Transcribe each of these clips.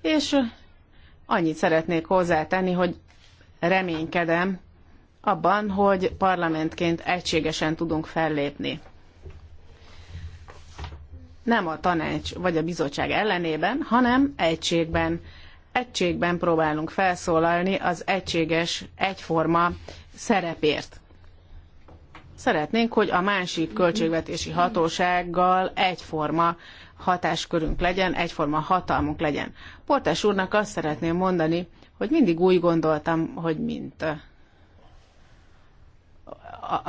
és annyit szeretnék hozzátenni, hogy reménykedem abban, hogy parlamentként egységesen tudunk fellépni. Nem a tanács vagy a bizottság ellenében, hanem egységben. Egységben próbálunk felszólalni az egységes, egyforma szerepért. Szeretnénk, hogy a másik költségvetési hatósággal egyforma hatáskörünk legyen, egyforma hatalmunk legyen. Portás úrnak azt szeretném mondani, hogy mindig úgy gondoltam, hogy mint a,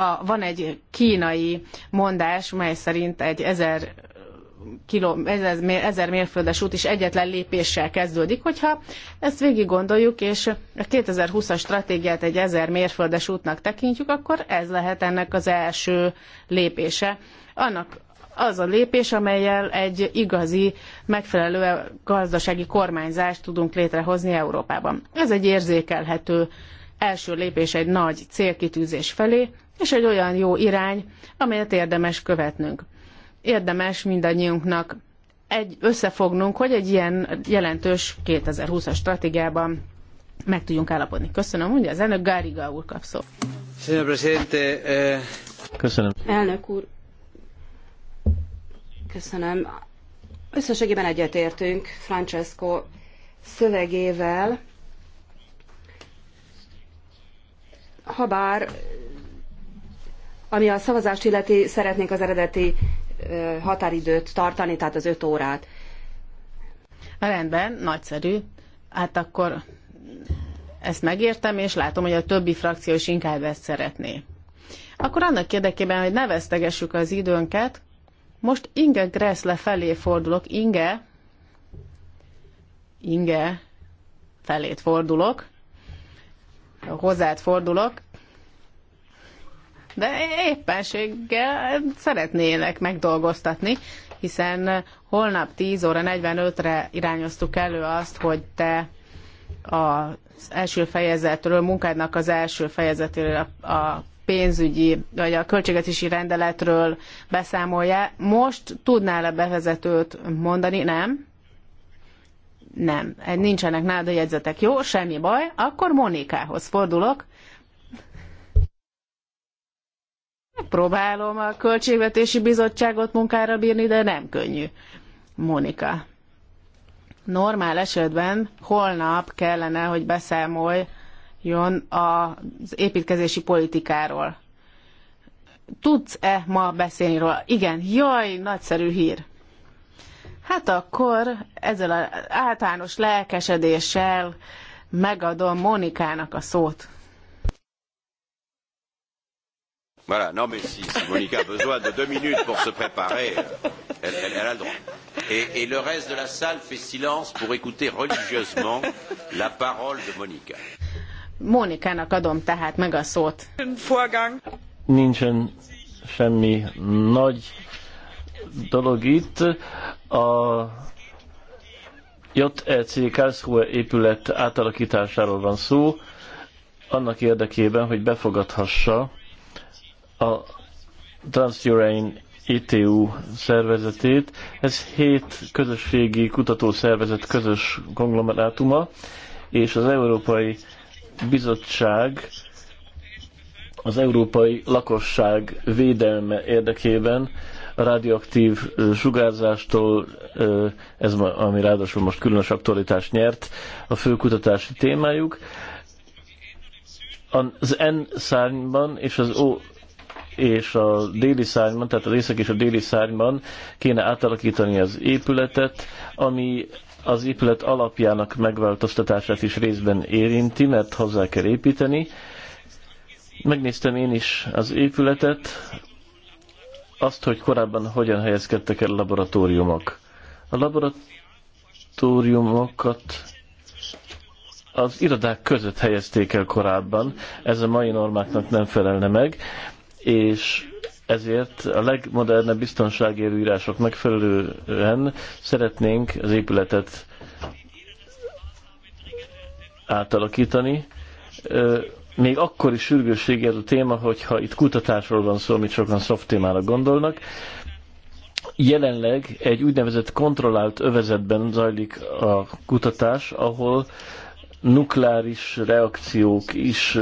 a, van egy kínai mondás, mely szerint egy ezer, kiló, ezer, ezer mérföldes út is egyetlen lépéssel kezdődik, hogyha ezt végig gondoljuk, és a 2020-as stratégiát egy ezer mérföldes útnak tekintjük, akkor ez lehet ennek az első lépése. Annak az a lépés, amelyel egy igazi, megfelelő gazdasági kormányzást tudunk létrehozni Európában. Ez egy érzékelhető első lépés egy nagy célkitűzés felé, és egy olyan jó irány, amelyet érdemes követnünk. Érdemes mindannyiunknak egy összefognunk, hogy egy ilyen jelentős 2020-as stratégiában meg tudjunk állapodni. Köszönöm, ugye az elnök Gáriga úr kap szó. Eh, Köszönöm. Elnök úr, Köszönöm. Összességében egyetértünk Francesco szövegével, habár ami a szavazást illeti, szeretnénk az eredeti határidőt tartani, tehát az öt órát. Rendben, nagyszerű. Hát akkor ezt megértem, és látom, hogy a többi frakció is inkább ezt szeretné. Akkor annak érdekében, hogy ne vesztegessük az időnket, most Inge Gressle felé fordulok. Inge, Inge felét fordulok, hozzád fordulok, de éppenséggel szeretnélek megdolgoztatni, hiszen holnap 10 óra 45-re irányoztuk elő azt, hogy te az első fejezetről, munkádnak az első fejezetéről a, a pénzügyi, vagy a költségvetési rendeletről beszámolja. Most tudnál-e bevezetőt mondani? Nem? Nem. Nincsenek nálad a jegyzetek. Jó, semmi baj. Akkor Monikához fordulok. Próbálom a Költségvetési Bizottságot munkára bírni, de nem könnyű. Monika. Normál esetben holnap kellene, hogy beszámolj jön az építkezési politikáról. Tudsz-e ma beszélni róla? Igen, jaj, nagyszerű hír. Hát akkor ezzel az általános lelkesedéssel megadom Monikának a szót. Voilà, non mais si, si Monica a besoin de deux minutes pour se préparer, elle, elle, elle a le droit. Et, et le reste de la salle fait silence pour écouter religieusement la parole de Monica. Mónikának adom tehát meg a szót. Nincsen semmi nagy dolog itt. A JEC Karlsruhe épület átalakításáról van szó, annak érdekében, hogy befogadhassa a Transurane ITU szervezetét. Ez hét közösségi kutatószervezet közös konglomerátuma, és az Európai bizottság az európai lakosság védelme érdekében a radioaktív sugárzástól, ez ami ráadásul most különös aktualitást nyert, a fő kutatási témájuk. Az N szárnyban és az O és a déli szárnyban, tehát az észak és a déli szárnyban kéne átalakítani az épületet, ami az épület alapjának megváltoztatását is részben érinti, mert hozzá kell építeni. Megnéztem én is az épületet, azt, hogy korábban hogyan helyezkedtek el laboratóriumok. A laboratóriumokat az irodák között helyezték el korábban, ez a mai normáknak nem felelne meg, és ezért a legmodernebb biztonsági előírások megfelelően szeretnénk az épületet átalakítani. Még akkor is sürgősségi ez a téma, hogyha itt kutatásról van szó, amit sokan szoft témára gondolnak. Jelenleg egy úgynevezett kontrollált övezetben zajlik a kutatás, ahol nukleáris reakciók is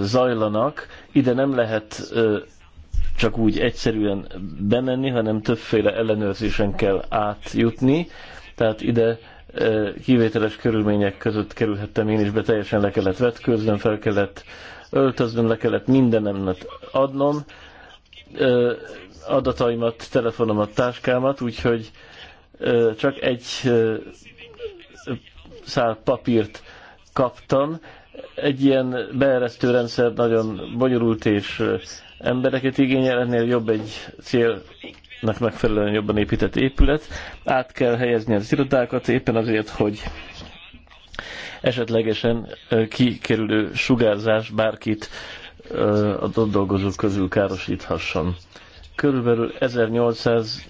zajlanak. Ide nem lehet csak úgy egyszerűen bemenni, hanem többféle ellenőrzésen kell átjutni. Tehát ide e, kivételes körülmények között kerülhettem én is be, teljesen le kellett vetkőznöm, fel kellett öltöznöm, le kellett mindenemnek adnom, e, adataimat, telefonomat, táskámat, úgyhogy e, csak egy szál papírt kaptam. Egy ilyen beeresztő rendszer nagyon bonyolult és embereket igényel, ennél jobb egy célnak megfelelően jobban épített épület. Át kell helyezni az irodákat éppen azért, hogy esetlegesen kikerülő sugárzás bárkit a dolgozók közül károsíthasson. Körülbelül 1800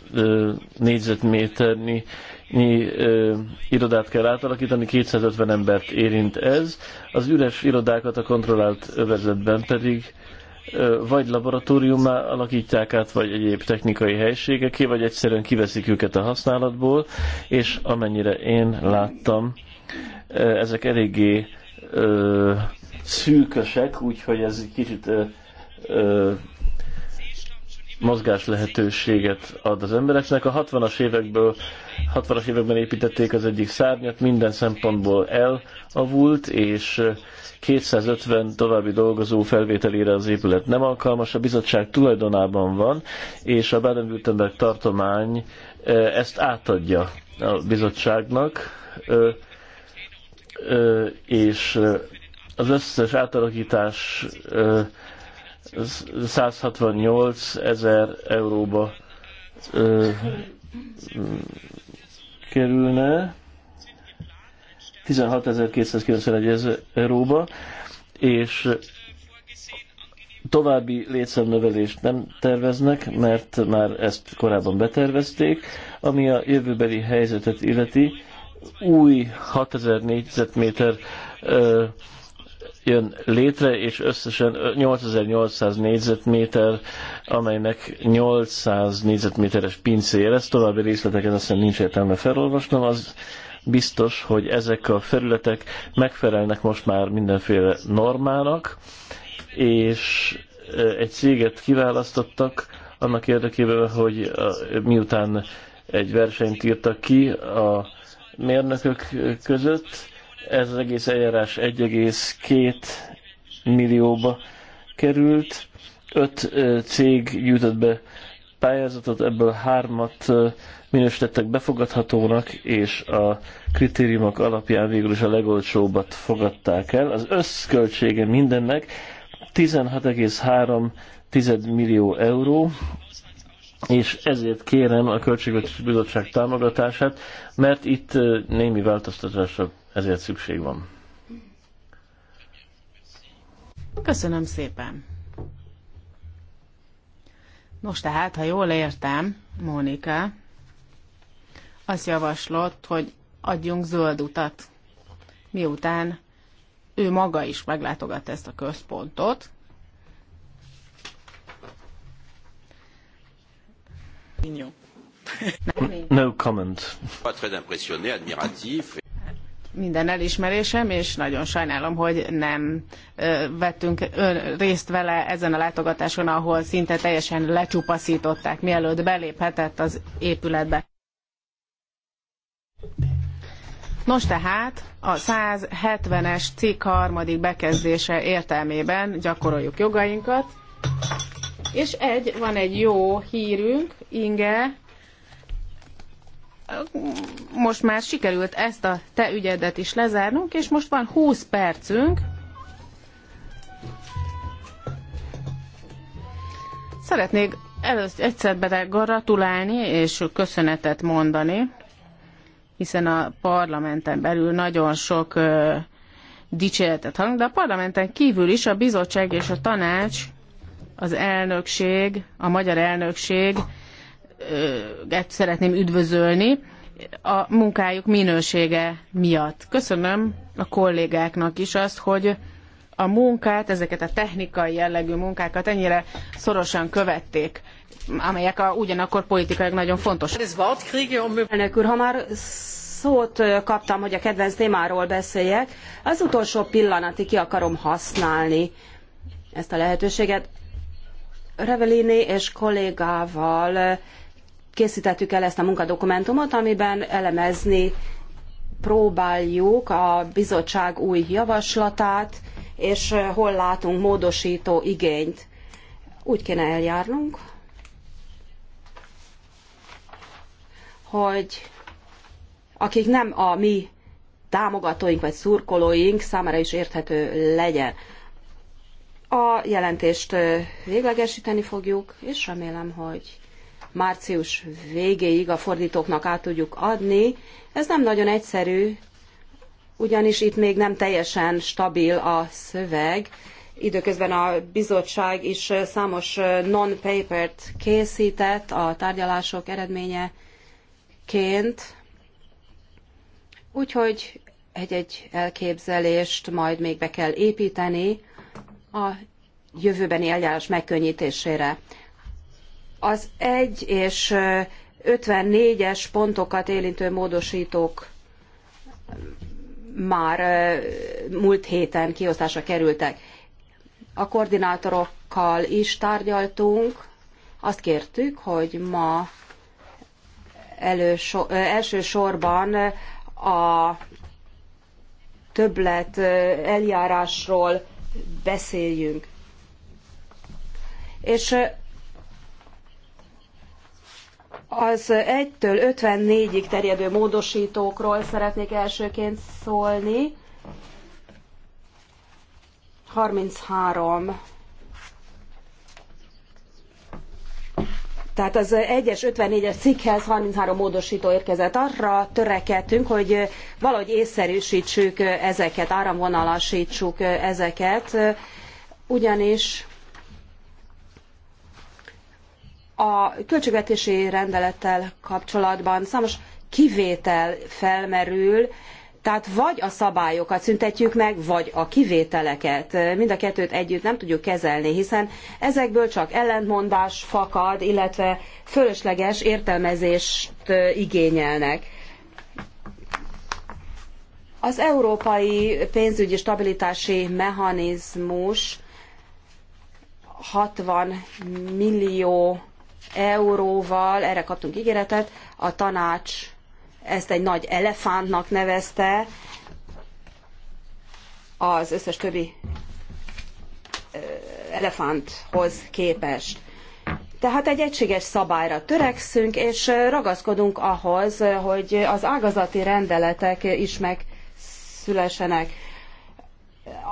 négyzetméternyi nyi, ö, irodát kell átalakítani, 250 embert érint ez, az üres irodákat a kontrollált övezetben pedig vagy laboratóriumá alakítják át, vagy egyéb technikai helységeké, vagy egyszerűen kiveszik őket a használatból, és amennyire én láttam, ezek eléggé ö, szűkösek, úgyhogy ez kicsit ö, ö, mozgás lehetőséget ad az embereknek. A 60-as évekből, 60-as években építették az egyik szárnyat, minden szempontból elavult, és 250 további dolgozó felvételére az épület nem alkalmas, a bizottság tulajdonában van, és a Baden-Württemberg tartomány ezt átadja a bizottságnak, és az összes átalakítás 168 ezer euróba ö, kerülne, 16.291 euróba, és további létszámnövelést nem terveznek, mert már ezt korábban betervezték. Ami a jövőbeli helyzetet illeti, új 6000 négyzetméter jön létre, és összesen 8800 négyzetméter, amelynek 800 négyzetméteres pincéje lesz. További részleteket aztán nincs értelme felolvasnom. Az biztos, hogy ezek a felületek megfelelnek most már mindenféle normának, és egy céget kiválasztottak annak érdekében, hogy miután egy versenyt írtak ki a mérnökök között, ez az egész eljárás 1,2 millióba került. Öt cég gyűjtött be pályázatot, ebből hármat minősítettek befogadhatónak, és a kritériumok alapján végül is a legolcsóbbat fogadták el. Az összköltsége mindennek 16,3 millió euró, és ezért kérem a Költségvetési Bizottság támogatását, mert itt némi változtatásra ezért szükség van. Köszönöm szépen. Nos tehát, ha jól értem, Mónika, azt javaslott, hogy adjunk zöld utat, miután ő maga is meglátogatta ezt a központot, No comment. Minden elismerésem, és nagyon sajnálom, hogy nem vettünk részt vele ezen a látogatáson, ahol szinte teljesen lecsupaszították, mielőtt beléphetett az épületbe. Nos tehát a 170-es cikk harmadik bekezdése értelmében gyakoroljuk jogainkat. És egy, van egy jó hírünk, Inge, most már sikerült ezt a te ügyedet is lezárnunk, és most van 20 percünk. Szeretnék először egyszer bele gratulálni és köszönetet mondani, hiszen a parlamenten belül nagyon sok ö, dicséretet hang, de a parlamenten kívül is a bizottság és a tanács az elnökség, a magyar elnökség szeretném üdvözölni a munkájuk minősége miatt. Köszönöm a kollégáknak is azt, hogy a munkát, ezeket a technikai jellegű munkákat ennyire szorosan követték, amelyek a, ugyanakkor politikailag nagyon fontos. Elnök úr, ha már szót kaptam, hogy a kedvenc témáról beszéljek, az utolsó pillanatig ki akarom használni ezt a lehetőséget. Revelini és kollégával készítettük el ezt a munkadokumentumot, amiben elemezni próbáljuk a bizottság új javaslatát, és hol látunk módosító igényt. Úgy kéne eljárnunk, hogy akik nem a mi támogatóink vagy szurkolóink számára is érthető legyen. A jelentést véglegesíteni fogjuk, és remélem, hogy március végéig a fordítóknak át tudjuk adni. Ez nem nagyon egyszerű, ugyanis itt még nem teljesen stabil a szöveg. Időközben a bizottság is számos non-papert készített a tárgyalások eredményeként, úgyhogy egy-egy elképzelést majd még be kell építeni a jövőbeni eljárás megkönnyítésére. Az 1 és 54-es pontokat érintő módosítók már múlt héten kiosztásra kerültek. A koordinátorokkal is tárgyaltunk, azt kértük, hogy ma elősor, elsősorban a többlet eljárásról beszéljünk. És az 1-től 54-ig terjedő módosítókról szeretnék elsőként szólni. 33 Tehát az 1-es 54-es cikkhez 33 módosító érkezett. Arra törekedtünk, hogy valahogy észszerűsítsük ezeket, áramvonalasítsuk ezeket, ugyanis a költségvetési rendelettel kapcsolatban számos kivétel felmerül, tehát vagy a szabályokat szüntetjük meg, vagy a kivételeket. Mind a kettőt együtt nem tudjuk kezelni, hiszen ezekből csak ellentmondás fakad, illetve fölösleges értelmezést igényelnek. Az európai pénzügyi stabilitási mechanizmus 60 millió euróval, erre kaptunk ígéretet, a tanács ezt egy nagy elefántnak nevezte, az összes többi elefánthoz képest. Tehát egy egységes szabályra törekszünk, és ragaszkodunk ahhoz, hogy az ágazati rendeletek is megszülesenek.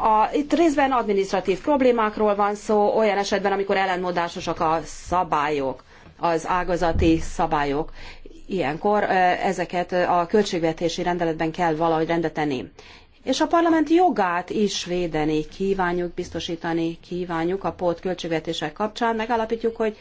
A, itt részben administratív problémákról van szó, olyan esetben, amikor ellenmondásosak a szabályok, az ágazati szabályok ilyenkor ezeket a költségvetési rendeletben kell valahogy rendetenni. És a parlament jogát is védeni kívánjuk, biztosítani kívánjuk a pót költségvetések kapcsán. Megállapítjuk, hogy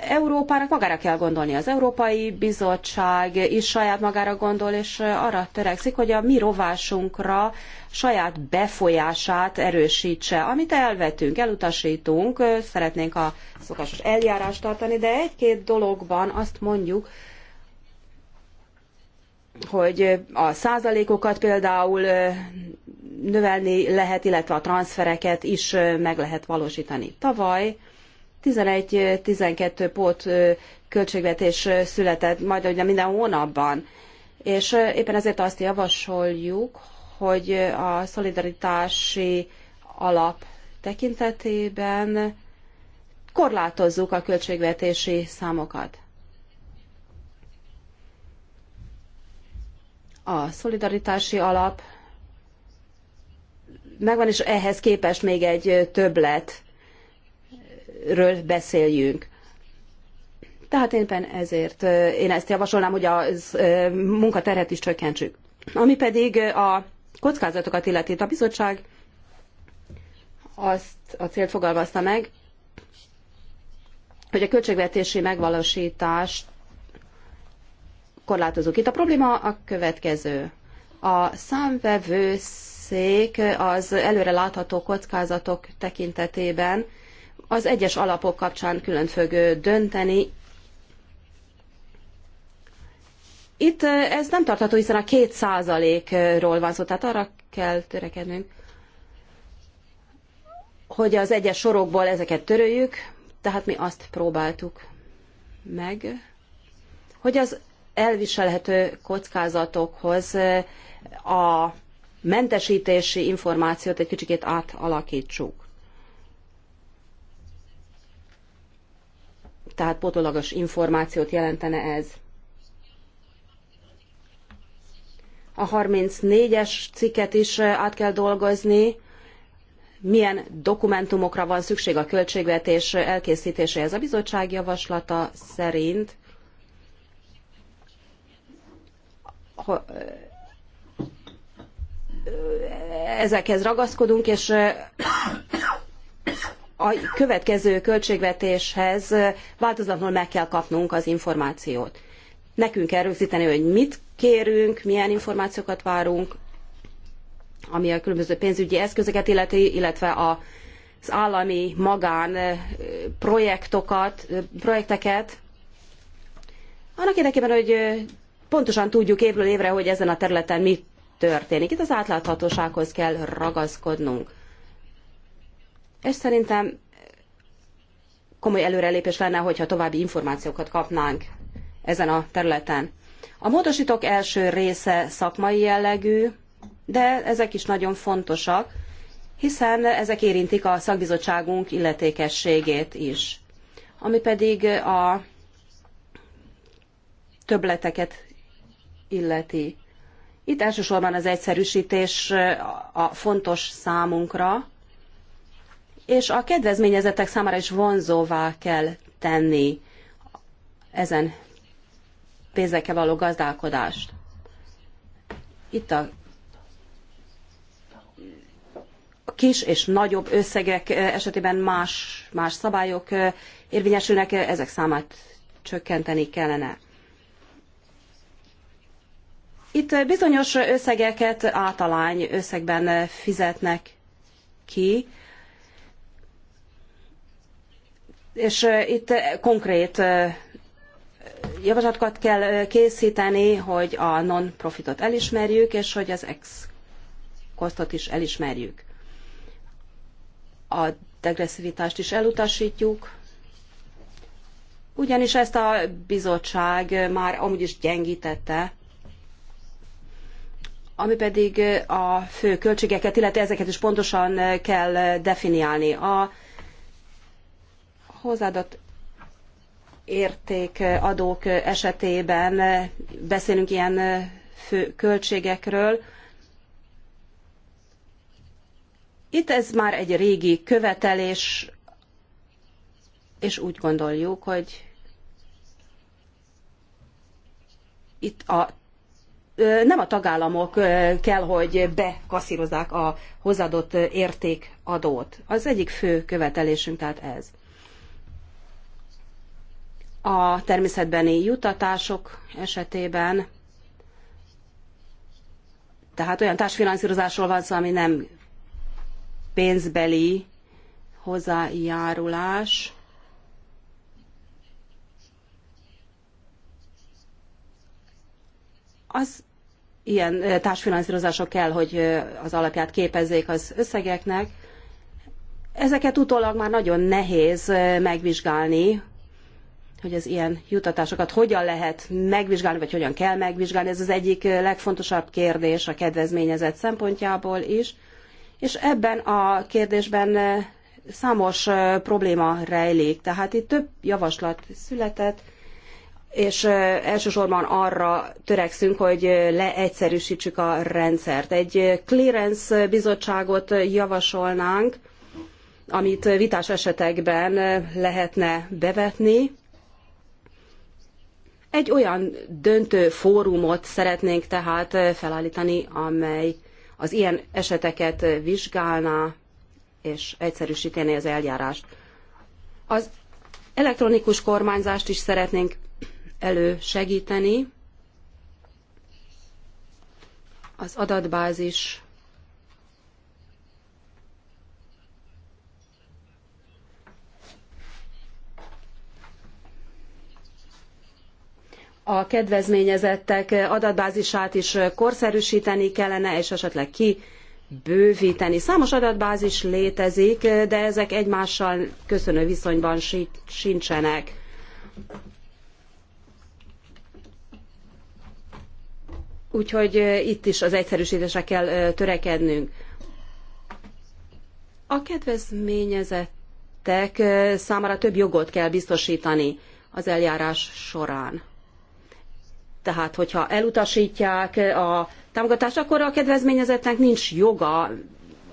Európának magára kell gondolni. Az Európai Bizottság is saját magára gondol, és arra törekszik, hogy a mi rovásunkra saját befolyását erősítse. Amit elvetünk, elutasítunk, szeretnénk a szokásos eljárást tartani, de egy-két dologban azt mondjuk, hogy a százalékokat például növelni lehet, illetve a transfereket is meg lehet valósítani. Tavaly 11-12 pót költségvetés született majd ugye minden hónapban. És éppen ezért azt javasoljuk, hogy a szolidaritási alap tekintetében korlátozzuk a költségvetési számokat. A szolidaritási alap megvan, és ehhez képest még egy többlet ről beszéljünk. Tehát éppen ezért én ezt javasolnám, hogy a munkaterhet is csökkentsük. Ami pedig a kockázatokat illeti, a bizottság azt a célt fogalmazta meg, hogy a költségvetési megvalósítást korlátozunk. Itt a probléma a következő. A számvevőszék az előre látható kockázatok tekintetében az egyes alapok kapcsán külön fog dönteni. Itt ez nem tartható, hiszen a két százalékról van szó, tehát arra kell törekednünk, hogy az egyes sorokból ezeket töröljük, tehát mi azt próbáltuk meg, hogy az elviselhető kockázatokhoz a mentesítési információt egy kicsikét átalakítsuk. tehát potolagos információt jelentene ez. A 34-es cikket is át kell dolgozni, milyen dokumentumokra van szükség a költségvetés elkészítéséhez. A bizottság javaslata szerint ezekhez ragaszkodunk, és a következő költségvetéshez változatlanul meg kell kapnunk az információt. Nekünk kell rögzíteni, hogy mit kérünk, milyen információkat várunk, ami a különböző pénzügyi eszközöket illeti, illetve a az állami magán projektokat, projekteket, annak érdekében, hogy pontosan tudjuk évről évre, hogy ezen a területen mi történik. Itt az átláthatósághoz kell ragaszkodnunk. És szerintem komoly előrelépés lenne, hogyha további információkat kapnánk ezen a területen. A módosítók első része szakmai jellegű, de ezek is nagyon fontosak, hiszen ezek érintik a szakbizottságunk illetékességét is. Ami pedig a többleteket illeti. Itt elsősorban az egyszerűsítés a fontos számunkra, és a kedvezményezettek számára is vonzóvá kell tenni ezen pénzekkel való gazdálkodást. Itt a kis és nagyobb összegek esetében más, más szabályok érvényesülnek, ezek számát csökkenteni kellene. Itt bizonyos összegeket általány összegben fizetnek ki, És itt konkrét javaslatokat kell készíteni, hogy a non-profitot elismerjük, és hogy az ex kosztot is elismerjük. A degresszivitást is elutasítjuk, ugyanis ezt a bizottság már amúgy is gyengítette, ami pedig a fő költségeket, illetve ezeket is pontosan kell definiálni. A hozzáadott értékadók esetében beszélünk ilyen fő költségekről. Itt ez már egy régi követelés, és úgy gondoljuk, hogy itt a nem a tagállamok kell, hogy bekasszírozzák a hozadott értékadót. Az egyik fő követelésünk tehát ez a természetbeni jutatások esetében, tehát olyan társfinanszírozásról van szó, ami nem pénzbeli hozzájárulás, az ilyen társfinanszírozások kell, hogy az alapját képezzék az összegeknek. Ezeket utólag már nagyon nehéz megvizsgálni, hogy az ilyen jutatásokat hogyan lehet megvizsgálni, vagy hogyan kell megvizsgálni. Ez az egyik eh, legfontosabb kérdés a kedvezményezett szempontjából is. És ebben a kérdésben eh, számos eh, probléma rejlik. Tehát itt több javaslat született, és elsősorban arra törekszünk, hogy leegyszerűsítsük a rendszert. Egy clearance bizottságot javasolnánk, amit vitás esetekben lehetne bevetni, egy olyan döntő fórumot szeretnénk tehát eh, felállítani, amely az ilyen eseteket vizsgálná és egyszerűsítené az eljárást. Az elektronikus kormányzást is szeretnénk elősegíteni. Az adatbázis a kedvezményezettek adatbázisát is korszerűsíteni kellene, és esetleg ki bővíteni. Számos adatbázis létezik, de ezek egymással köszönő viszonyban sincsenek. Úgyhogy itt is az egyszerűsítésre kell törekednünk. A kedvezményezettek számára több jogot kell biztosítani az eljárás során. Tehát, hogyha elutasítják a támogatást, akkor a kedvezményezetnek nincs joga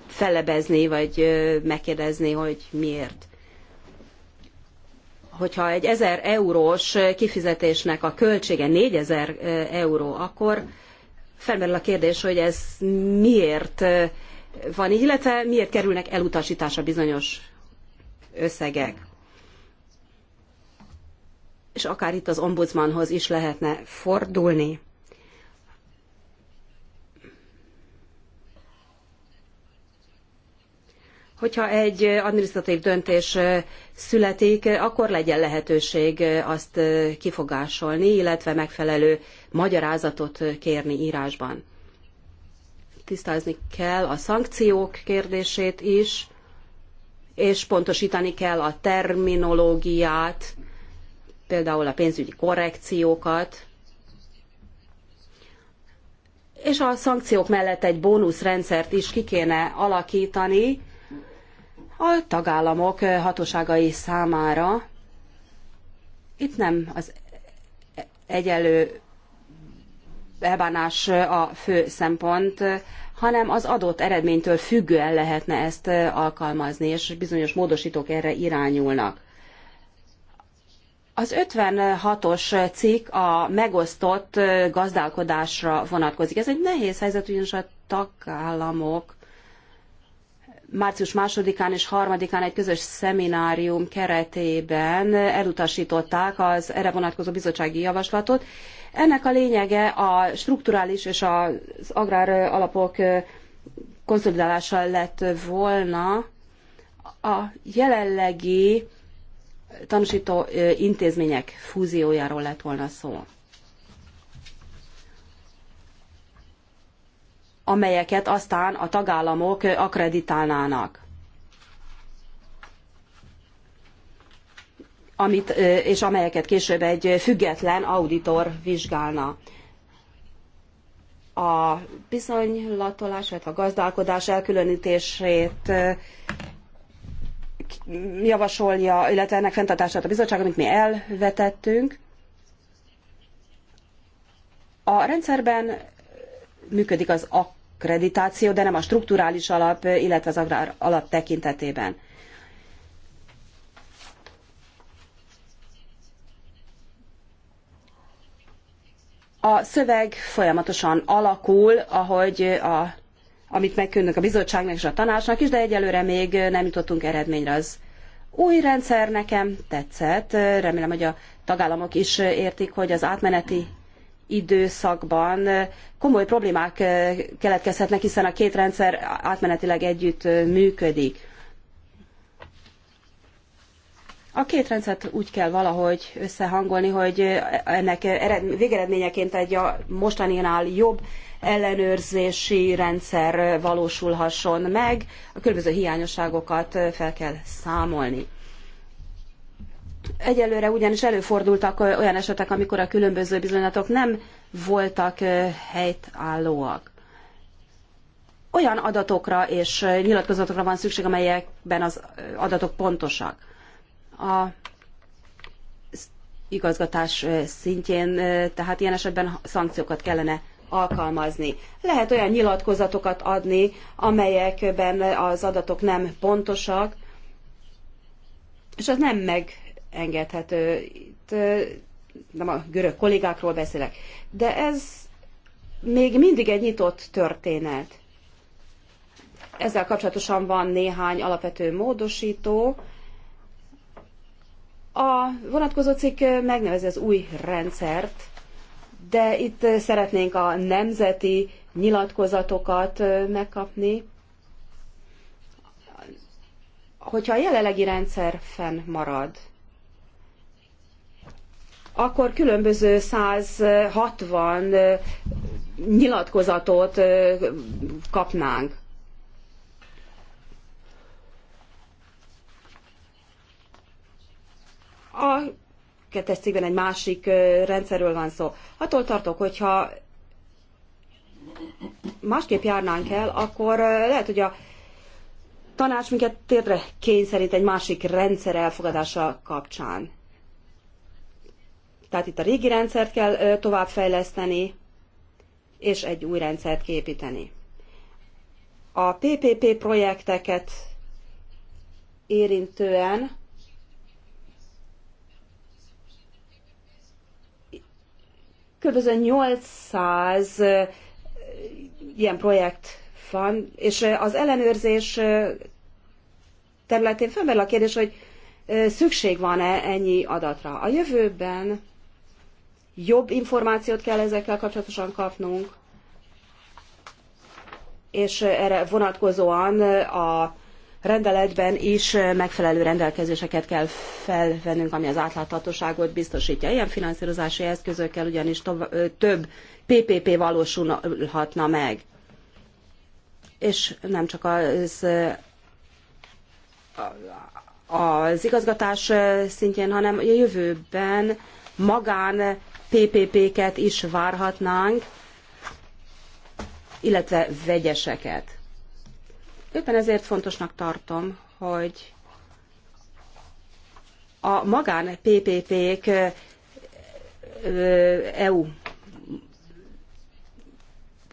felebezni, vagy megkérdezni, hogy miért. Hogyha egy 1000 eurós kifizetésnek a költsége 4000 euró, akkor felmerül a kérdés, hogy ez miért van így, illetve miért kerülnek elutasításra bizonyos összegek és akár itt az ombudsmanhoz is lehetne fordulni. Hogyha egy administratív döntés születik, akkor legyen lehetőség azt kifogásolni, illetve megfelelő magyarázatot kérni írásban. Tisztázni kell a szankciók kérdését is, és pontosítani kell a terminológiát, például a pénzügyi korrekciókat, és a szankciók mellett egy bónuszrendszert is ki kéne alakítani a tagállamok hatóságai számára. Itt nem az egyelő elbánás a fő szempont, hanem az adott eredménytől függően lehetne ezt alkalmazni, és bizonyos módosítók erre irányulnak. Az 56-os cikk a megosztott gazdálkodásra vonatkozik. Ez egy nehéz helyzet, ugyanis a tagállamok március 2-án és 3-án egy közös szeminárium keretében elutasították az erre vonatkozó bizottsági javaslatot. Ennek a lényege a strukturális és az agrár alapok konszolidálása lett volna a jelenlegi tanúsító intézmények fúziójáról lett volna szó. amelyeket aztán a tagállamok akreditálnának. Amit, és amelyeket később egy független auditor vizsgálna. A bizonylatolás, illetve a gazdálkodás elkülönítését javasolja, illetve ennek fenntartását a bizottság, amit mi elvetettünk. A rendszerben működik az akkreditáció, de nem a strukturális alap, illetve az agrár alap tekintetében. A szöveg folyamatosan alakul, ahogy a amit megkönnünk a bizottságnak és a tanácsnak is, de egyelőre még nem jutottunk eredményre. Az új rendszer nekem tetszett, remélem, hogy a tagállamok is értik, hogy az átmeneti időszakban komoly problémák keletkezhetnek, hiszen a két rendszer átmenetileg együtt működik. A két rendszert úgy kell valahogy összehangolni, hogy ennek ered, végeredményeként egy a mostaninál jobb ellenőrzési rendszer valósulhasson meg, a különböző hiányosságokat fel kell számolni. Egyelőre ugyanis előfordultak olyan esetek, amikor a különböző bizonylatok nem voltak helytállóak. Olyan adatokra és nyilatkozatokra van szükség, amelyekben az adatok pontosak. A igazgatás szintjén, tehát ilyen esetben szankciókat kellene alkalmazni. Lehet olyan nyilatkozatokat adni, amelyekben az adatok nem pontosak, és az nem megengedhető. Itt nem a görög kollégákról beszélek, de ez még mindig egy nyitott történet. Ezzel kapcsolatosan van néhány alapvető módosító. A vonatkozó cikk megnevezi az új rendszert, de itt eh, szeretnénk a nemzeti nyilatkozatokat eh, megkapni. Hogyha a jelenlegi rendszer fenn marad, akkor különböző 160 eh, nyilatkozatot kapnánk. A kettes cikkben egy másik rendszerről van szó. Attól tartok, hogyha másképp járnánk el, akkor lehet, hogy a tanács minket térdre kényszerít egy másik rendszer elfogadása kapcsán. Tehát itt a régi rendszert kell továbbfejleszteni, és egy új rendszert képíteni. A PPP projekteket érintően Kb. 800 ilyen projekt van, és az ellenőrzés területén felmerül a kérdés, hogy szükség van-e ennyi adatra. A jövőben jobb információt kell ezekkel kapcsolatosan kapnunk, és erre vonatkozóan a rendeletben is megfelelő rendelkezéseket kell felvennünk, ami az átláthatóságot biztosítja. Ilyen finanszírozási eszközökkel ugyanis több PPP valósulhatna meg. És nem csak az, az igazgatás szintjén, hanem a jövőben magán PPP-ket is várhatnánk, illetve vegyeseket. Éppen ezért fontosnak tartom, hogy a magán PPP-k EU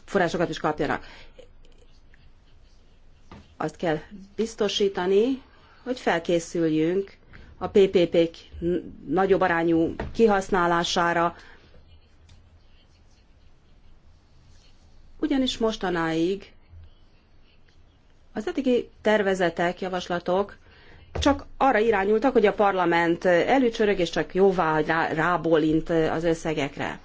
forrásokat is kapjanak. Azt kell biztosítani, hogy felkészüljünk a PPP-k nagyobb arányú kihasználására, ugyanis mostanáig az eddigi tervezetek, javaslatok csak arra irányultak, hogy a parlament előcsörög, és csak jóvá rábólint az összegekre.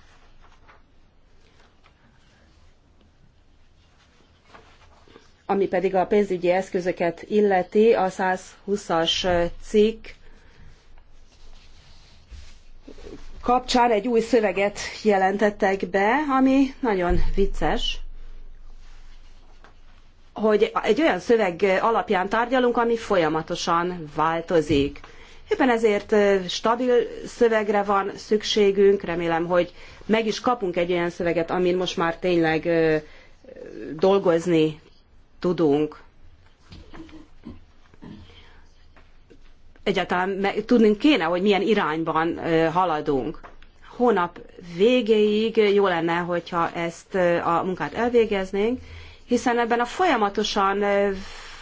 Ami pedig a pénzügyi eszközöket illeti, a 120-as cikk kapcsán egy új szöveget jelentettek be, ami nagyon vicces hogy egy olyan szöveg alapján tárgyalunk, ami folyamatosan változik. Éppen ezért stabil szövegre van szükségünk, remélem, hogy meg is kapunk egy olyan szöveget, amin most már tényleg dolgozni tudunk. Egyáltalán tudnunk kéne, hogy milyen irányban haladunk. Hónap végéig jó lenne, hogyha ezt a munkát elvégeznénk, hiszen ebben a folyamatosan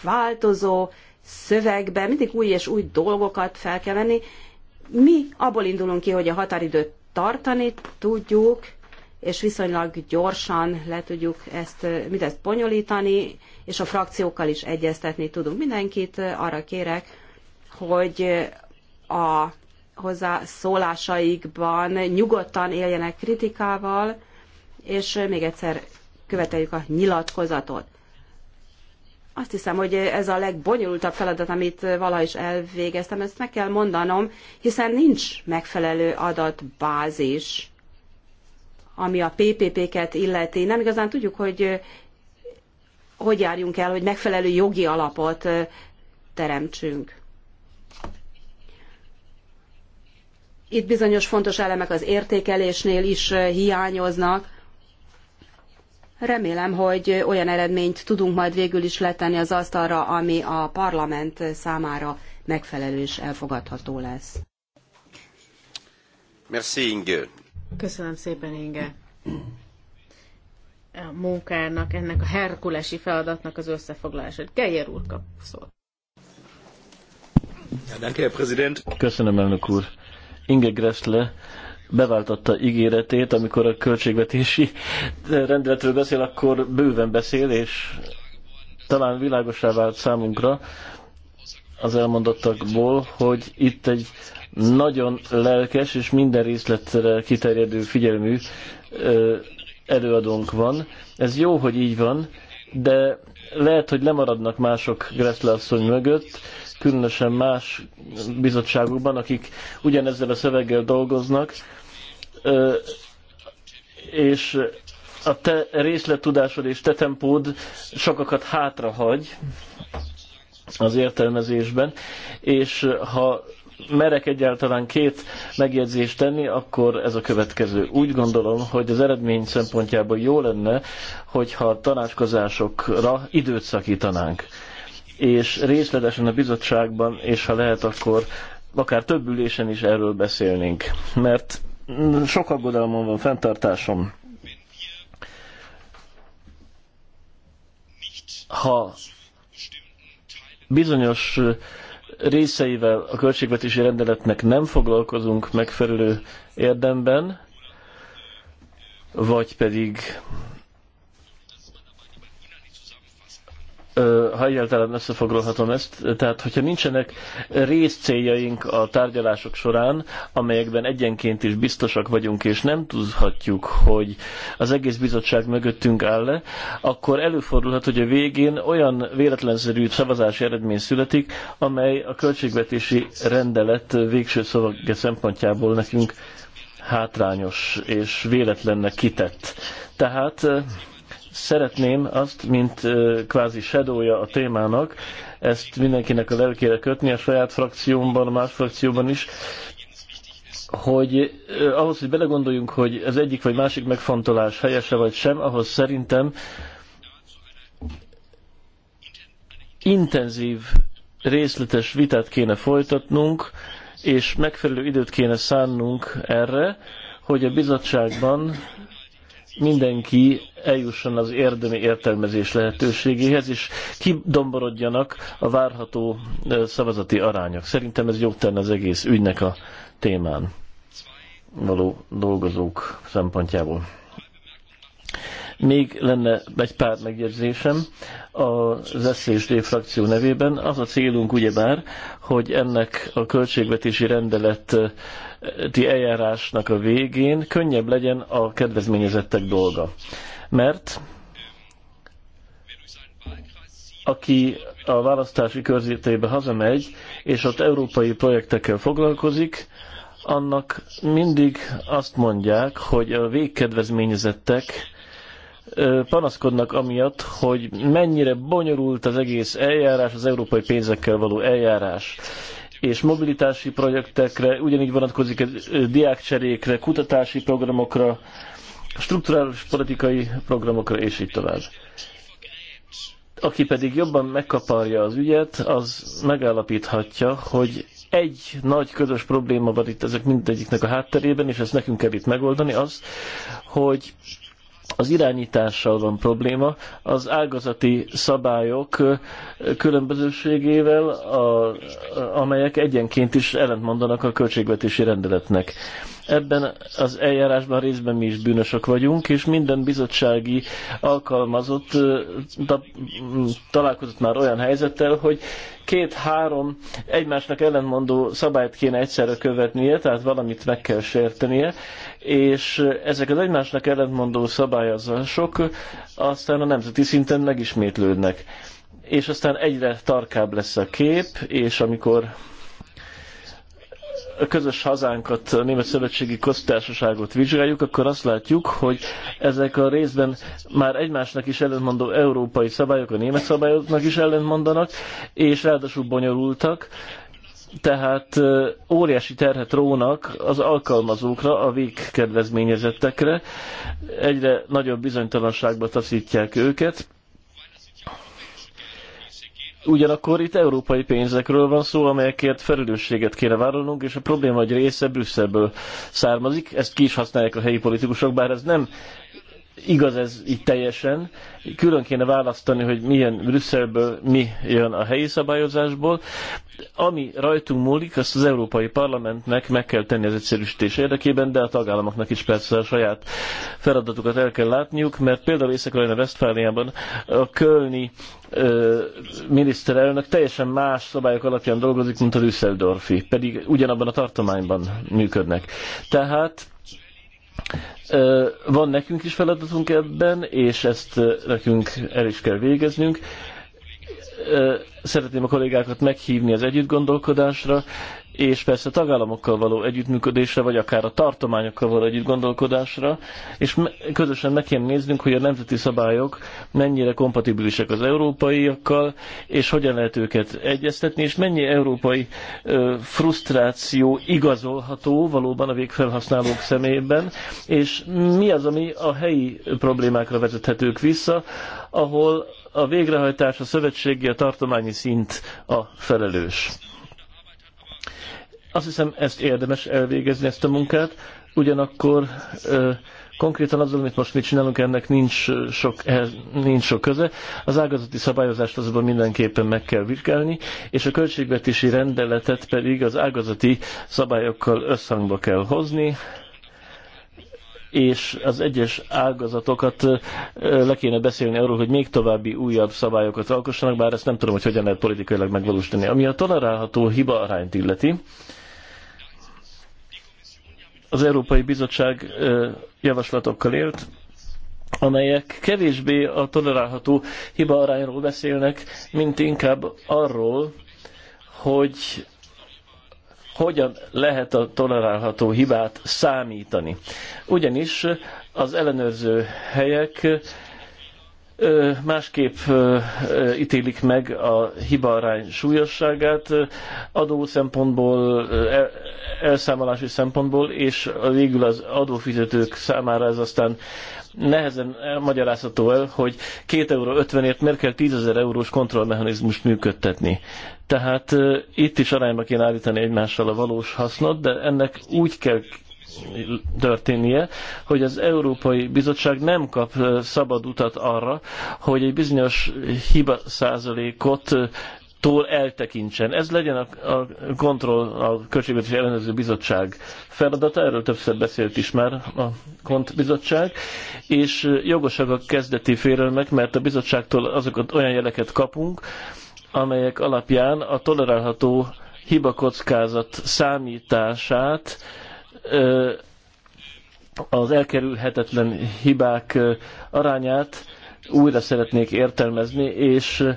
változó szövegben mindig új és új dolgokat fel kell venni. Mi abból indulunk ki, hogy a határidőt tartani tudjuk, és viszonylag gyorsan le tudjuk ezt, mindezt bonyolítani, és a frakciókkal is egyeztetni tudunk. Mindenkit arra kérek, hogy a hozzászólásaikban nyugodtan éljenek kritikával, és még egyszer követeljük a nyilatkozatot. Azt hiszem, hogy ez a legbonyolultabb feladat, amit valaha is elvégeztem, ezt meg kell mondanom, hiszen nincs megfelelő adatbázis, ami a PPP-ket illeti. Nem igazán tudjuk, hogy hogy járjunk el, hogy megfelelő jogi alapot teremtsünk. Itt bizonyos fontos elemek az értékelésnél is hiányoznak, Remélem, hogy olyan eredményt tudunk majd végül is letenni az asztalra, ami a parlament számára megfelelő és elfogadható lesz. Merci, Inge. Köszönöm szépen, Inge. A munkának, ennek a herkulesi feladatnak az összefoglalását. Geyer úr kap szót. Köszönöm, elnök úr. Inge Gressle beváltotta ígéretét, amikor a költségvetési eh, rendeletről beszél, akkor bőven beszél, és talán világosá vált számunkra az elmondottakból, hogy itt egy nagyon lelkes és minden részletre kiterjedő figyelmű eh, előadónk van. Ez jó, hogy így van, de lehet, hogy lemaradnak mások Gressler asszony mögött, különösen más bizottságokban, akik ugyanezzel a szöveggel dolgoznak, és a te részlettudásod és te tempód sokakat hátrahagy az értelmezésben, és ha merek egyáltalán két megjegyzést tenni, akkor ez a következő. Úgy gondolom, hogy az eredmény szempontjából jó lenne, hogyha a tanácskozásokra időt szakítanánk és részletesen a bizottságban, és ha lehet, akkor akár több ülésen is erről beszélnénk, mert sok aggodalmam van, fenntartásom. Ha bizonyos részeivel a költségvetési rendeletnek nem foglalkozunk megfelelő érdemben, vagy pedig ha egyáltalán összefoglalhatom ezt, tehát hogyha nincsenek részcéljaink a tárgyalások során, amelyekben egyenként is biztosak vagyunk, és nem tudhatjuk, hogy az egész bizottság mögöttünk áll-e, akkor előfordulhat, hogy a végén olyan véletlenszerű szavazási eredmény születik, amely a költségvetési rendelet végső szövege szempontjából nekünk hátrányos és véletlennek kitett. Tehát szeretném azt, mint kvázi shadowja a témának, ezt mindenkinek a lelkére kötni, a saját frakciómban, más frakcióban is, hogy eh, ahhoz, hogy belegondoljunk, hogy az egyik vagy másik megfontolás helyese vagy sem, ahhoz szerintem intenzív, részletes vitát kéne folytatnunk, és megfelelő időt kéne szánnunk erre, hogy a bizottságban mindenki eljusson az érdemi értelmezés lehetőségéhez, és kidomborodjanak a várható szavazati arányok. Szerintem ez jobb tenne az egész ügynek a témán való dolgozók szempontjából. Még lenne egy pár megjegyzésem az SZSD frakció nevében. Az a célunk ugyebár, hogy ennek a költségvetési rendeleti eljárásnak a végén könnyebb legyen a kedvezményezettek dolga. Mert aki a választási körzétébe hazamegy, és ott európai projektekkel foglalkozik, annak mindig azt mondják, hogy a végkedvezményezettek panaszkodnak amiatt, hogy mennyire bonyolult az egész eljárás, az európai pénzekkel való eljárás és mobilitási projektekre, ugyanígy vonatkozik a diákcserékre, kutatási programokra, strukturális politikai programokra, és így tovább. Aki pedig jobban megkaparja az ügyet, az megállapíthatja, hogy egy nagy közös probléma van itt ezek mindegyiknek a hátterében, és ezt nekünk kell itt megoldani, az, hogy az irányítással van probléma, az ágazati szabályok különbözőségével, a, amelyek egyenként is ellentmondanak a költségvetési rendeletnek. Ebben az eljárásban részben mi is bűnösök vagyunk, és minden bizottsági alkalmazott találkozott már olyan helyzettel, hogy két-három egymásnak ellentmondó szabályt kéne egyszerre követnie, tehát valamit meg kell sértenie, és ezek az egymásnak ellentmondó szabályozások aztán a nemzeti szinten megismétlődnek. És aztán egyre tarkább lesz a kép, és amikor a közös hazánkat, a Német Szövetségi Köztársaságot vizsgáljuk, akkor azt látjuk, hogy ezek a részben már egymásnak is ellentmondó európai szabályok a német szabályoknak is ellentmondanak, és ráadásul bonyolultak, tehát óriási terhet rónak az alkalmazókra, a kedvezményezettekre, egyre nagyobb bizonytalanságba taszítják őket, Ugyanakkor itt európai pénzekről van szó, amelyekért felelősséget kéne vállalnunk, és a probléma egy része Brüsszelből származik. Ezt ki is használják a helyi politikusok, bár ez nem igaz ez így teljesen. Külön kéne választani, hogy milyen Brüsszelből mi jön a helyi szabályozásból. Ami rajtunk múlik, azt az Európai Parlamentnek meg kell tenni az egyszerűsítés érdekében, de a tagállamoknak is persze a saját feladatukat el kell látniuk, mert például észak a Westfáliában a kölni ö, miniszterelnök teljesen más szabályok alapján dolgozik, mint a Düsseldorfi, pedig ugyanabban a tartományban működnek. Tehát van nekünk is feladatunk ebben, és ezt nekünk el is kell végeznünk. Szeretném a kollégákat meghívni az együttgondolkodásra, és persze tagállamokkal való együttműködésre, vagy akár a tartományokkal való együtt gondolkodásra, és közösen meg kell néznünk, hogy a nemzeti szabályok mennyire kompatibilisek az európaiakkal, és hogyan lehet őket egyeztetni, és mennyi európai ö, frusztráció igazolható valóban a végfelhasználók szemében, és mi az, ami a helyi problémákra vezethetők vissza, ahol a végrehajtás, a szövetségi, a tartományi szint a felelős. Azt hiszem, ezt érdemes elvégezni, ezt a munkát. Ugyanakkor konkrétan azzal, amit most mi csinálunk, ennek nincs sok, ehhez nincs sok köze. Az ágazati szabályozást azonban mindenképpen meg kell vizsgálni, és a költségvetési rendeletet pedig az ágazati szabályokkal összhangba kell hozni, és az egyes ágazatokat le kéne beszélni arról, hogy még további újabb szabályokat alkossanak, bár ezt nem tudom, hogy hogyan lehet politikailag megvalósítani. Ami a tolerálható hiba arányt illeti, az Európai Bizottság javaslatokkal élt, amelyek kevésbé a tolerálható arányról beszélnek, mint inkább arról, hogy hogyan lehet a tolerálható hibát számítani. Ugyanis az ellenőrző helyek másképp ítélik meg a hibaarány súlyosságát adó szempontból, e, elszámolási szempontból, és végül az adófizetők számára ez aztán nehezen elmagyarázható el, hogy 2,50 ért miért kell 10 ezer eurós kontrollmechanizmust működtetni. Tehát itt is arányba kéne állítani egymással a valós hasznot, de ennek úgy kell történnie, hogy az Európai Bizottság nem kap szabad utat arra, hogy egy bizonyos hiba százalékot tól eltekintsen. Ez legyen a, a kontroll, a Költségvetési Ellenőrző Bizottság feladata, erről többször beszélt is már a Kont Bizottság, és jogosak a kezdeti félelmek, mert a bizottságtól azokat olyan jeleket kapunk, amelyek alapján a tolerálható hibakockázat számítását az elkerülhetetlen hibák arányát újra szeretnék értelmezni, és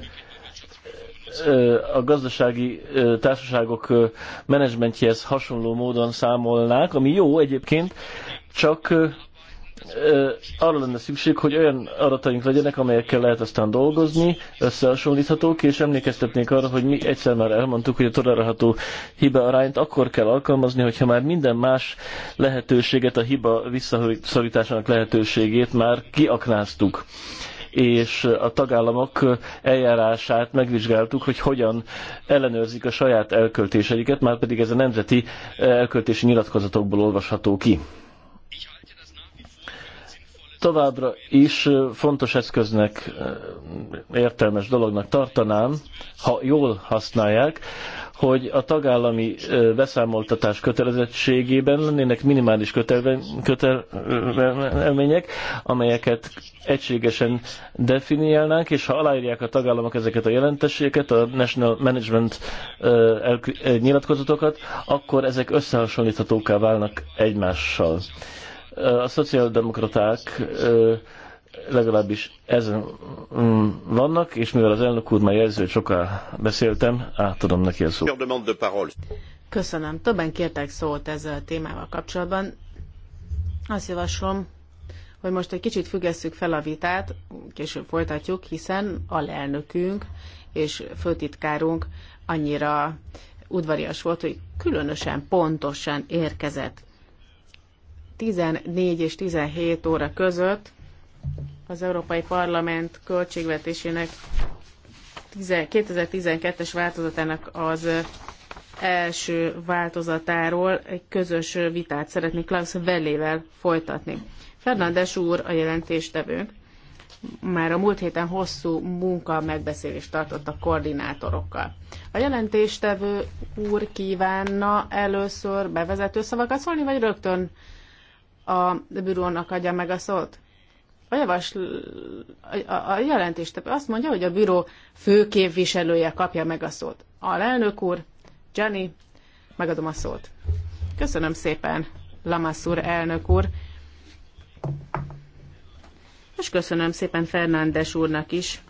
a gazdasági társaságok menedzsmentjéhez hasonló módon számolnák, ami jó egyébként, csak arra lenne szükség, hogy olyan adataink legyenek, amelyekkel lehet aztán dolgozni, összehasonlíthatók, és emlékeztetnék arra, hogy mi egyszer már elmondtuk, hogy a tolerálható hiba arányt akkor kell alkalmazni, hogyha már minden más lehetőséget, a hiba visszaszorításának lehetőségét már kiaknáztuk és a tagállamok eljárását megvizsgáltuk, hogy hogyan ellenőrzik a saját elköltéseiket, már pedig ez a nemzeti elköltési nyilatkozatokból olvasható ki továbbra is fontos eszköznek, értelmes dolognak tartanám, ha jól használják, hogy a tagállami beszámoltatás kötelezettségében lennének minimális kötelmények, amelyeket egységesen definiálnánk, és ha aláírják a tagállamok ezeket a jelentességeket, a National Management nyilatkozatokat, akkor ezek összehasonlíthatóká válnak egymással. A szociáldemokraták legalábbis ezen mm, vannak, és mivel az elnök úr már jelző, hogy soká beszéltem, átadom neki a szót. Köszönöm. Többen kértek szót ezzel a témával kapcsolatban. Azt javaslom, hogy most egy kicsit függesszük fel a vitát, később folytatjuk, hiszen alelnökünk és főtitkárunk annyira udvarias volt, hogy különösen pontosan érkezett 14 és 17 óra között az Európai Parlament költségvetésének 2012-es változatának az első változatáról egy közös vitát szeretnék Klaus Vellével folytatni. Fernandes úr a jelentéstevőnk. Már a múlt héten hosszú munka megbeszélést tartott a koordinátorokkal. A jelentéstevő úr kívánna először bevezető szavakat szólni, vagy rögtön a bürónak adja meg a szót? A, javas, a, a, jelentést azt mondja, hogy a büró főképviselője kapja meg a szót. lelnök úr, Jenny, megadom a szót. Köszönöm szépen, Lamassur elnök úr. És köszönöm szépen Fernándes úrnak is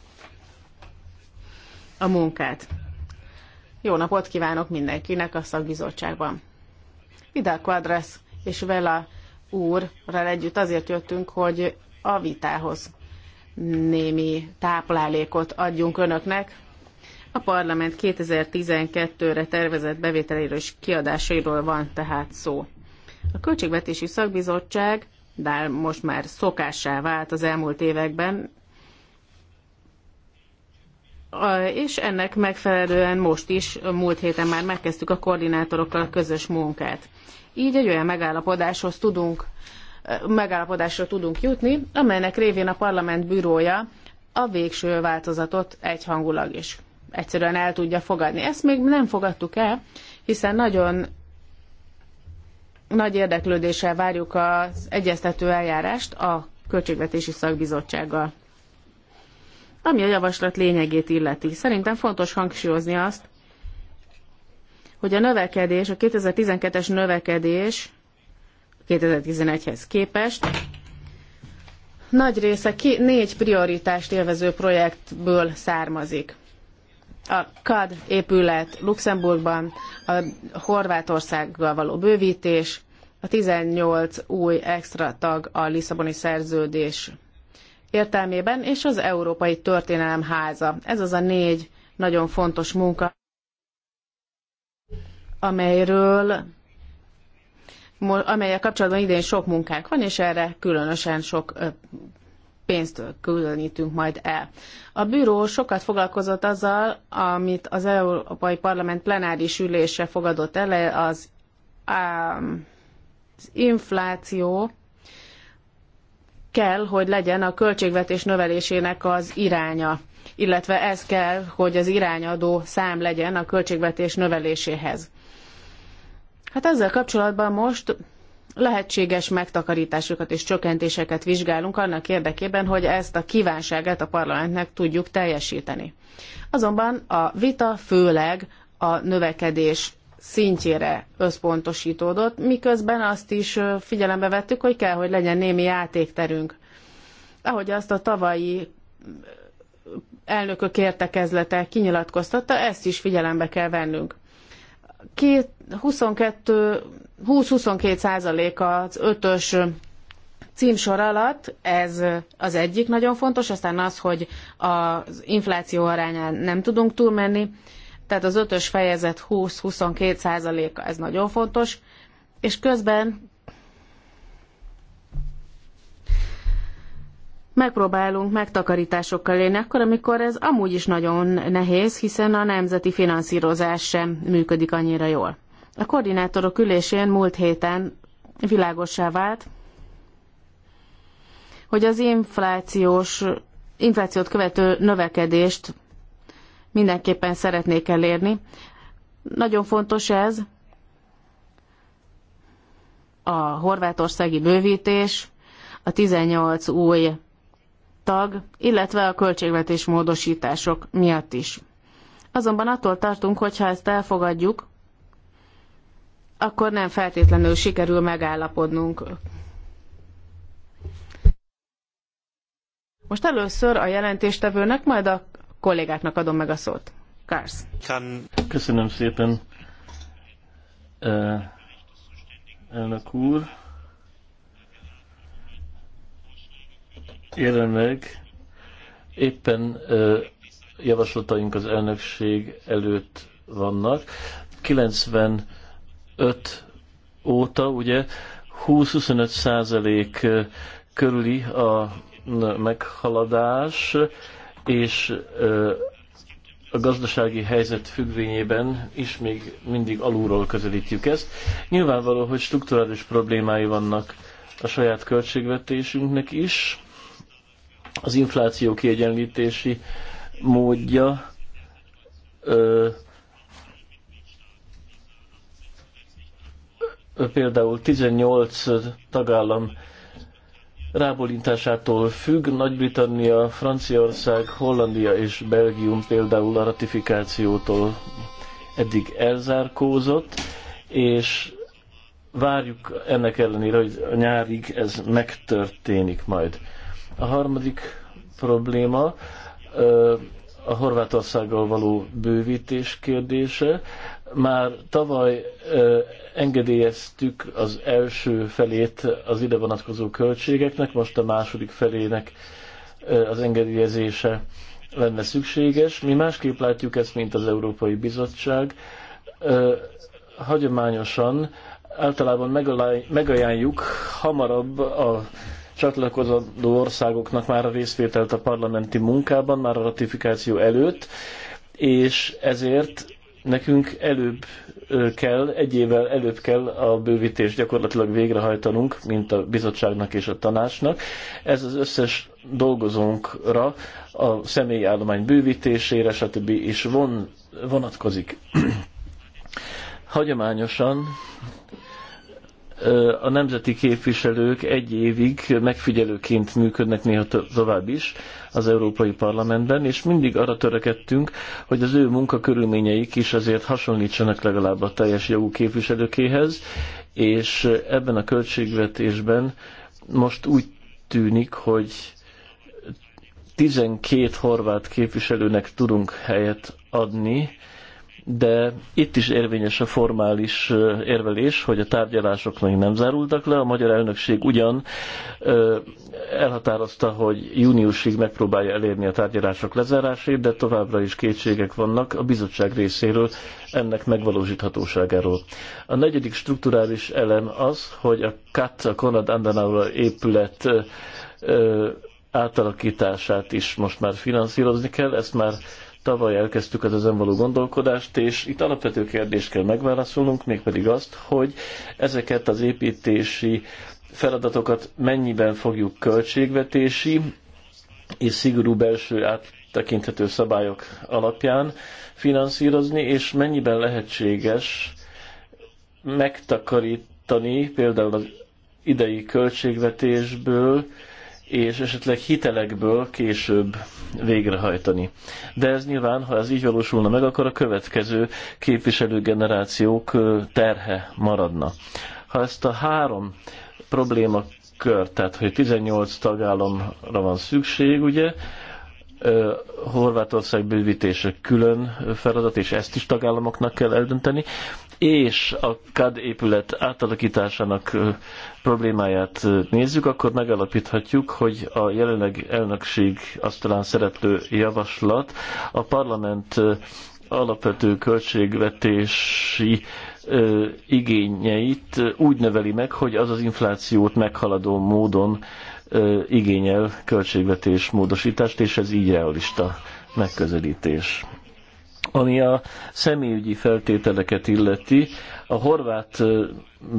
a munkát. Jó napot kívánok mindenkinek a szakbizottságban. Vidal Quadras és vele úrral együtt azért jöttünk, hogy a vitához némi táplálékot adjunk önöknek. A parlament 2012-re tervezett bevételéről és kiadásairól van tehát szó. A Költségvetési Szakbizottság, de most már szokássá vált az elmúlt években, és ennek megfelelően most is, múlt héten már megkezdtük a koordinátorokkal a közös munkát. Így egy olyan megállapodáshoz tudunk, megállapodásra tudunk jutni, amelynek révén a parlament bürója a végső változatot egyhangulag is egyszerűen el tudja fogadni. Ezt még nem fogadtuk el, hiszen nagyon nagy érdeklődéssel várjuk az egyeztető eljárást a Költségvetési Szakbizottsággal. Ami a javaslat lényegét illeti. Szerintem fontos hangsúlyozni azt, hogy a növekedés, a 2012-es növekedés 2011-hez képest nagy része ki, négy prioritást élvező projektből származik. A CAD épület Luxemburgban, a Horvátországgal való bővítés, a 18 új extra tag a Lisszaboni szerződés értelmében, és az Európai Történelem Háza. Ez az a négy nagyon fontos munka, amelyről amelyek kapcsolatban idén sok munkánk van, és erre különösen sok pénzt különítünk majd el. A bűró sokat foglalkozott azzal, amit az Európai Parlament plenáris ülése fogadott el, az, az infláció kell, hogy legyen a költségvetés növelésének az iránya, illetve ez kell, hogy az irányadó szám legyen a költségvetés növeléséhez. Hát ezzel kapcsolatban most lehetséges megtakarításokat és csökkentéseket vizsgálunk annak érdekében, hogy ezt a kívánságát a parlamentnek tudjuk teljesíteni. Azonban a vita főleg a növekedés szintjére összpontosítódott, miközben azt is figyelembe vettük, hogy kell, hogy legyen némi játékterünk. Ahogy azt a tavalyi elnökök értekezlete kinyilatkoztatta, ezt is figyelembe kell vennünk. 20-22 százalék az ötös címsor alatt, ez az egyik nagyon fontos, aztán az, hogy az infláció arányán nem tudunk túlmenni, tehát az ötös fejezet 20-22 százaléka, ez nagyon fontos, és közben megpróbálunk megtakarításokkal élni, akkor amikor ez amúgy is nagyon nehéz, hiszen a nemzeti finanszírozás sem működik annyira jól. A koordinátorok ülésén múlt héten világosá vált, hogy az inflációs, inflációt követő növekedést mindenképpen szeretnék elérni. Nagyon fontos ez, a horvátországi bővítés, a 18 új tag, illetve a költségvetés módosítások miatt is. Azonban attól tartunk, ha ezt elfogadjuk, akkor nem feltétlenül sikerül megállapodnunk. Most először a jelentéstevőnek, majd a kollégáknak adom meg a szót. Kársz. Köszönöm szépen, eh, elnök úr. Jelenleg éppen javaslataink az elnökség előtt vannak. 95 óta ugye 20-25 százalék körüli a meghaladás, és a gazdasági helyzet függvényében is még mindig alulról közelítjük ezt. Nyilvánvaló, hogy strukturális problémái vannak a saját költségvetésünknek is, az infláció kiegyenlítési módja ö, ö, például 18 tagállam rábólintásától függ, Nagy-Britannia, Franciaország, Hollandia és Belgium például a ratifikációtól eddig elzárkózott, és várjuk ennek ellenére, hogy a nyárig ez megtörténik majd. A harmadik probléma a Horvátországgal való bővítés kérdése. Már tavaly engedélyeztük az első felét az ide vonatkozó költségeknek, most a második felének az engedélyezése lenne szükséges. Mi másképp látjuk ezt, mint az Európai Bizottság. Hagyományosan általában megajánljuk hamarabb a csatlakozó országoknak már a részvételt a parlamenti munkában, már a ratifikáció előtt, és ezért nekünk előbb kell, egy évvel előbb kell a bővítést gyakorlatilag végrehajtanunk, mint a bizottságnak és a tanácsnak. Ez az összes dolgozónkra, a személyállomány bővítésére, stb. is von, vonatkozik. Hagyományosan a nemzeti képviselők egy évig megfigyelőként működnek néha tovább is az Európai Parlamentben, és mindig arra törekedtünk, hogy az ő munkakörülményeik is azért hasonlítsanak legalább a teljes jogú képviselőkéhez, és ebben a költségvetésben most úgy tűnik, hogy 12 horvát képviselőnek tudunk helyet adni, de itt is érvényes a formális érvelés, hogy a tárgyalások még nem zárultak le. A magyar elnökség ugyan elhatározta, hogy júniusig megpróbálja elérni a tárgyalások lezárását, de továbbra is kétségek vannak a bizottság részéről ennek megvalósíthatóságáról. A negyedik strukturális elem az, hogy a CAT, a Konrad Adenauer épület átalakítását is most már finanszírozni kell, ezt már Tavaly elkezdtük az ezen való gondolkodást, és itt alapvető kérdést kell megválaszolnunk, mégpedig azt, hogy ezeket az építési feladatokat mennyiben fogjuk költségvetési és szigorú belső áttekinthető szabályok alapján finanszírozni, és mennyiben lehetséges megtakarítani például az idei költségvetésből és esetleg hitelekből később végrehajtani. De ez nyilván, ha ez így valósulna meg, akkor a következő képviselőgenerációk terhe maradna. Ha ezt a három problémakört, tehát hogy 18 tagállamra van szükség, ugye, Horvátország bővítése külön feladat, és ezt is tagállamoknak kell eldönteni, és a KAD épület átalakításának problémáját nézzük, akkor megalapíthatjuk, hogy a jelenleg elnökség asztalán szerető javaslat a parlament alapvető költségvetési igényeit úgy növeli meg, hogy az az inflációt meghaladó módon igényel költségvetés módosítást, és ez így realista megközelítés. Ami a személyügyi feltételeket illeti, a horvát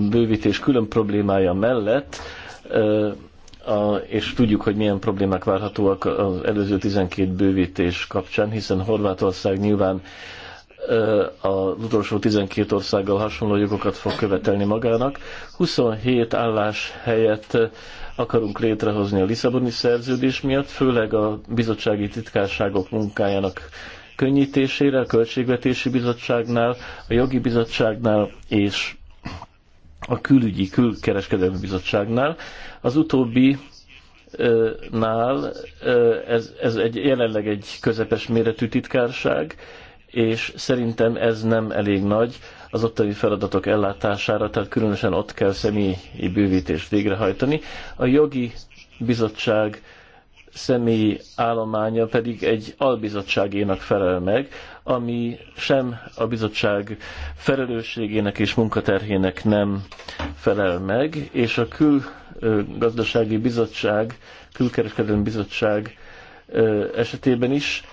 bővítés külön problémája mellett, és tudjuk, hogy milyen problémák várhatóak az előző 12 bővítés kapcsán, hiszen Horvátország nyilván az utolsó 12 országgal hasonló jogokat fog követelni magának. 27 állás helyett akarunk létrehozni a Lisszaboni szerződés miatt, főleg a bizottsági titkárságok munkájának könnyítésére, a Költségvetési Bizottságnál, a Jogi Bizottságnál és a Külügyi Külkereskedelmi Bizottságnál. Az utóbbi nál ez, ez egy, jelenleg egy közepes méretű titkárság, és szerintem ez nem elég nagy az ottani feladatok ellátására, tehát különösen ott kell személyi bővítést végrehajtani. A jogi bizottság személyi állománya pedig egy albizottságénak felel meg, ami sem a bizottság felelősségének és munkaterhének nem felel meg, és a külgazdasági bizottság, külkereskedelmi bizottság esetében is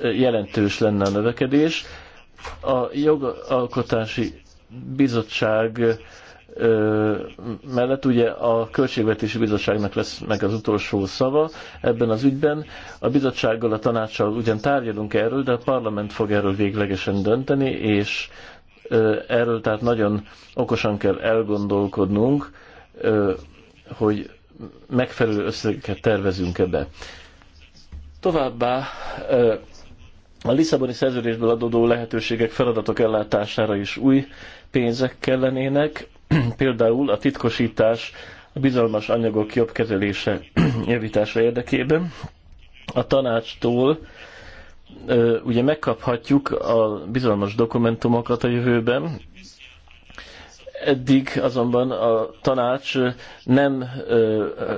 jelentős lenne a növekedés. A jogalkotási bizottság mellett ugye a Költségvetési Bizottságnak lesz meg az utolsó szava ebben az ügyben. A bizottsággal, a tanácssal ugyan tárgyalunk erről, de a parlament fog erről véglegesen dönteni, és erről tehát nagyon okosan kell elgondolkodnunk, hogy megfelelő összegeket tervezünk ebbe. Továbbá a Lisszaboni szerződésből adódó lehetőségek feladatok ellátására is új pénzek kellenének, például a titkosítás, a bizalmas anyagok jobb kezelése javítása érdekében. A tanácstól ugye megkaphatjuk a bizalmas dokumentumokat a jövőben, Eddig azonban a tanács nem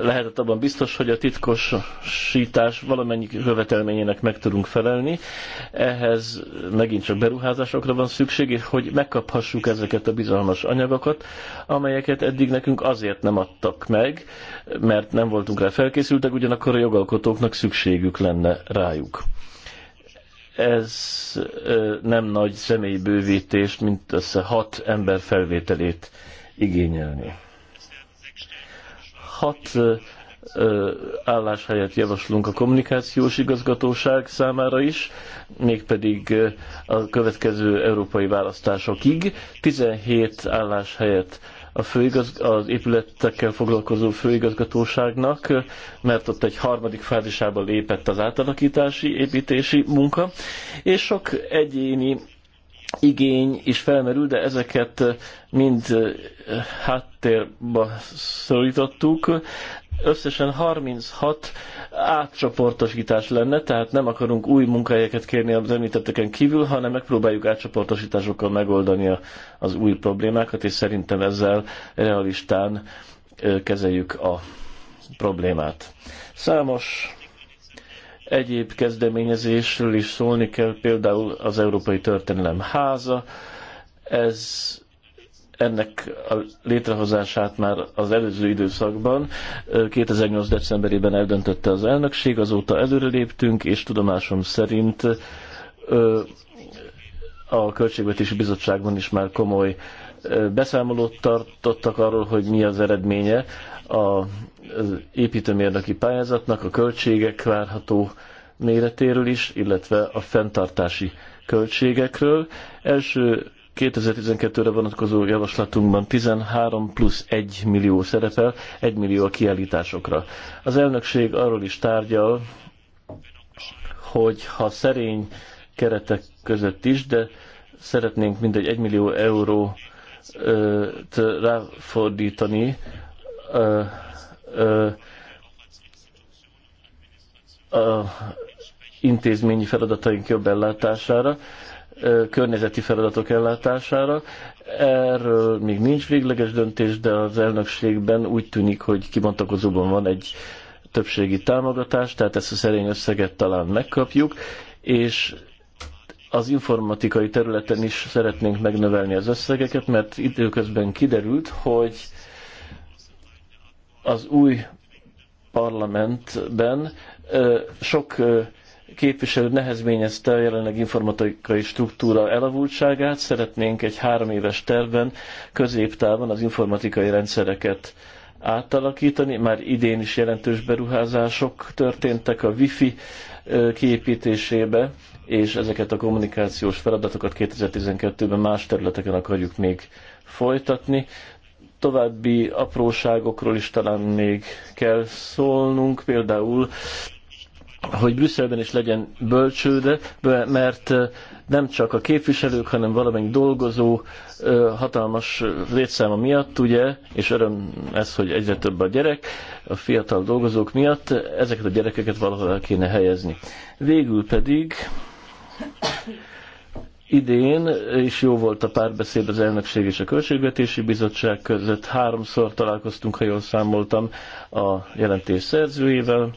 lehetett abban biztos, hogy a titkosítás valamennyi követelményének meg tudunk felelni. Ehhez megint csak beruházásokra van szükség, és hogy megkaphassuk ezeket a bizalmas anyagokat, amelyeket eddig nekünk azért nem adtak meg, mert nem voltunk rá felkészültek, ugyanakkor a jogalkotóknak szükségük lenne rájuk ez nem nagy személybővítés, mint össze hat ember felvételét igényelni. Hat álláshelyet javaslunk a kommunikációs igazgatóság számára is, mégpedig a következő európai választásokig 17 álláshelyet a főigaz, az épületekkel foglalkozó főigazgatóságnak, mert ott egy harmadik fázisába lépett az átalakítási, építési munka, és sok egyéni igény is felmerül, de ezeket mind eh, háttérbe szorítottuk összesen 36 átcsoportosítás lenne, tehát nem akarunk új munkahelyeket kérni az említetteken kívül, hanem megpróbáljuk átcsoportosításokkal megoldani az új problémákat, és szerintem ezzel realistán kezeljük a problémát. Számos egyéb kezdeményezésről is szólni kell, például az Európai Történelem Háza, ez ennek a létrehozását már az előző időszakban, 2008. decemberében eldöntötte az elnökség, azóta előreléptünk, és tudomásom szerint a Költségvetési Bizottságban is már komoly beszámolót tartottak arról, hogy mi az eredménye az építőmérnöki pályázatnak, a költségek várható méretéről is, illetve a fenntartási költségekről. Első 2012-re vonatkozó javaslatunkban 13 plusz 1 millió szerepel, 1 millió a kiállításokra. Az elnökség arról is tárgyal, hogy ha szerény keretek között is, de szeretnénk mindegy 1 millió eurót ráfordítani a intézményi feladataink jobb ellátására, környezeti feladatok ellátására. Erről még nincs végleges döntés, de az elnökségben úgy tűnik, hogy kibontakozóban van egy többségi támogatás, tehát ezt a szerény összeget talán megkapjuk, és az informatikai területen is szeretnénk megnövelni az összegeket, mert időközben kiderült, hogy az új parlamentben sok képviselő nehezményezte a jelenleg informatikai struktúra elavultságát. Szeretnénk egy három éves tervben középtávon az informatikai rendszereket átalakítani. Már idén is jelentős beruházások történtek a wifi kiépítésébe, és ezeket a kommunikációs feladatokat 2012-ben más területeken akarjuk még folytatni. További apróságokról is talán még kell szólnunk, például hogy Brüsszelben is legyen bölcsőde, mert nem csak a képviselők, hanem valamennyi dolgozó hatalmas létszáma miatt, ugye, és öröm ez, hogy egyre több a gyerek, a fiatal dolgozók miatt ezeket a gyerekeket valahol kéne helyezni. Végül pedig idén is jó volt a párbeszéd az elnökség és a költségvetési bizottság között. Háromszor találkoztunk, ha jól számoltam, a jelentés szerzőjével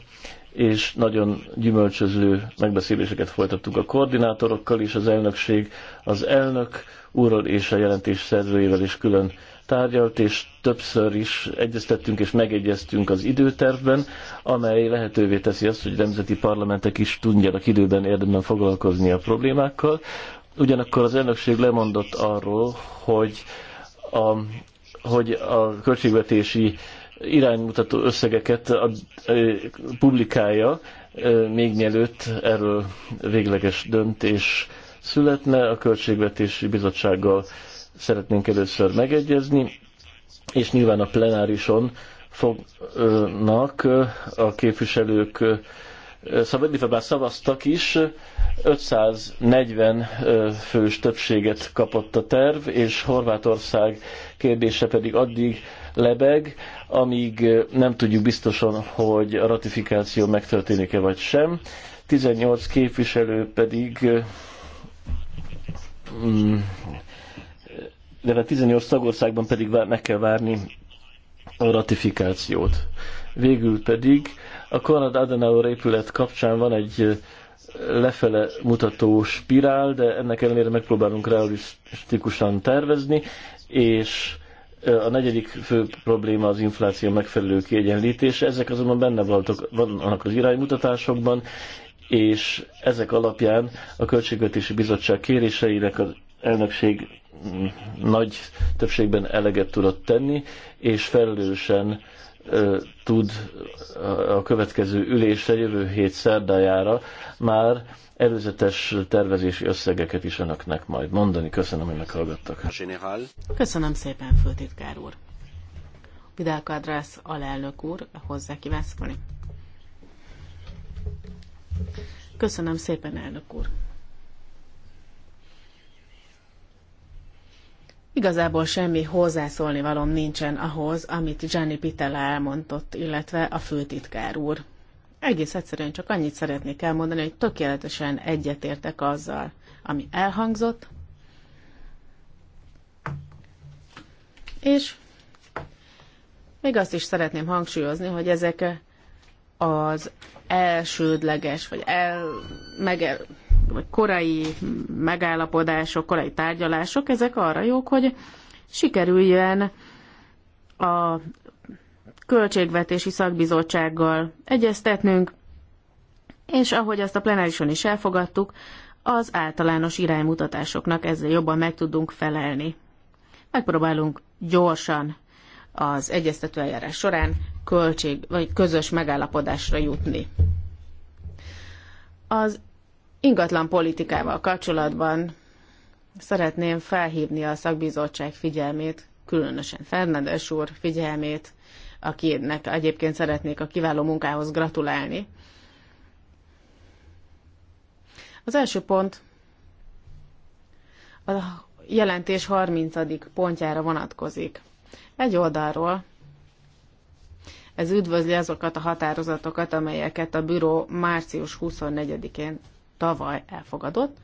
és nagyon gyümölcsöző megbeszéléseket folytattuk a koordinátorokkal is az elnökség az elnök úrral és a jelentés szerzőjével is külön tárgyalt, és többször is egyeztettünk és megegyeztünk az időtervben, amely lehetővé teszi azt, hogy nemzeti parlamentek is tudjanak időben érdemben foglalkozni a problémákkal. Ugyanakkor az elnökség lemondott arról, hogy a, hogy a költségvetési iránymutató összegeket ad, publikálja, még mielőtt erről végleges döntés születne, a Költségvetési Bizottsággal szeretnénk először megegyezni, és nyilván a plenárison fognak a képviselők Szabadlife bár szavaztak is, 540 fős többséget kapott a terv, és Horvátország kérdése pedig addig lebeg, amíg eh, nem tudjuk biztosan, hogy a ratifikáció megtörténik-e vagy sem. 18 képviselő pedig eh, mm, de a hát 18 tagországban pedig meg kell várni a ratifikációt. Végül pedig a Konrad Adenauer épület kapcsán van egy eh, lefele mutató spirál, de ennek ellenére megpróbálunk realisztikusan tervezni, és a negyedik fő probléma az infláció megfelelő kiegyenlítése. Ezek azonban benne voltak, vannak az iránymutatásokban, és ezek alapján a Költségvetési Bizottság kéréseinek az elnökség nagy többségben eleget tudott tenni, és felelősen tud a következő ülésre, jövő hét szerdájára már előzetes tervezési összegeket is önöknek majd mondani. Köszönöm, hogy meghallgattak. Köszönöm szépen, főtitkár úr. Vidal Kadrász alelnök úr, hozzá kiveszkolni. Köszönöm szépen, elnök úr. Igazából semmi hozzászólni valom nincsen ahhoz, amit Gianni Pitella elmondott, illetve a főtitkár úr egész egyszerűen csak annyit szeretnék elmondani, hogy tökéletesen egyetértek azzal, ami elhangzott, és még azt is szeretném hangsúlyozni, hogy ezek az elsődleges, vagy, el, mege, vagy korai megállapodások, korai tárgyalások, ezek arra jók, hogy sikerüljen a költségvetési szakbizottsággal egyeztetnünk, és ahogy azt a plenárison is elfogadtuk, az általános iránymutatásoknak ezzel jobban meg tudunk felelni. Megpróbálunk gyorsan az egyeztető eljárás során költség vagy közös megállapodásra jutni. Az ingatlan politikával kapcsolatban szeretném felhívni a szakbizottság figyelmét, különösen Fernandes úr figyelmét akinek egyébként szeretnék a kiváló munkához gratulálni. Az első pont a jelentés 30. pontjára vonatkozik. Egy oldalról ez üdvözli azokat a határozatokat, amelyeket a büró március 24-én tavaly elfogadott,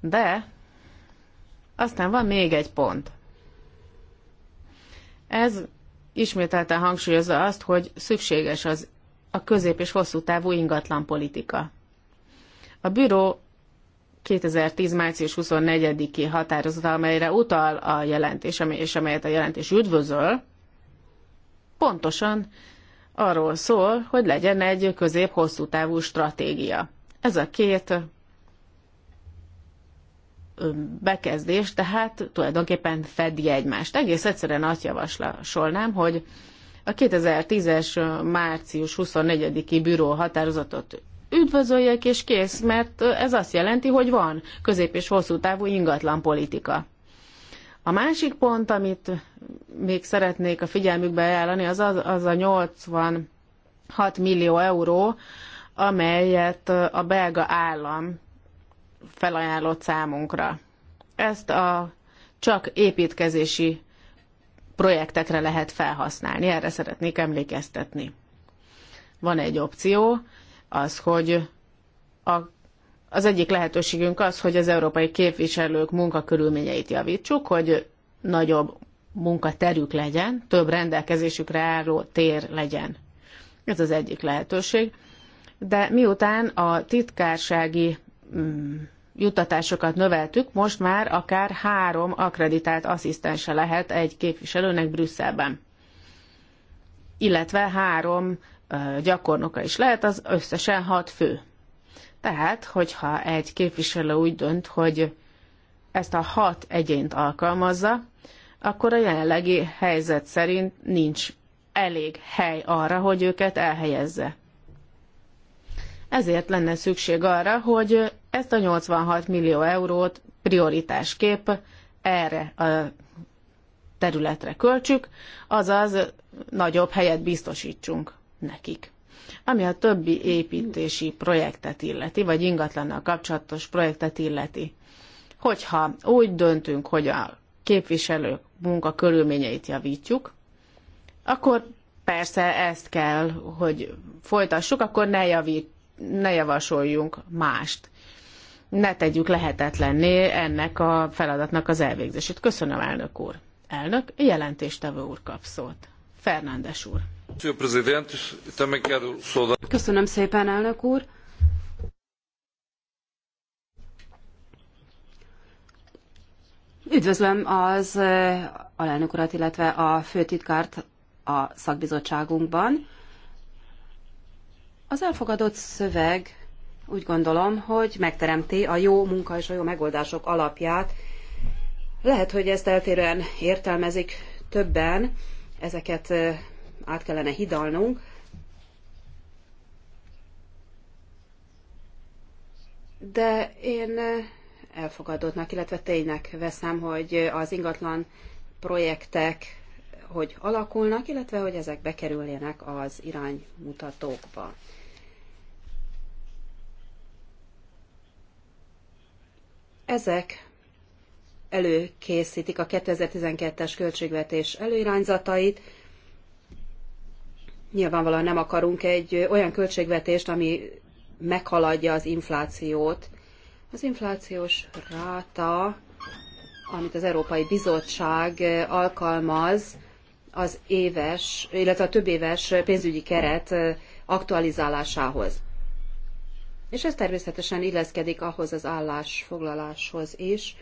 de aztán van még egy pont. Ez ismételten hangsúlyozza azt, hogy szükséges az a közép- és hosszú távú ingatlan politika. A büró 2010. március 24-i határozata, amelyre utal a jelentés, és amelyet a jelentés üdvözöl, pontosan arról szól, hogy legyen egy közép-hosszú távú stratégia. Ez a két bekezdés, tehát tulajdonképpen fedi egymást. Egész egyszerűen azt javasolnám, hogy a 2010-es március 24-i bűró határozatot üdvözöljék és kész, mert ez azt jelenti, hogy van közép- és hosszú távú ingatlan politika. A másik pont, amit még szeretnék a figyelmükbe ajánlani, az, az, az a 86 millió euró, amelyet a belga állam felajánlott számunkra. Ezt a csak építkezési projektekre lehet felhasználni, erre szeretnék emlékeztetni. Van egy opció, az, hogy a, az egyik lehetőségünk az, hogy az európai képviselők munkakörülményeit javítsuk, hogy nagyobb munkaterük legyen, több rendelkezésükre álló tér legyen. Ez az egyik lehetőség. De miután a titkársági juttatásokat növeltük, most már akár három akreditált asszisztense lehet egy képviselőnek Brüsszelben. Illetve három gyakornoka is lehet, az összesen hat fő. Tehát, hogyha egy képviselő úgy dönt, hogy ezt a hat egyént alkalmazza, akkor a jelenlegi helyzet szerint nincs elég hely arra, hogy őket elhelyezze. Ezért lenne szükség arra, hogy ezt a 86 millió eurót prioritásképp erre a területre költsük, azaz nagyobb helyet biztosítsunk nekik. Ami a többi építési projektet illeti, vagy ingatlannal kapcsolatos projektet illeti. Hogyha úgy döntünk, hogy a képviselők körülményeit javítjuk, akkor persze ezt kell, hogy folytassuk, akkor ne javít, ne javasoljunk mást. Ne tegyük lehetetlenné ennek a feladatnak az elvégzését. Köszönöm, elnök úr. Elnök, jelentéstevő úr kap szót. Fernándes úr. Köszönöm szépen, elnök úr. Üdvözlöm az eh, alelnök urat, illetve a főtitkárt a szakbizottságunkban. Az elfogadott szöveg úgy gondolom, hogy megteremti a jó munka és a jó megoldások alapját. Lehet, hogy ezt eltérően értelmezik többen, ezeket át kellene hidalnunk. De én elfogadottnak, illetve ténynek veszem, hogy az ingatlan projektek hogy alakulnak, illetve hogy ezek bekerüljenek az iránymutatókba. Ezek előkészítik a 2012-es költségvetés előirányzatait. Nyilvánvalóan nem akarunk egy olyan költségvetést, ami meghaladja az inflációt. Az inflációs ráta, amit az Európai Bizottság alkalmaz, az éves, illetve a több éves pénzügyi keret aktualizálásához. És ez természetesen illeszkedik ahhoz az állásfoglaláshoz is,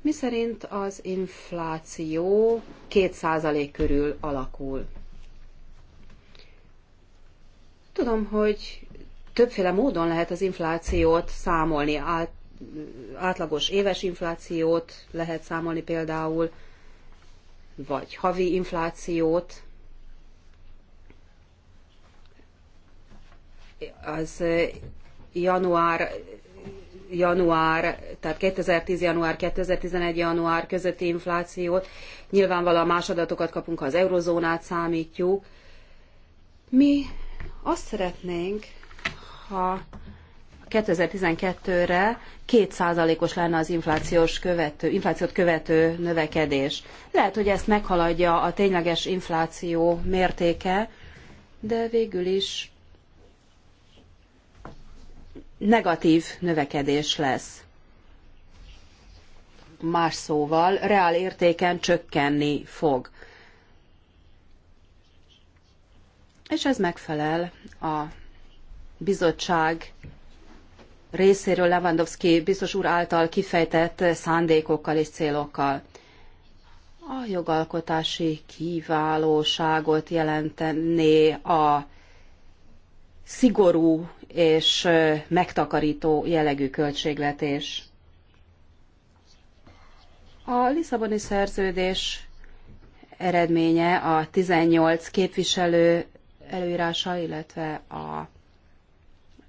miszerint az infláció 2% körül alakul. Tudom, hogy többféle módon lehet az inflációt számolni. Át, átlagos éves inflációt lehet számolni például, vagy havi inflációt. Az január január, tehát 2010. január, 2011. január közötti inflációt, nyilvánvalóan más adatokat kapunk, ha az eurozónát számítjuk. Mi azt szeretnénk, ha 2012-re 2%-os lenne az inflációs követő, inflációt követő növekedés. Lehet, hogy ezt meghaladja a tényleges infláció mértéke, de végül is negatív növekedés lesz. Más szóval, reál értéken csökkenni fog. És ez megfelel a bizottság részéről Lewandowski biztos úr által kifejtett szándékokkal és célokkal. A jogalkotási kiválóságot jelentené a szigorú és megtakarító jellegű költségvetés. A Lisszaboni szerződés eredménye a 18 képviselő előírása, illetve a,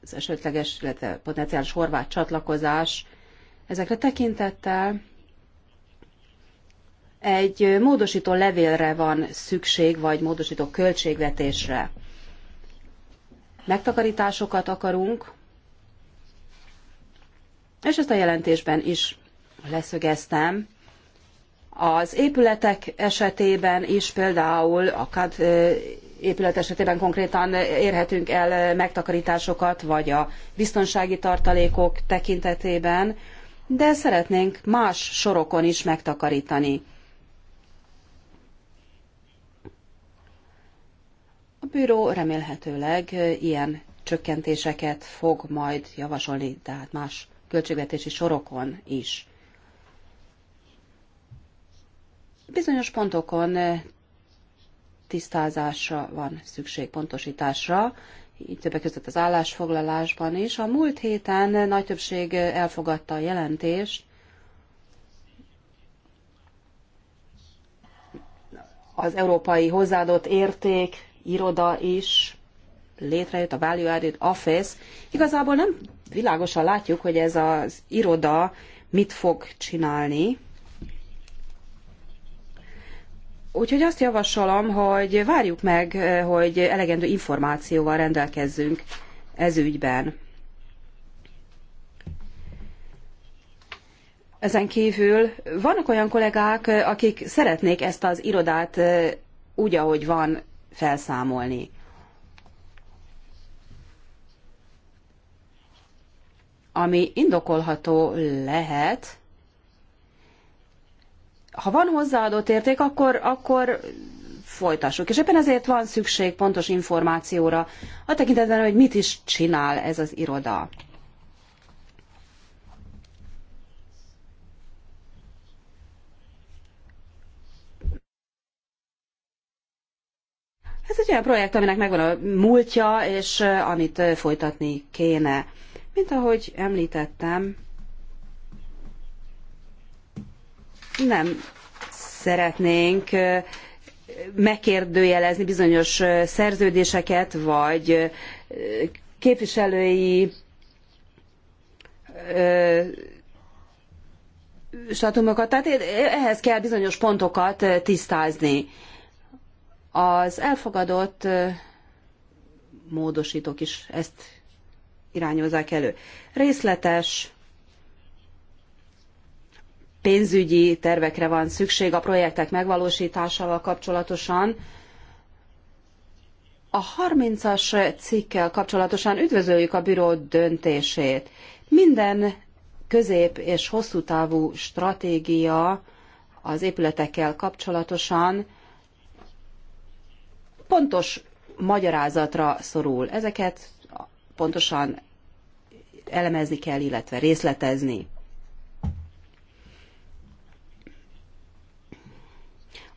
az esetleges, illetve potenciális horvát csatlakozás. Ezekre tekintettel egy módosító levélre van szükség, vagy módosító költségvetésre megtakarításokat akarunk, és ezt a jelentésben is leszögeztem. Az épületek esetében is például a CAD épület esetében konkrétan érhetünk el megtakarításokat, vagy a biztonsági tartalékok tekintetében, de szeretnénk más sorokon is megtakarítani. A bűró remélhetőleg ilyen csökkentéseket fog majd javasolni, tehát más költségvetési sorokon is. Bizonyos pontokon tisztázásra van szükség, pontosításra, így többek között az állásfoglalásban is. A múlt héten nagy többség elfogadta a jelentést, az európai hozzáadott érték iroda is létrejött, a Value Added Office. Igazából nem világosan látjuk, hogy ez az iroda mit fog csinálni. Úgyhogy azt javasolom, hogy várjuk meg, hogy elegendő információval rendelkezzünk ez ügyben. Ezen kívül vannak olyan kollégák, akik szeretnék ezt az irodát eh, úgy, ahogy van felszámolni. Ami indokolható lehet, ha van hozzáadott érték, akkor, akkor folytassuk. És éppen ezért van szükség pontos információra, a tekintetben, hogy mit is csinál ez az iroda. Ez egy olyan projekt, aminek megvan a múltja, és amit folytatni kéne. Mint ahogy említettem, nem szeretnénk megkérdőjelezni bizonyos szerződéseket, vagy képviselői statumokat. Tehát ehhez kell bizonyos pontokat tisztázni. Az elfogadott módosítók is ezt irányozzák elő. Részletes pénzügyi tervekre van szükség a projektek megvalósításával kapcsolatosan. A 30-as cikkkel kapcsolatosan üdvözöljük a büró döntését. Minden közép- és hosszú távú stratégia az épületekkel kapcsolatosan pontos magyarázatra szorul. Ezeket pontosan elemezni kell, illetve részletezni.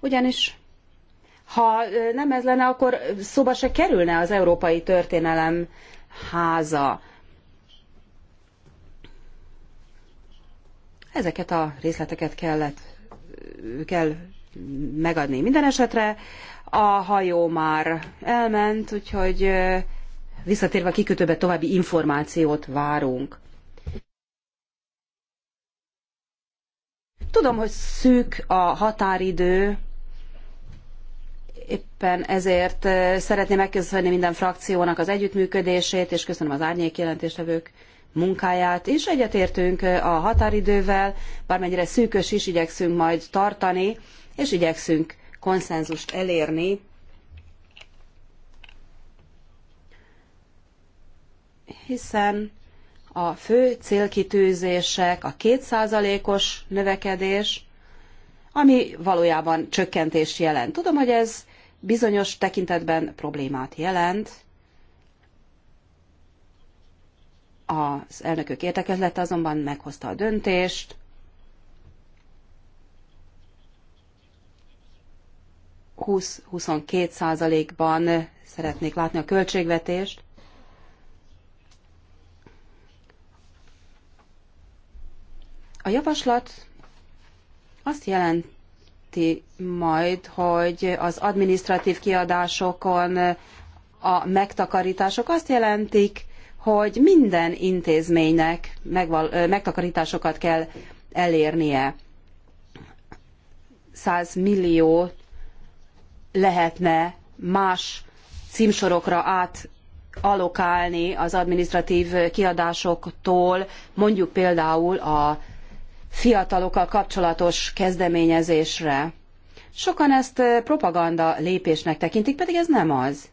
Ugyanis ha nem ez lenne, akkor szóba se kerülne az Európai Történelem háza. Ezeket a részleteket kellett, kell megadni minden esetre a hajó már elment, úgyhogy visszatérve a kikötőbe további információt várunk. Tudom, hogy szűk a határidő, éppen ezért szeretném megköszönni minden frakciónak az együttműködését, és köszönöm az árnyék jelentéstevők munkáját is. Egyetértünk a határidővel, bármennyire szűkös is igyekszünk majd tartani, és igyekszünk konszenzust elérni, hiszen a fő célkitűzések a kétszázalékos növekedés, ami valójában csökkentést jelent. Tudom, hogy ez bizonyos tekintetben problémát jelent. Az elnökök értekezlete azonban meghozta a döntést, 20-22 százalékban szeretnék látni a költségvetést. A javaslat azt jelenti majd, hogy az administratív kiadásokon a megtakarítások azt jelentik, hogy minden intézménynek megval- megtakarításokat kell elérnie. 100 millió lehetne más címsorokra át alokálni az administratív kiadásoktól, mondjuk például a fiatalokkal kapcsolatos kezdeményezésre. Sokan ezt propaganda lépésnek tekintik, pedig ez nem az.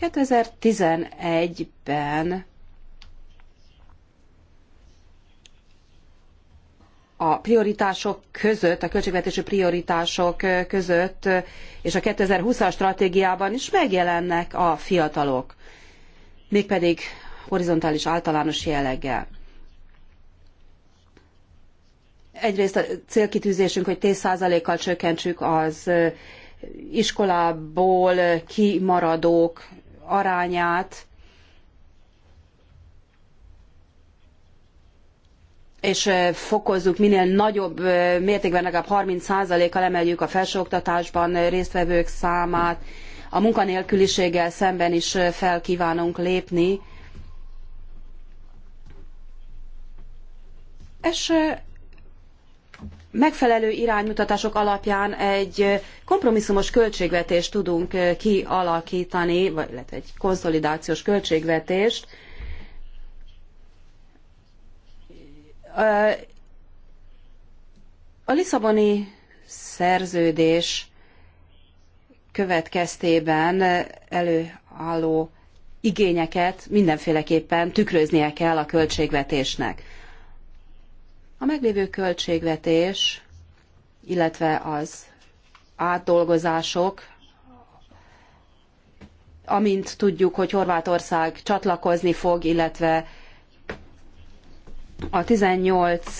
2011-ben a prioritások között, a költségvetési prioritások között és a 2020-as stratégiában is megjelennek a fiatalok, mégpedig horizontális általános jelleggel. Egyrészt a célkitűzésünk, hogy 10%-kal csökkentsük az iskolából kimaradók arányát, és fokozzuk minél nagyobb mértékben, legalább 30%-kal emeljük a felsőoktatásban résztvevők számát, a munkanélküliséggel szemben is fel kívánunk lépni. És megfelelő iránymutatások alapján egy kompromisszumos költségvetést tudunk kialakítani, vagy lehet egy konszolidációs költségvetést, A Lisszaboni szerződés következtében előálló igényeket mindenféleképpen tükröznie kell a költségvetésnek. A meglévő költségvetés, illetve az átdolgozások, amint tudjuk, hogy Horvátország csatlakozni fog, illetve a 18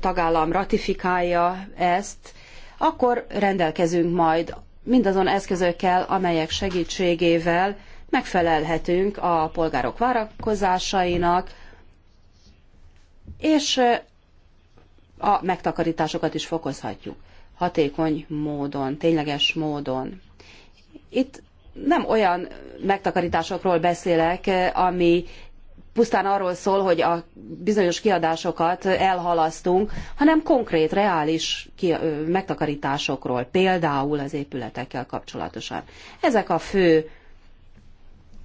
tagállam ratifikálja ezt, akkor rendelkezünk majd mindazon eszközökkel, amelyek segítségével megfelelhetünk a polgárok várakozásainak, és a megtakarításokat is fokozhatjuk hatékony módon, tényleges módon. Itt nem olyan megtakarításokról beszélek, ami pusztán arról szól, hogy a bizonyos kiadásokat elhalasztunk, hanem konkrét, reális ki, megtakarításokról, például az épületekkel kapcsolatosan. Ezek a fő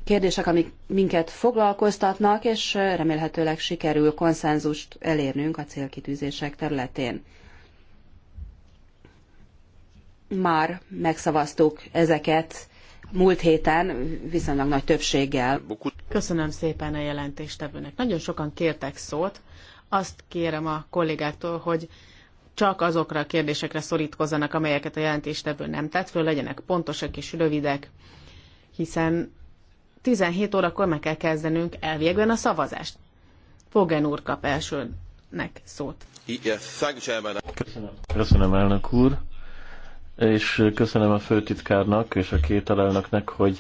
kérdések, amik minket foglalkoztatnak, és remélhetőleg sikerül konszenzust elérnünk a célkitűzések területén. Már megszavaztuk ezeket múlt héten viszonylag nagy többséggel. Köszönöm szépen a jelentéstevőnek. Nagyon sokan kértek szót. Azt kérem a kollégáktól, hogy csak azokra a kérdésekre szorítkozzanak, amelyeket a jelentéstevő nem tett föl, legyenek pontosak és rövidek, hiszen 17 órakor meg kell kezdenünk elvégben a szavazást. Fogen úr kap elsőnek szót. Köszönöm, Köszönöm elnök úr és köszönöm a főtitkárnak és a két alelnöknek, hogy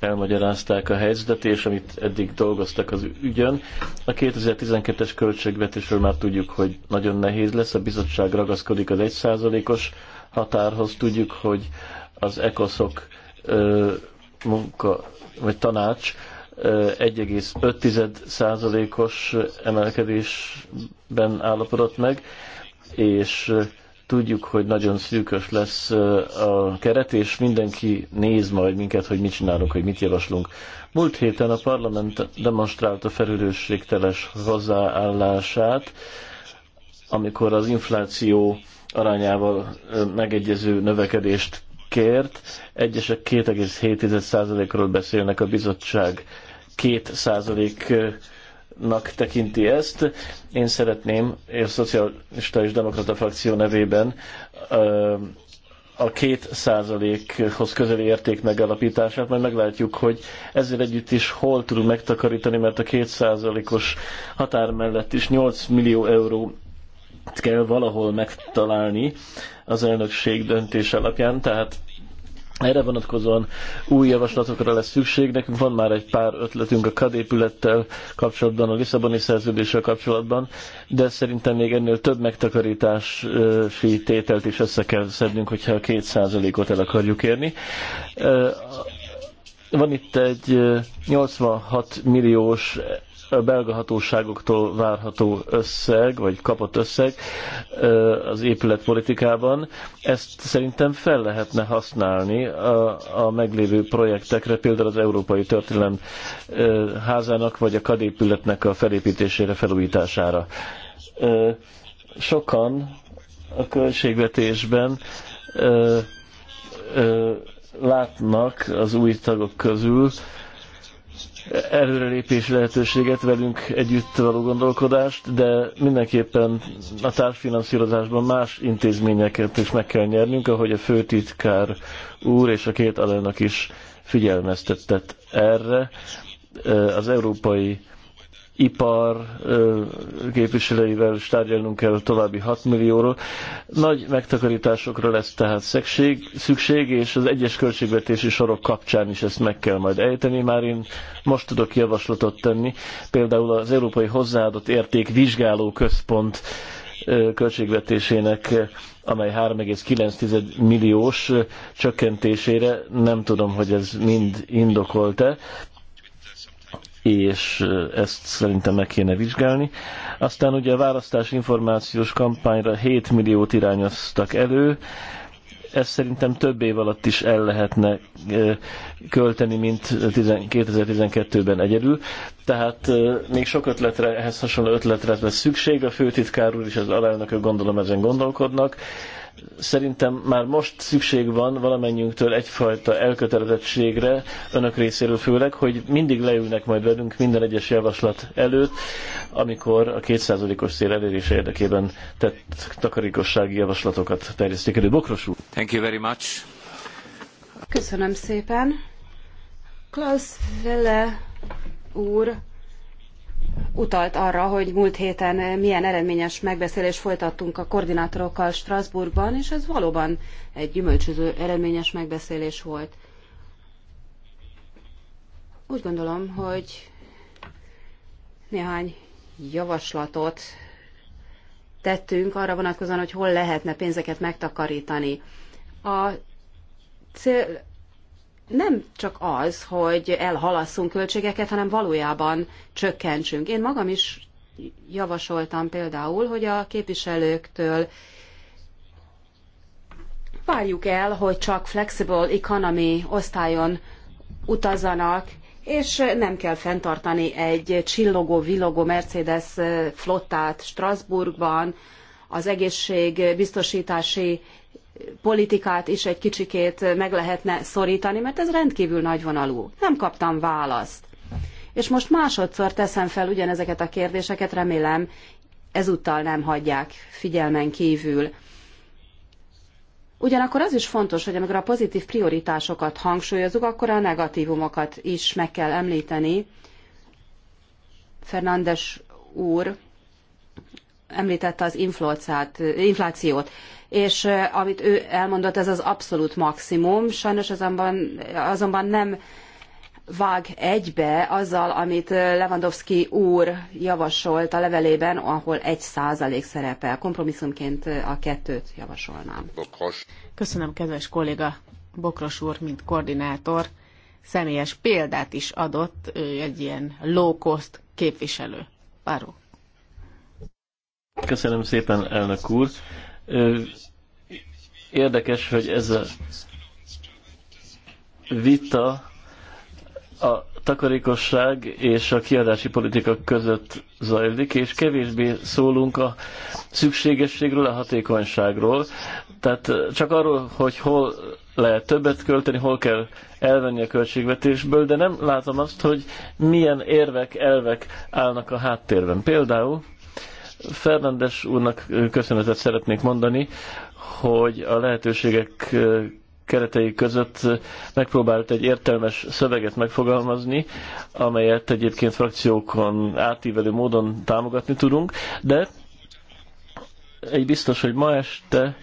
elmagyarázták a helyzetet, és amit eddig dolgoztak az ügyön. A 2012-es költségvetésről már tudjuk, hogy nagyon nehéz lesz, a bizottság ragaszkodik az 1%-os határhoz, tudjuk, hogy az ECOSZOK munka, vagy tanács 1,5%-os emelkedésben állapodott meg, és Tudjuk, hogy nagyon szűkös lesz a keret, és mindenki néz majd minket, hogy mit csinálunk, hogy mit javaslunk. Múlt héten a parlament demonstrálta felülősségteles hozzáállását, amikor az infláció arányával megegyező növekedést kért. Egyesek 2,7%-ról beszélnek, a bizottság 2% nak tekinti ezt. Én szeretném, a szocialista és demokrata frakció nevében a két százalékhoz közeli érték megalapítását, majd meglátjuk, hogy ezzel együtt is hol tudunk megtakarítani, mert a két százalékos határ mellett is 8 millió euró kell valahol megtalálni az elnökség döntés alapján, tehát erre vonatkozóan új javaslatokra lesz szükség. Nekünk van már egy pár ötletünk a kadépülettel kapcsolatban, a Lisszaboni szerződéssel kapcsolatban, de szerintem még ennél több megtakarítási tételt is össze kell szednünk, hogyha a két százalékot el akarjuk érni. Van itt egy 86 milliós a belga hatóságoktól várható összeg, vagy kapott összeg az épületpolitikában. Ezt szerintem fel lehetne használni a, a meglévő projektekre, például az Európai Történelem házának, vagy a kadépületnek a felépítésére, felújítására. Sokan a költségvetésben látnak az új tagok közül, előrelépés lehetőséget, velünk együtt való gondolkodást, de mindenképpen a társfinanszírozásban más intézményeket is meg kell nyernünk, ahogy a főtitkár úr és a két alelnök is figyelmeztetett erre. Az európai ipar képviselőivel is tárgyalnunk kell további 6 millióról. Nagy megtakarításokra lesz tehát szükség, szükség, és az egyes költségvetési sorok kapcsán is ezt meg kell majd ejteni. Már én most tudok javaslatot tenni, például az Európai Hozzáadott Érték Vizsgáló Központ költségvetésének, amely 3,9 milliós csökkentésére, nem tudom, hogy ez mind indokolt-e, és ezt szerintem meg kéne vizsgálni. Aztán ugye a választás információs kampányra 7 milliót irányoztak elő, ezt szerintem több év alatt is el lehetne költeni, mint 2012-ben egyedül. Tehát még sok ötletre, ehhez hasonló ötletre lesz szükség, a főtitkár úr és az alelnökök gondolom ezen gondolkodnak szerintem már most szükség van valamennyünktől egyfajta elkötelezettségre, önök részéről főleg, hogy mindig leülnek majd velünk minden egyes javaslat előtt, amikor a kétszázalékos cél elérése érdekében tett takarékossági javaslatokat terjesztik elő. Bokros úr. Thank you very much. Köszönöm szépen. Klaus Vele úr utalt arra, hogy múlt héten milyen eredményes megbeszélést folytattunk a koordinátorokkal Strasbourgban, és ez valóban egy gyümölcsöző eredményes megbeszélés volt. Úgy gondolom, hogy néhány javaslatot tettünk arra vonatkozóan, hogy hol lehetne pénzeket megtakarítani. A cél nem csak az, hogy elhalasszunk költségeket, hanem valójában csökkentsünk. Én magam is javasoltam például, hogy a képviselőktől várjuk el, hogy csak flexible economy osztályon utazzanak, és nem kell fenntartani egy csillogó, villogó Mercedes flottát Strasbourgban, az egészségbiztosítási politikát is egy kicsikét meg lehetne szorítani, mert ez rendkívül nagyvonalú. Nem kaptam választ. És most másodszor teszem fel ugyanezeket a kérdéseket, remélem ezúttal nem hagyják figyelmen kívül. Ugyanakkor az is fontos, hogy amikor a pozitív prioritásokat hangsúlyozunk, akkor a negatívumokat is meg kell említeni. Fernandes úr említette az inflációt és amit ő elmondott, ez az abszolút maximum. Sajnos azonban, azonban nem vág egybe azzal, amit Lewandowski úr javasolt a levelében, ahol egy százalék szerepel. Kompromisszumként a kettőt javasolnám. Bokros. Köszönöm, kedves kolléga Bokros úr, mint koordinátor, személyes példát is adott ő egy ilyen low-cost képviselő. Páró. Köszönöm szépen, elnök úr. Érdekes, hogy ez a vita a takarékosság és a kiadási politika között zajlik, és kevésbé szólunk a szükségességről, a hatékonyságról. Tehát csak arról, hogy hol lehet többet költeni, hol kell elvenni a költségvetésből, de nem látom azt, hogy milyen érvek, elvek állnak a háttérben. Például Fernandes úrnak köszönetet szeretnék mondani, hogy a lehetőségek keretei között megpróbált egy értelmes szöveget megfogalmazni, amelyet egyébként frakciókon átívelő módon támogatni tudunk, de egy biztos, hogy ma este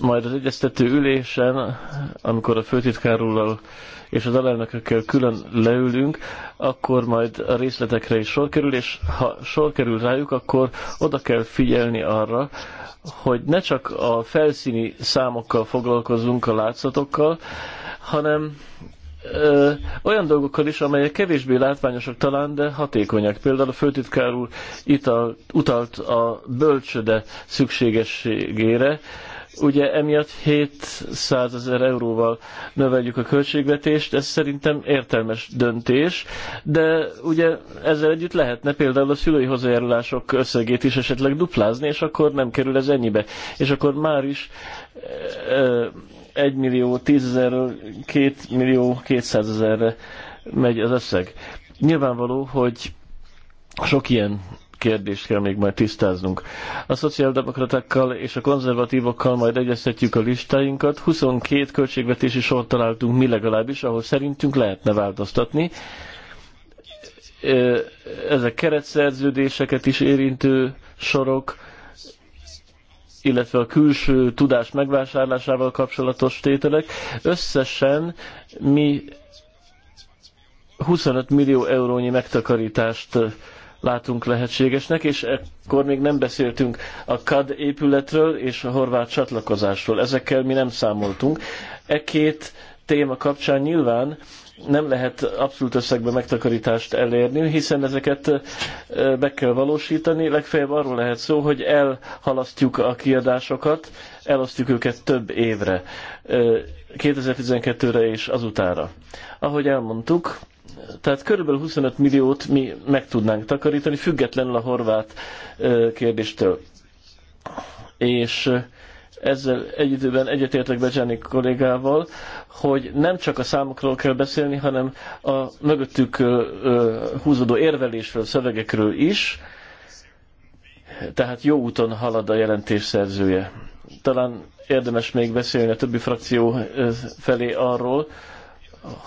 majd az egyeztető ülésen, amikor a főtitkárulal és az alelnökökkel külön leülünk, akkor majd a részletekre is sor kerül, és ha sor kerül rájuk, akkor oda kell figyelni arra, hogy ne csak a felszíni számokkal foglalkozunk, a látszatokkal, hanem ö, olyan dolgokkal is, amelyek kevésbé látványosak talán, de hatékonyak. Például a főtitkár úr ital, utalt a bölcsöde szükségességére, Ugye emiatt 700 ezer euróval növeljük a költségvetést, ez szerintem értelmes döntés, de ugye ezzel együtt lehetne például a szülői hozzájárulások összegét is esetleg duplázni, és akkor nem kerül ez ennyibe. És akkor már is 1 eh, eh, millió 10 ezer, 2 millió 200 ezerre megy az összeg. Nyilvánvaló, hogy sok ilyen kérdést kell még majd tisztáznunk. A szociáldemokratákkal és a konzervatívokkal majd egyeztetjük a listáinkat. 22 költségvetési sort találtunk mi legalábbis, ahol szerintünk lehetne változtatni. Ezek keretszerződéseket is érintő sorok, illetve a külső tudás megvásárlásával kapcsolatos tételek. Összesen mi 25 millió eurónyi megtakarítást látunk lehetségesnek, és ekkor még nem beszéltünk a CAD épületről és a horvát csatlakozásról. Ezekkel mi nem számoltunk. E két téma kapcsán nyilván nem lehet abszolút összegben megtakarítást elérni, hiszen ezeket be kell valósítani. Legfeljebb arról lehet szó, hogy elhalasztjuk a kiadásokat, elosztjuk őket több évre, 2012-re és azutára. Ahogy elmondtuk, tehát körülbelül 25 milliót mi meg tudnánk takarítani, függetlenül a horvát kérdéstől. És ezzel egy időben egyetértek Bezsáni kollégával, hogy nem csak a számokról kell beszélni, hanem a mögöttük húzódó érvelésről, szövegekről is, tehát jó úton halad a jelentés szerzője. Talán érdemes még beszélni a többi frakció felé arról,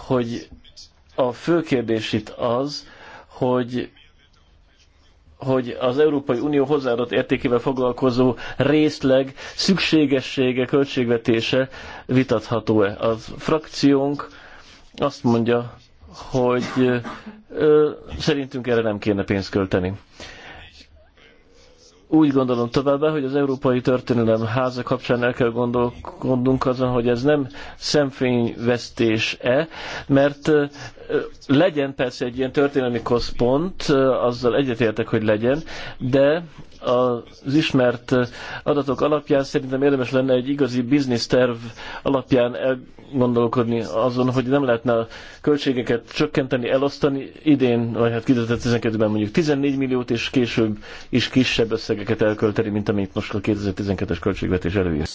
hogy a fő kérdés itt az, hogy hogy az Európai Unió hozzáadott értékével foglalkozó részleg szükségessége, költségvetése vitatható-e. A frakciónk azt mondja, hogy ö, szerintünk erre nem kéne pénzt költeni úgy gondolom továbbá, hogy az Európai Történelem háza kapcsán el kell gondolkodnunk azon, hogy ez nem szemfényvesztés-e, mert legyen persze egy ilyen történelmi központ, azzal egyetértek, hogy legyen, de az ismert adatok alapján szerintem érdemes lenne egy igazi bizniszterv alapján elgondolkodni azon, hogy nem lehetne a költségeket csökkenteni, elosztani idén, vagy hát 2012-ben mondjuk 14 milliót, és később is kisebb összegeket elkölteni, mint amit most a 2012-es költségvetés előír.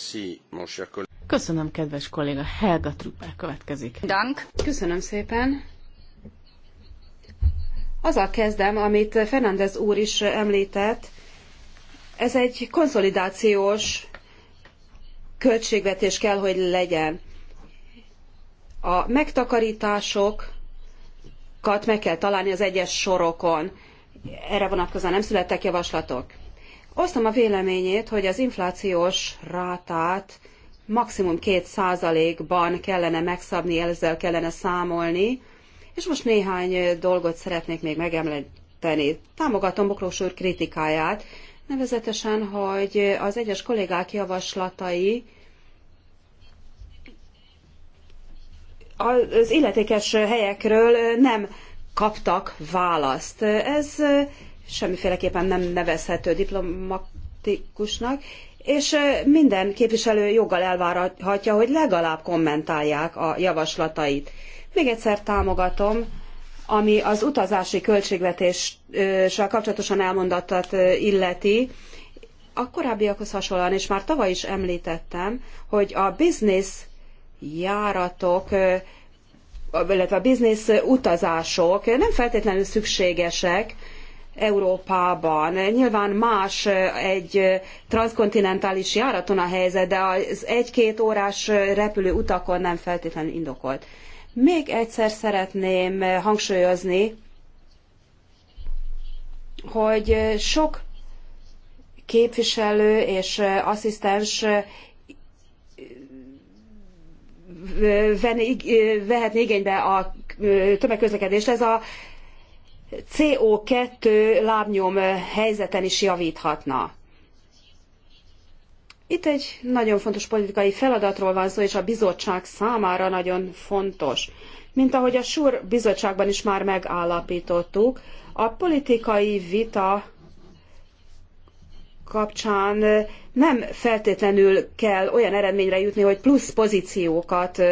Köszönöm, kedves kolléga. Helga Truppel következik. Dank. Köszönöm szépen. Azzal kezdem, amit Fernández úr is említett, ez egy konszolidációs költségvetés kell, hogy legyen. A megtakarításokat meg kell találni az egyes sorokon. Erre vonatkozóan nem születtek javaslatok. Osztom a véleményét, hogy az inflációs rátát maximum 2%-ban kellene megszabni, ezzel kellene számolni, és most néhány dolgot szeretnék még megemlíteni. Támogatom Boklós úr kritikáját, nevezetesen, hogy az egyes kollégák javaslatai az illetékes helyekről nem kaptak választ. Ez semmiféleképpen nem nevezhető diplomatikusnak, és minden képviselő joggal elvárhatja, hogy legalább kommentálják a javaslatait. Még egyszer támogatom ami az utazási költségvetéssel kapcsolatosan elmondattat illeti, a korábbiakhoz hasonlóan, és már tavaly is említettem, hogy a business járatok, illetve a business utazások nem feltétlenül szükségesek, Európában. Nyilván más egy transzkontinentális járaton a helyzet, de az egy-két órás repülő utakon nem feltétlenül indokolt. Még egyszer szeretném eh, hangsúlyozni, hogy eh, sok képviselő és eh, asszisztens vehetni igénybe a tömegközlekedést. Ez a CO2 lábnyom helyzeten is javíthatna. Itt egy nagyon fontos politikai feladatról van szó, és a bizottság számára nagyon fontos. Mint ahogy a SUR bizottságban is már megállapítottuk, a politikai vita kapcsán nem feltétlenül kell olyan eredményre jutni, hogy plusz pozíciókat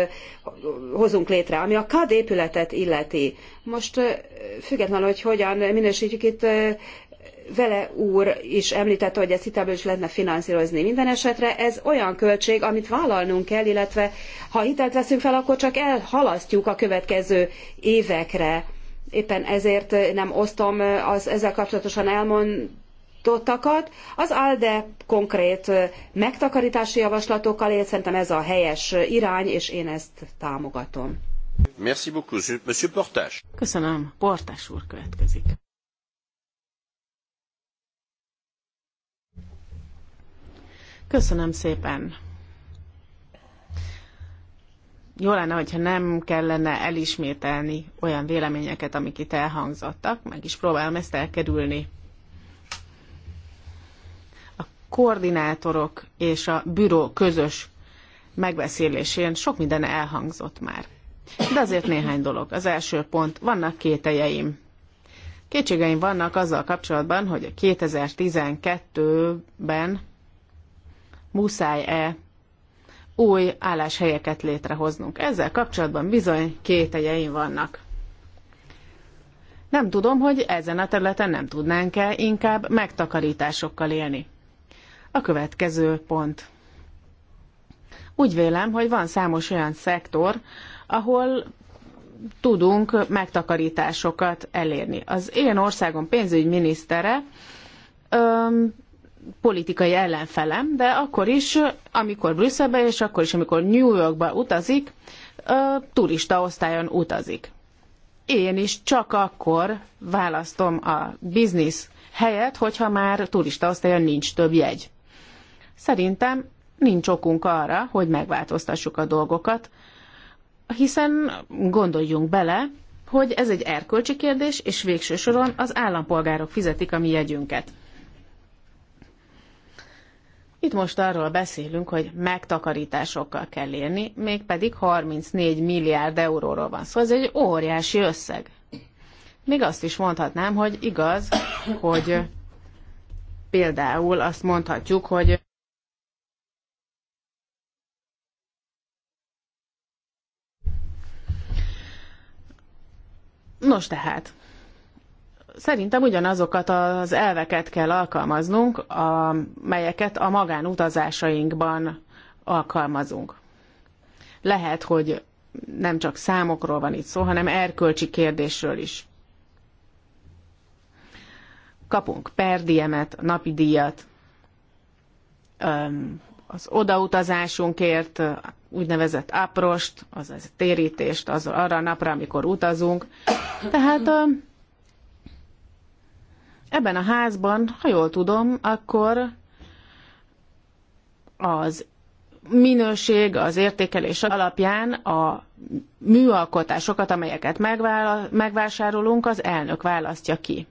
hozunk létre, ami a KAD épületet illeti. Most függetlenül, hogy hogyan minősítjük itt vele úr is említette, hogy ezt hitelből is lehetne finanszírozni. Minden esetre ez olyan költség, amit vállalnunk kell, illetve ha hitelt veszünk fel, akkor csak elhalasztjuk a következő évekre. Éppen ezért nem osztom az ezzel kapcsolatosan elmondottakat. Az ALDE konkrét megtakarítási javaslatokkal él, szerintem ez a helyes irány, és én ezt támogatom. Merci beaucoup. Monsieur Portas. Köszönöm. Portas úr következik. Köszönöm szépen. Jó lenne, hogyha nem kellene elismételni olyan véleményeket, amik itt elhangzottak, meg is próbálom ezt elkerülni. A koordinátorok és a büró közös megbeszélésén sok minden elhangzott már. De azért néhány dolog. Az első pont, vannak kételjeim. Kétségeim vannak azzal kapcsolatban, hogy a 2012-ben muszáj-e új álláshelyeket létrehoznunk. Ezzel kapcsolatban bizony kételjeim vannak. Nem tudom, hogy ezen a területen nem tudnánk-e inkább megtakarításokkal élni. A következő pont. Úgy vélem, hogy van számos olyan szektor, ahol tudunk megtakarításokat elérni. Az én országom pénzügyminisztere öm, politikai ellenfelem, de akkor is, amikor Brüsszelbe, és akkor is, amikor New Yorkba utazik, turista osztályon utazik. Én is csak akkor választom a biznisz helyet, hogyha már turista osztályon nincs több jegy. Szerintem nincs okunk arra, hogy megváltoztassuk a dolgokat, hiszen gondoljunk bele, hogy ez egy erkölcsi kérdés, és végső soron az állampolgárok fizetik a mi jegyünket. Itt most arról beszélünk, hogy megtakarításokkal kell érni, mégpedig 34 milliárd euróról van szó, szóval ez egy óriási összeg. Még azt is mondhatnám, hogy igaz, hogy például azt mondhatjuk, hogy Nos tehát, Szerintem ugyanazokat az elveket kell alkalmaznunk, amelyeket a magánutazásainkban alkalmazunk. Lehet, hogy nem csak számokról van itt szó, hanem erkölcsi kérdésről is. Kapunk perdiemet, napi díjat, az odautazásunkért, úgynevezett aprost, azaz térítést az arra a napra, amikor utazunk. Tehát Ebben a házban, ha jól tudom, akkor az minőség, az értékelés alapján a műalkotásokat, amelyeket megvásárolunk, az elnök választja ki.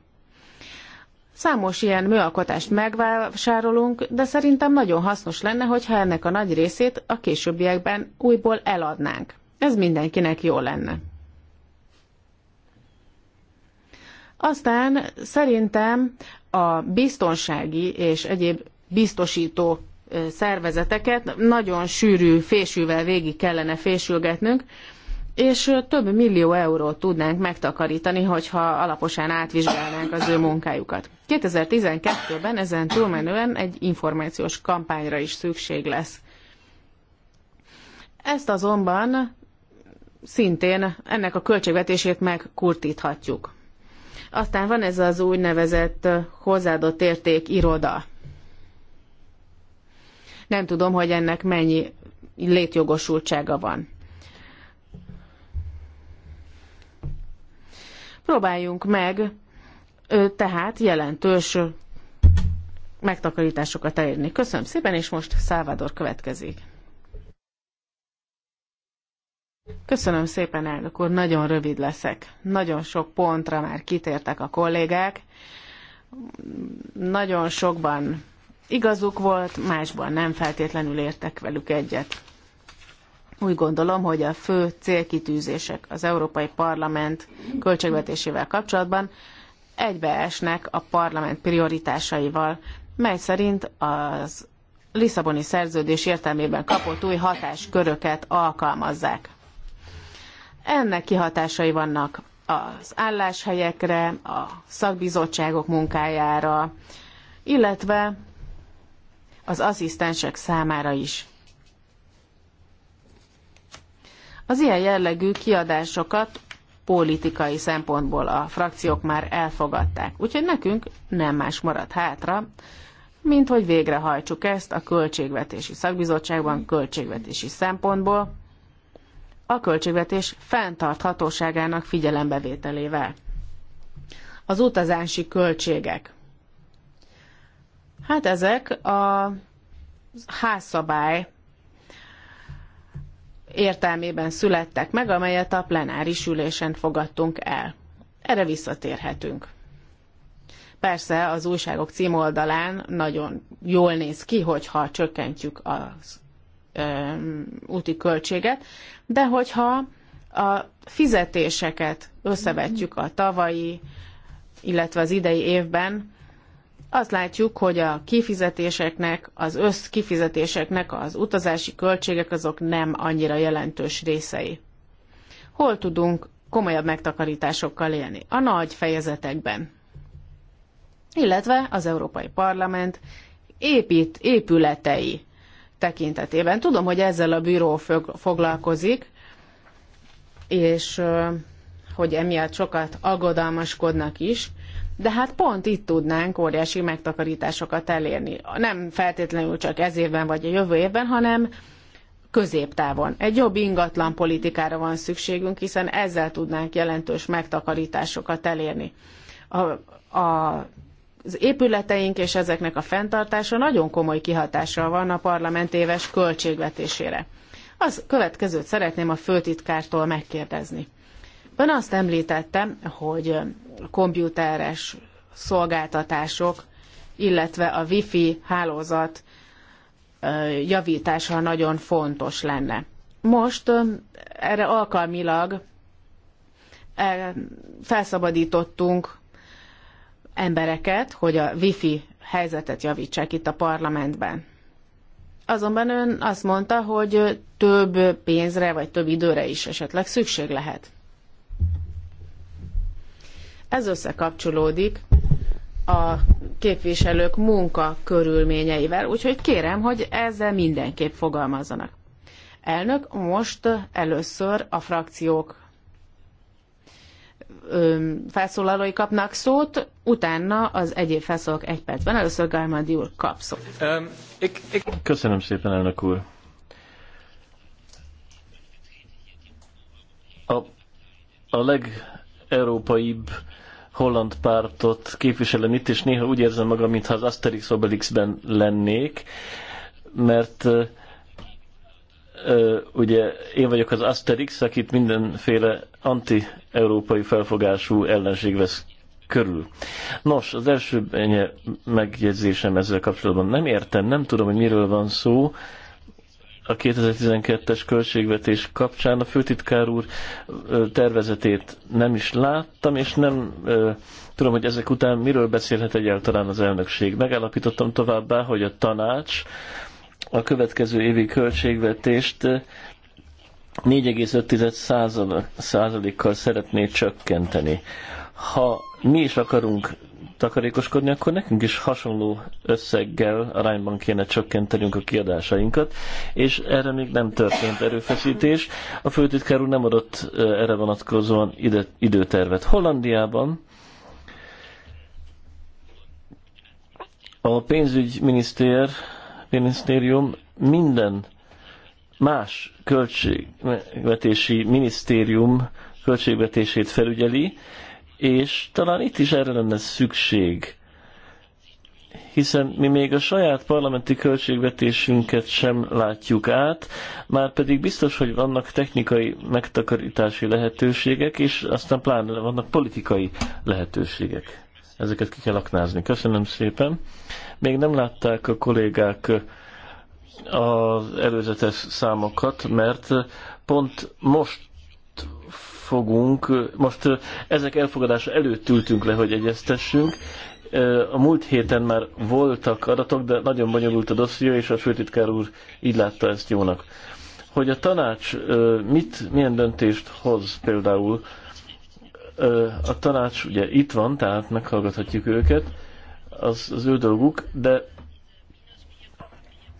Számos ilyen műalkotást megvásárolunk, de szerintem nagyon hasznos lenne, hogyha ennek a nagy részét a későbbiekben újból eladnánk. Ez mindenkinek jó lenne. Aztán szerintem a biztonsági és egyéb biztosító szervezeteket nagyon sűrű fésűvel végig kellene fésülgetnünk, és több millió eurót tudnánk megtakarítani, hogyha alaposan átvizsgálnánk az ő munkájukat. 2012-ben ezen túlmenően egy információs kampányra is szükség lesz. Ezt azonban szintén ennek a költségvetését megkurtíthatjuk. Aztán van ez az úgynevezett hozzáadott érték iroda. Nem tudom, hogy ennek mennyi létjogosultsága van. Próbáljunk meg tehát jelentős megtakarításokat elérni. Köszönöm szépen, és most Szávador következik. Köszönöm szépen, elnök úr, nagyon rövid leszek. Nagyon sok pontra már kitértek a kollégák. Nagyon sokban igazuk volt, másban nem feltétlenül értek velük egyet. Úgy gondolom, hogy a fő célkitűzések az Európai Parlament költségvetésével kapcsolatban egybeesnek a parlament prioritásaival, mely szerint az Lisszaboni szerződés értelmében kapott új hatásköröket alkalmazzák. Ennek kihatásai vannak az álláshelyekre, a szakbizottságok munkájára, illetve az asszisztensek számára is. Az ilyen jellegű kiadásokat politikai szempontból a frakciók már elfogadták, úgyhogy nekünk nem más marad hátra, mint hogy végrehajtsuk ezt a költségvetési szakbizottságban költségvetési szempontból, a költségvetés fenntarthatóságának figyelembevételével. Az utazási költségek. Hát ezek a házszabály értelmében születtek meg, amelyet a plenáris ülésen fogadtunk el. Erre visszatérhetünk. Persze az újságok címoldalán nagyon jól néz ki, hogyha csökkentjük az úti költséget, de hogyha a fizetéseket összevetjük a tavalyi, illetve az idei évben, azt látjuk, hogy a kifizetéseknek, az kifizetéseknek az utazási költségek azok nem annyira jelentős részei. Hol tudunk komolyabb megtakarításokkal élni? A nagy fejezetekben. Illetve az Európai Parlament épít épületei tekintetében. Tudom, hogy ezzel a bíró foglalkozik, és hogy emiatt sokat aggodalmaskodnak is, de hát pont itt tudnánk óriási megtakarításokat elérni. Nem feltétlenül csak ez évben vagy a jövő évben, hanem középtávon. Egy jobb ingatlan politikára van szükségünk, hiszen ezzel tudnánk jelentős megtakarításokat elérni. A, a az épületeink és ezeknek a fenntartása nagyon komoly kihatással van a parlament éves költségvetésére. Az következőt szeretném a főtitkártól megkérdezni. Ön azt említette, hogy a komputeres szolgáltatások, illetve a wifi hálózat javítása nagyon fontos lenne. Most erre alkalmilag felszabadítottunk embereket, hogy a wifi helyzetet javítsák itt a parlamentben. Azonban ön azt mondta, hogy több pénzre vagy több időre is esetleg szükség lehet. Ez összekapcsolódik a képviselők munka körülményeivel, úgyhogy kérem, hogy ezzel mindenképp fogalmazzanak. Elnök, most először a frakciók ö, felszólalói kapnak szót, utána az egyéb felszólalók egy percben. Először Gálmádi úr kap szót. Köszönöm szépen, elnök úr. A, a legeurópaibb holland pártot képviselem itt, és néha úgy érzem magam, mintha az Asterix Obelixben lennék, mert uh, ugye én vagyok az Asterix, akit mindenféle anti-európai felfogású ellenség vesz körül. Nos, az első megjegyzésem ezzel kapcsolatban nem értem, nem tudom, hogy miről van szó a 2012-es költségvetés kapcsán. A főtitkár úr tervezetét nem is láttam, és nem tudom, hogy ezek után miről beszélhet egyáltalán az elnökség. Megállapítottam továbbá, hogy a tanács a következő évi költségvetést 4,5%-kal eh, szeretné csökkenteni. Ha mi is akarunk takarékoskodni, akkor nekünk is hasonló összeggel arányban kéne csökkentenünk a kiadásainkat, és erre még nem történt erőfeszítés. A főtitkár úr nem adott eh, erre vonatkozóan ide, időtervet. Hollandiában a pénzügyminisztér minisztérium minden más költségvetési minisztérium költségvetését felügyeli, és talán itt is erre lenne szükség, hiszen mi még a saját parlamenti költségvetésünket sem látjuk át, már pedig biztos, hogy vannak technikai megtakarítási lehetőségek, és aztán pláne vannak politikai lehetőségek ezeket ki kell aknázni. Köszönöm szépen. Még nem látták a kollégák az előzetes számokat, mert pont most fogunk, most ezek elfogadása előtt ültünk le, hogy egyeztessünk. A múlt héten már voltak adatok, de nagyon bonyolult a dosszió, és a főtitkár úr így látta ezt jónak. Hogy a tanács mit, milyen döntést hoz például a tanács ugye itt van, tehát meghallgathatjuk őket, az, az ő dolguk, de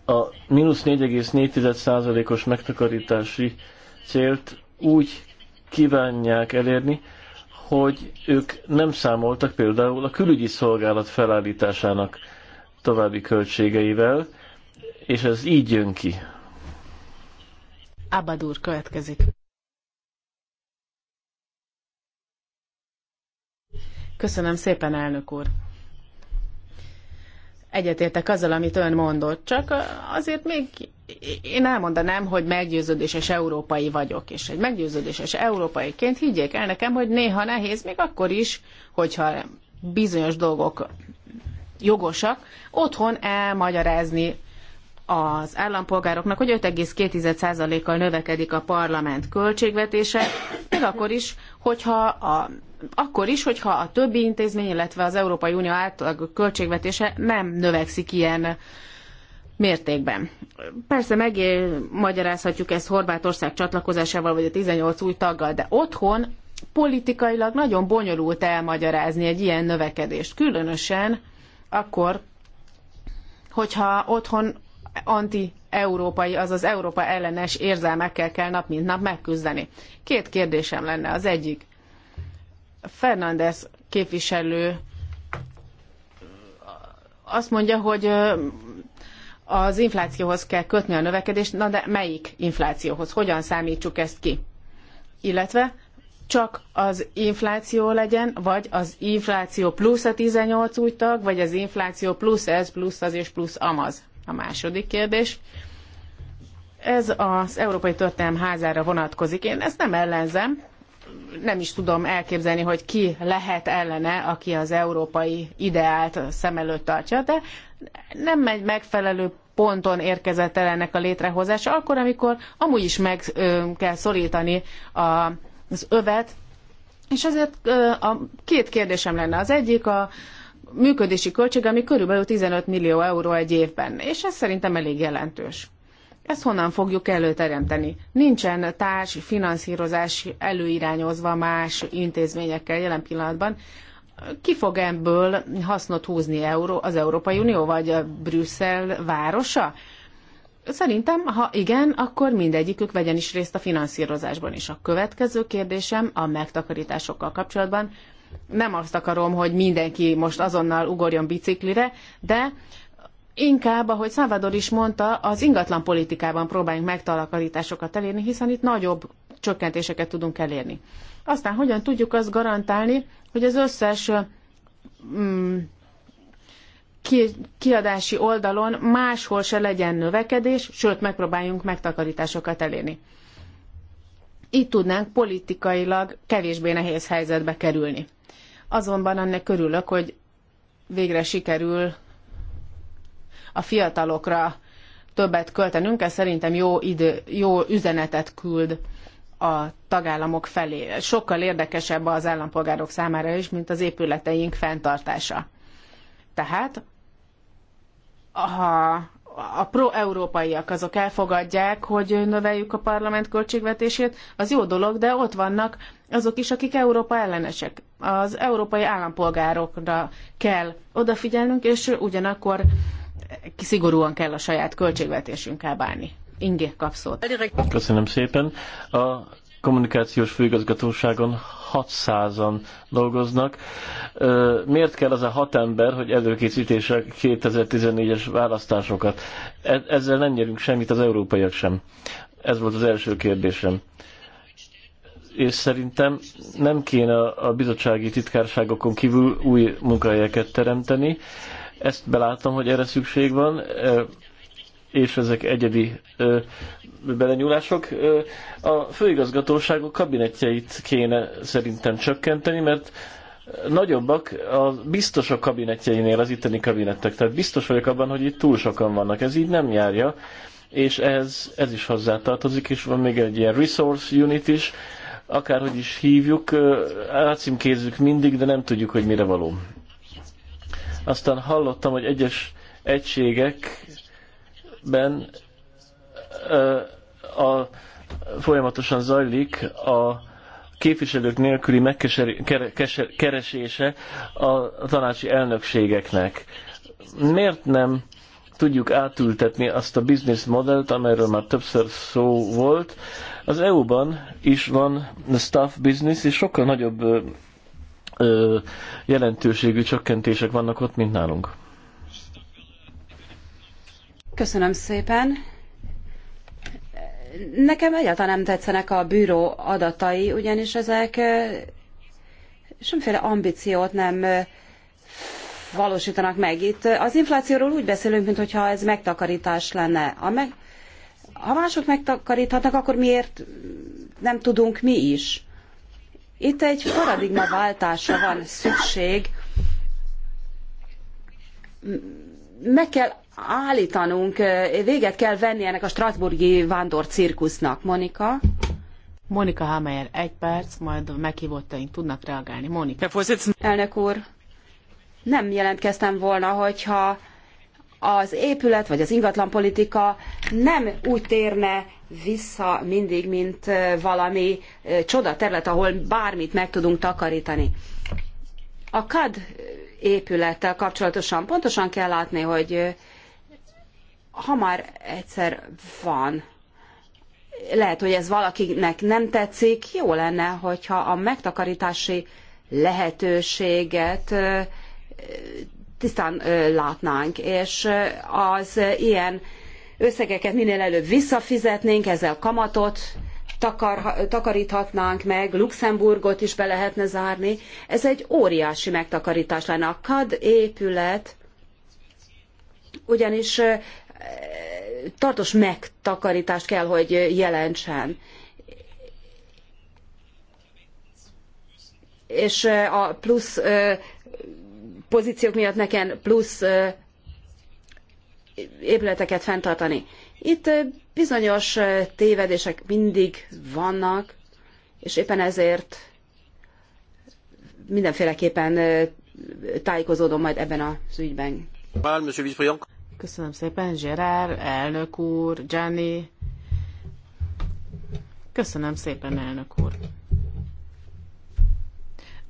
a mínusz 4,4%-os megtakarítási célt úgy kívánják elérni, hogy ők nem számoltak például a külügyi szolgálat felállításának további költségeivel, és ez így jön ki. Abadur következik. Köszönöm szépen, elnök úr. Egyetértek azzal, amit ön mondott, csak azért még én elmondanám, hogy meggyőződéses európai vagyok, és egy meggyőződéses európaiként higgyék el nekem, hogy néha nehéz, még akkor is, hogyha bizonyos dolgok jogosak, otthon elmagyarázni az állampolgároknak, hogy 5,2%-kal növekedik a parlament költségvetése, még akkor is, hogyha a akkor is, hogyha a többi intézmény, illetve az Európai Unió átlag költségvetése nem növekszik ilyen mértékben. Persze magyarázhatjuk ezt Horvátország csatlakozásával, vagy a 18 új taggal, de otthon politikailag nagyon bonyolult elmagyarázni egy ilyen növekedést. Különösen akkor, hogyha otthon anti-európai, azaz Európa ellenes érzelmekkel kell nap mint nap megküzdeni. Két kérdésem lenne. Az egyik, Fernández képviselő azt mondja, hogy az inflációhoz kell kötni a növekedést, na de melyik inflációhoz? Hogyan számítsuk ezt ki? Illetve csak az infláció legyen, vagy az infláció plusz a 18 új tag, vagy az infláció plusz ez, plusz az és plusz amaz. A második kérdés. Ez az Európai Történelem házára vonatkozik. Én ezt nem ellenzem, nem is tudom elképzelni, hogy ki lehet ellene, aki az európai ideált szem előtt tartja, de nem egy megfelelő ponton érkezett el ennek a létrehozása, akkor, amikor amúgy is meg kell szorítani az övet, és ezért a két kérdésem lenne. Az egyik a működési költség, ami körülbelül 15 millió euró egy évben, és ez szerintem elég jelentős. Ezt honnan fogjuk előteremteni? Nincsen társ finanszírozás előirányozva más intézményekkel jelen pillanatban. Ki fog ebből hasznot húzni az Európai Unió vagy a Brüsszel városa? Szerintem, ha igen, akkor mindegyikük vegyen is részt a finanszírozásban is. A következő kérdésem a megtakarításokkal kapcsolatban. Nem azt akarom, hogy mindenki most azonnal ugorjon biciklire, de inkább, ahogy Salvador is mondta, az ingatlan politikában próbáljunk megtakarításokat elérni, hiszen itt nagyobb csökkentéseket tudunk elérni. Aztán hogyan tudjuk azt garantálni, hogy az összes mm, kiadási oldalon máshol se legyen növekedés, sőt megpróbáljunk megtakarításokat elérni. Itt tudnánk politikailag kevésbé nehéz helyzetbe kerülni. Azonban annak örülök, hogy végre sikerül a fiatalokra többet költenünk, ez szerintem jó, idő, jó üzenetet küld a tagállamok felé. Sokkal érdekesebb az állampolgárok számára is, mint az épületeink fenntartása. Tehát ha a pro-európaiak azok elfogadják, hogy növeljük a parlament költségvetését, az jó dolog, de ott vannak azok is, akik Európa ellenesek. Az európai állampolgárokra kell odafigyelnünk, és ugyanakkor szigorúan kell a saját költségvetésünkkel bánni. Inge kapszót. Köszönöm szépen. A kommunikációs főigazgatóságon 600-an dolgoznak. Miért kell az a hat ember, hogy előkészítése a 2014-es választásokat? E, ezzel nem nyerünk semmit az európaiak sem. Ez volt az első kérdésem. És szerintem nem kéne a bizottsági titkárságokon kívül új munkahelyeket teremteni. Ezt beláttam, hogy erre szükség van, és ezek egyedi belenyúlások. A főigazgatóságok kabinetjeit kéne szerintem csökkenteni, mert nagyobbak a biztosok kabinetjeinél az itteni kabinettek. Tehát biztos vagyok abban, hogy itt túl sokan vannak. Ez így nem járja, és ez, ez is hozzátartozik, és van még egy ilyen resource unit is, akárhogy is hívjuk, átszimkézzük mindig, de nem tudjuk, hogy mire való. Aztán hallottam, hogy egyes egységekben a, folyamatosan zajlik a képviselők nélküli megkeresése a tanácsi elnökségeknek. Miért nem tudjuk átültetni azt a business modellt, amelyről már többször szó volt. Az EU-ban is van staff business, és sokkal nagyobb ö, jelentőségű csökkentések vannak ott, mint nálunk. Köszönöm szépen. Nekem egyáltalán nem tetszenek a bűró adatai, ugyanis ezek semmiféle ambíciót nem valósítanak meg. Itt az inflációról úgy beszélünk, mintha ez megtakarítás lenne. Ha, meg, ha mások megtakaríthatnak, akkor miért nem tudunk mi is? Itt egy paradigmaváltásra van szükség. Meg kell állítanunk, véget kell venni ennek a Strasburgi vándorcirkusznak. Monika? Monika Hameyer, egy perc, majd meghívottaink tudnak reagálni. Monika. Elnök úr, nem jelentkeztem volna, hogyha az épület vagy az ingatlanpolitika nem úgy térne vissza mindig, mint valami csoda terület, ahol bármit meg tudunk takarítani. A CAD épülettel kapcsolatosan pontosan kell látni, hogy hamar egyszer van. Lehet, hogy ez valakinek nem tetszik, jó lenne, hogyha a megtakarítási lehetőséget tisztán látnánk, és az ilyen összegeket minél előbb visszafizetnénk, ezzel kamatot takar, takaríthatnánk meg, Luxemburgot is be lehetne zárni. Ez egy óriási megtakarítás lenne. A KAD épület ugyanis tartós megtakarítást kell, hogy jelentsen. És a plusz pozíciók miatt nekem plusz épületeket fenntartani. Itt bizonyos tévedések mindig vannak, és éppen ezért mindenféleképpen tájékozódom majd ebben az ügyben. Köszönöm szépen, Gerard, elnök úr, Gianni. Köszönöm szépen, elnök úr.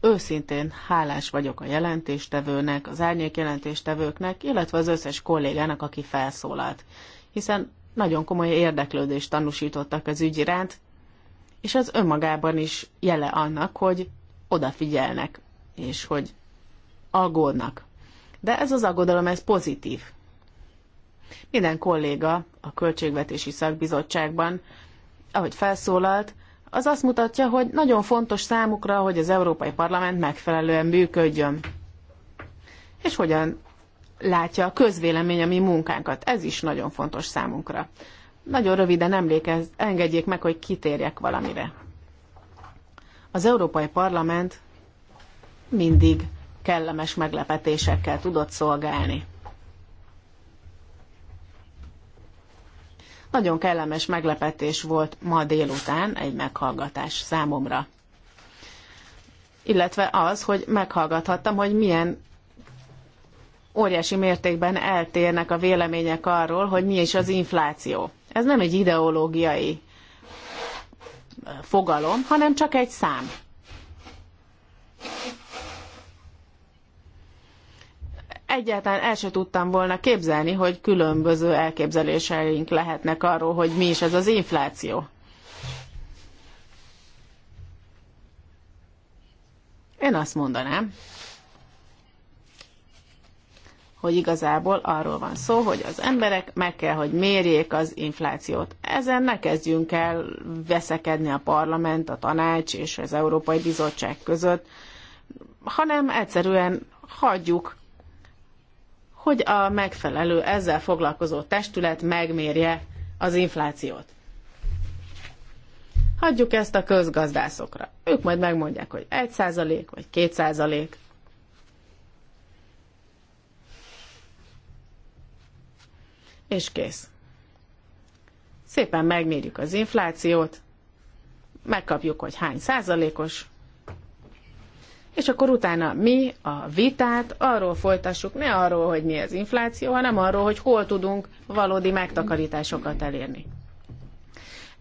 Őszintén hálás vagyok a jelentéstevőnek, az árnyék jelentéstevőknek, illetve az összes kollégának, aki felszólalt, hiszen nagyon komoly érdeklődést tanúsítottak az ügy iránt, és az önmagában is jele annak, hogy odafigyelnek, és hogy aggódnak. De ez az aggodalom, ez pozitív. Minden kolléga a Költségvetési Szakbizottságban, ahogy felszólalt, az azt mutatja, hogy nagyon fontos számukra, hogy az Európai Parlament megfelelően működjön. És hogyan látja a közvélemény a mi munkánkat. Ez is nagyon fontos számunkra. Nagyon röviden emlékez, engedjék meg, hogy kitérjek valamire. Az Európai Parlament mindig kellemes meglepetésekkel tudott szolgálni. Nagyon kellemes meglepetés volt ma délután egy meghallgatás számomra. Illetve az, hogy meghallgathattam, hogy milyen óriási mértékben eltérnek a vélemények arról, hogy mi is az infláció. Ez nem egy ideológiai fogalom, hanem csak egy szám. egyáltalán el se tudtam volna képzelni, hogy különböző elképzeléseink lehetnek arról, hogy mi is ez az infláció. Én azt mondanám, hogy igazából arról van szó, hogy az emberek meg kell, hogy mérjék az inflációt. Ezen ne kezdjünk el veszekedni a parlament, a tanács és az Európai Bizottság között, hanem egyszerűen hagyjuk hogy a megfelelő ezzel foglalkozó testület megmérje az inflációt. Hagyjuk ezt a közgazdászokra. Ők majd megmondják, hogy 1% vagy 2%. És kész. Szépen megmérjük az inflációt, megkapjuk, hogy hány százalékos, és akkor utána mi a vitát arról folytassuk, ne arról, hogy mi az infláció, hanem arról, hogy hol tudunk valódi megtakarításokat elérni.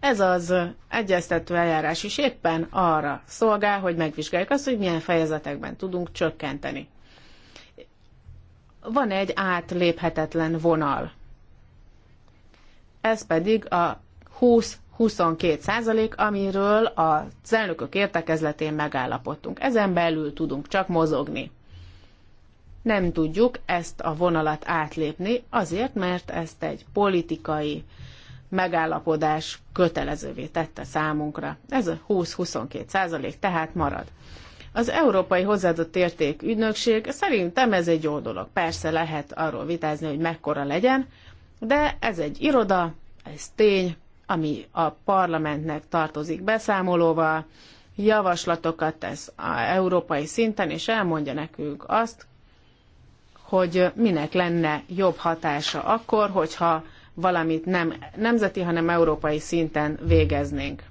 Ez az egyeztető eljárás is éppen arra szolgál, hogy megvizsgáljuk azt, hogy milyen fejezetekben tudunk csökkenteni. Van egy átléphetetlen vonal. Ez pedig a 20 22 százalék, amiről a elnökök értekezletén megállapodtunk. Ezen belül tudunk csak mozogni. Nem tudjuk ezt a vonalat átlépni, azért, mert ezt egy politikai megállapodás kötelezővé tette számunkra. Ez a 20-22 százalék tehát marad. Az Európai Hozzáadott Érték Ügynökség szerintem ez egy jó dolog. Persze lehet arról vitázni, hogy mekkora legyen, de ez egy iroda, ez tény, ami a parlamentnek tartozik beszámolóval, javaslatokat tesz a európai szinten, és elmondja nekünk azt, hogy minek lenne jobb hatása akkor, hogyha valamit nem nemzeti, hanem európai szinten végeznénk.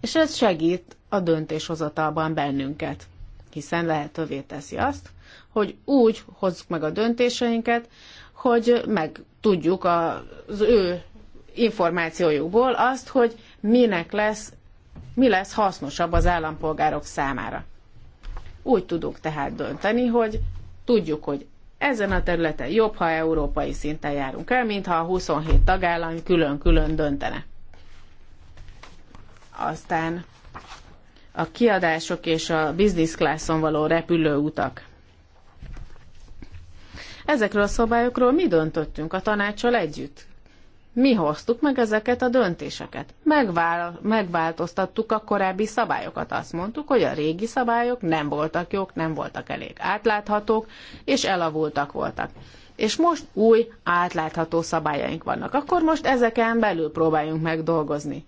És ez segít a döntéshozatalban bennünket, hiszen lehetővé teszi azt, hogy úgy hozzuk meg a döntéseinket, hogy meg tudjuk az ő információjukból azt, hogy minek lesz, mi lesz hasznosabb az állampolgárok számára. Úgy tudunk tehát dönteni, hogy tudjuk, hogy ezen a területen jobb, ha európai szinten járunk el, mintha a 27 tagállam külön-külön döntene. Aztán a kiadások és a business classon való repülőutak. Ezekről a szabályokról mi döntöttünk a tanácsal együtt? Mi hoztuk meg ezeket a döntéseket. Megvál, megváltoztattuk a korábbi szabályokat. Azt mondtuk, hogy a régi szabályok nem voltak jók, nem voltak elég átláthatók, és elavultak voltak. És most új átlátható szabályaink vannak. Akkor most ezeken belül próbáljunk meg dolgozni.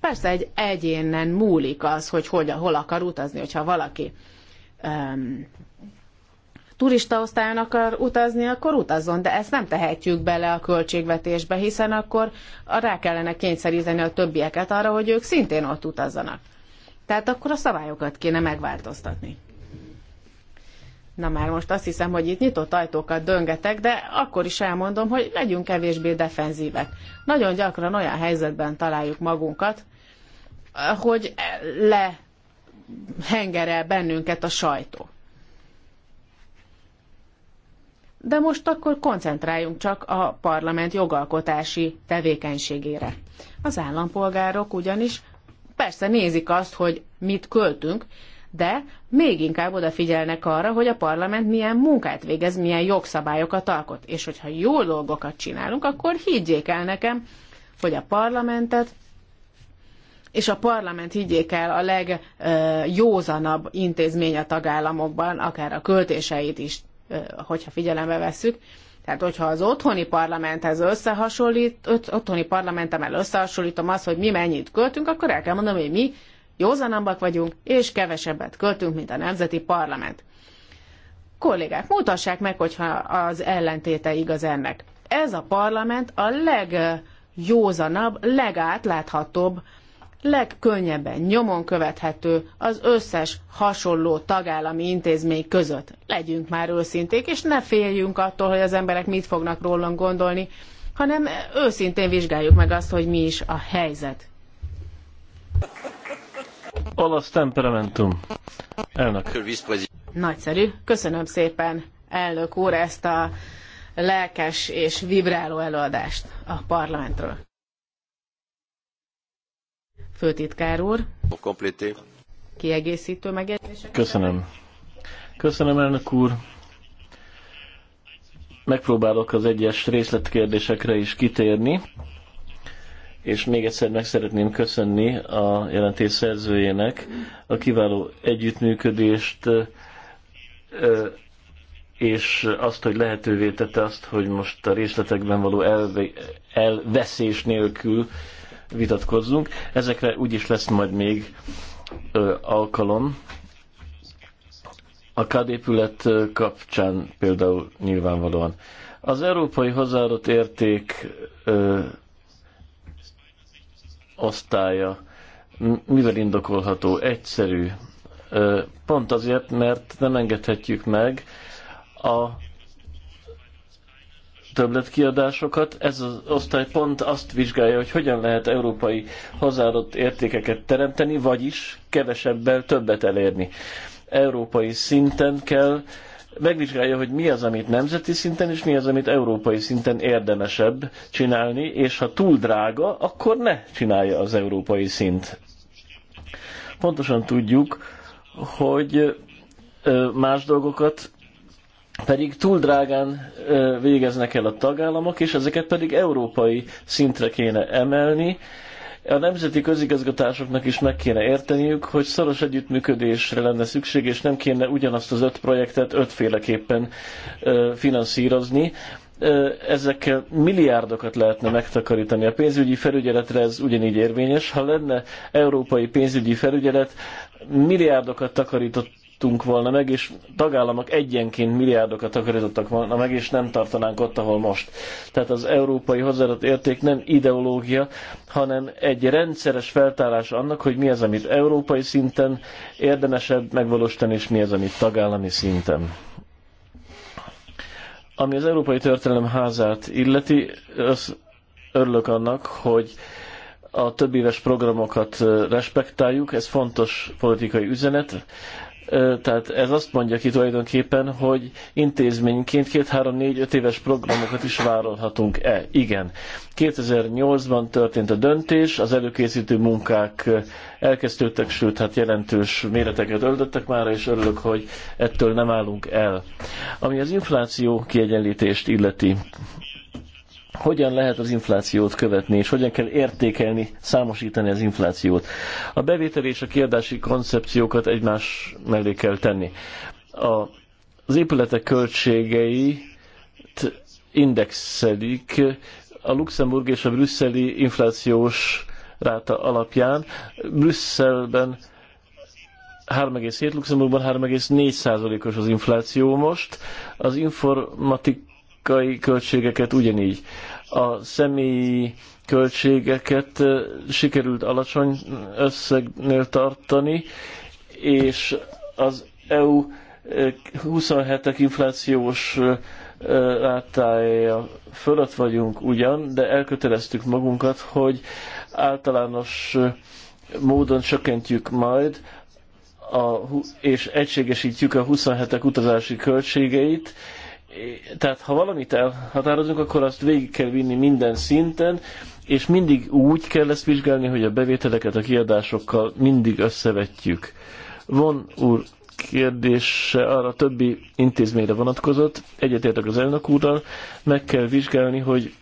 Persze egy egyénen múlik az, hogy hol, hol akar utazni, hogyha valaki um, turista osztályon akar utazni, akkor utazzon, de ezt nem tehetjük bele a költségvetésbe, hiszen akkor rá kellene kényszeríteni a többieket arra, hogy ők szintén ott utazzanak. Tehát akkor a szabályokat kéne megváltoztatni. Na már most azt hiszem, hogy itt nyitott ajtókat döngetek, de akkor is elmondom, hogy legyünk kevésbé defenzívek. Nagyon gyakran olyan helyzetben találjuk magunkat, hogy lehengerel bennünket a sajtó. de most akkor koncentráljunk csak a parlament jogalkotási tevékenységére. Az állampolgárok ugyanis persze nézik azt, hogy mit költünk, de még inkább odafigyelnek arra, hogy a parlament milyen munkát végez, milyen jogszabályokat alkot. És hogyha jó dolgokat csinálunk, akkor higgyék el nekem, hogy a parlamentet, és a parlament higgyék el a legjózanabb intézmény a tagállamokban, akár a költéseit is hogyha figyelembe vesszük. Tehát, hogyha az otthoni parlamenthez összehasonlít, otthoni parlamentemmel összehasonlítom azt, hogy mi mennyit költünk, akkor el kell mondanom, hogy mi józanabbak vagyunk, és kevesebbet költünk, mint a nemzeti parlament. Kollégák, mutassák meg, hogyha az ellentéte igaz ennek. Ez a parlament a legjózanabb, legátláthatóbb legkönnyebben nyomon követhető az összes hasonló tagállami intézmény között. Legyünk már őszinték, és ne féljünk attól, hogy az emberek mit fognak rólunk gondolni, hanem őszintén vizsgáljuk meg azt, hogy mi is a helyzet. Olasz temperamentum. Elnök. Nagyszerű. Köszönöm szépen, elnök úr, ezt a lelkes és vibráló előadást a parlamentről főtitkár úr. Kiegészítő megjegyzések. Köszönöm. Köszönöm, elnök úr. Megpróbálok az egyes részletkérdésekre is kitérni, és még egyszer meg szeretném köszönni a jelentés szerzőjének a kiváló együttműködést, és azt, hogy lehetővé tette azt, hogy most a részletekben való elveszés nélkül vitatkozzunk. Ezekre úgyis lesz majd még ö, alkalom. A kádépület kapcsán például nyilvánvalóan. Az európai hozzáadott érték ö, osztálya mivel indokolható? Egyszerű. Ö, pont azért, mert nem engedhetjük meg a többletkiadásokat. Ez az osztály pont azt vizsgálja, hogy hogyan lehet európai hozzáadott értékeket teremteni, vagyis kevesebbel többet elérni. Európai szinten kell megvizsgálja, hogy mi az, amit nemzeti szinten, és mi az, amit európai szinten érdemesebb csinálni, és ha túl drága, akkor ne csinálja az európai szint. Pontosan tudjuk, hogy más dolgokat pedig túl drágán végeznek el a tagállamok, és ezeket pedig európai szintre kéne emelni. A nemzeti közigazgatásoknak is meg kéne érteniük, hogy szoros együttműködésre lenne szükség, és nem kéne ugyanazt az öt projektet ötféleképpen finanszírozni. Ezekkel milliárdokat lehetne megtakarítani. A pénzügyi felügyeletre ez ugyanígy érvényes. Ha lenne európai pénzügyi felügyelet, milliárdokat takarított takarítottunk volna meg, és tagállamok egyenként milliárdokat takarítottak volna meg, és nem tartanánk ott, ahol most. Tehát az európai hozzáadott érték nem ideológia, hanem egy rendszeres feltárás annak, hogy mi az, amit európai szinten érdemesebb megvalósítani, és mi az, amit tagállami szinten. Ami az Európai Történelem házát illeti, az örülök annak, hogy a több éves programokat respektáljuk, ez fontos politikai üzenet. Tehát ez azt mondja ki tulajdonképpen, hogy intézményként 2-3-4-5 éves programokat is vállalhatunk-e. Igen. 2008-ban történt a döntés, az előkészítő munkák elkezdődtek, sőt, hát jelentős méreteket öldöttek már, és örülök, hogy ettől nem állunk el. Ami az infláció kiegyenlítést illeti, hogyan lehet az inflációt követni, és hogyan kell értékelni, számosítani az inflációt. A bevétel és a kiadási koncepciókat egymás mellé kell tenni. A, az épületek költségei indexelik a Luxemburg és a brüsszeli inflációs ráta alapján. Brüsszelben 3,7, Luxemburgban 3,4 százalékos az infláció most. Az informatik logisztikai költségeket ugyanígy. A személyi költségeket sikerült alacsony összegnél tartani, és az EU 27-ek inflációs rátája fölött vagyunk ugyan, de elköteleztük magunkat, hogy általános módon csökkentjük majd, a, és egységesítjük a 27-ek utazási költségeit, tehát ha valamit elhatározunk, akkor azt végig kell vinni minden szinten, és mindig úgy kell ezt vizsgálni, hogy a bevételeket a kiadásokkal mindig összevetjük. Von úr kérdése arra többi intézményre vonatkozott, egyetértek az elnök úrral, meg kell vizsgálni, hogy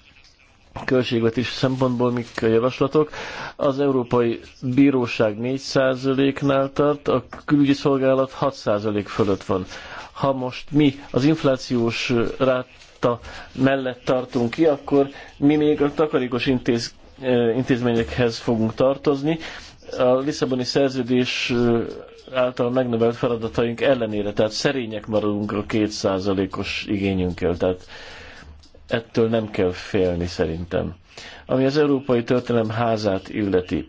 költségvetés szempontból mik a javaslatok. Az Európai Bíróság 4%-nál tart, a külügyi szolgálat 6% fölött van ha most mi az inflációs ráta mellett tartunk ki, akkor mi még a takarékos intéz, eh, intézményekhez fogunk tartozni. A Lisszaboni szerződés eh, által megnövelt feladataink ellenére, tehát szerények maradunk a kétszázalékos igényünkkel, tehát ettől nem kell félni szerintem. Ami az Európai Történelem házát illeti,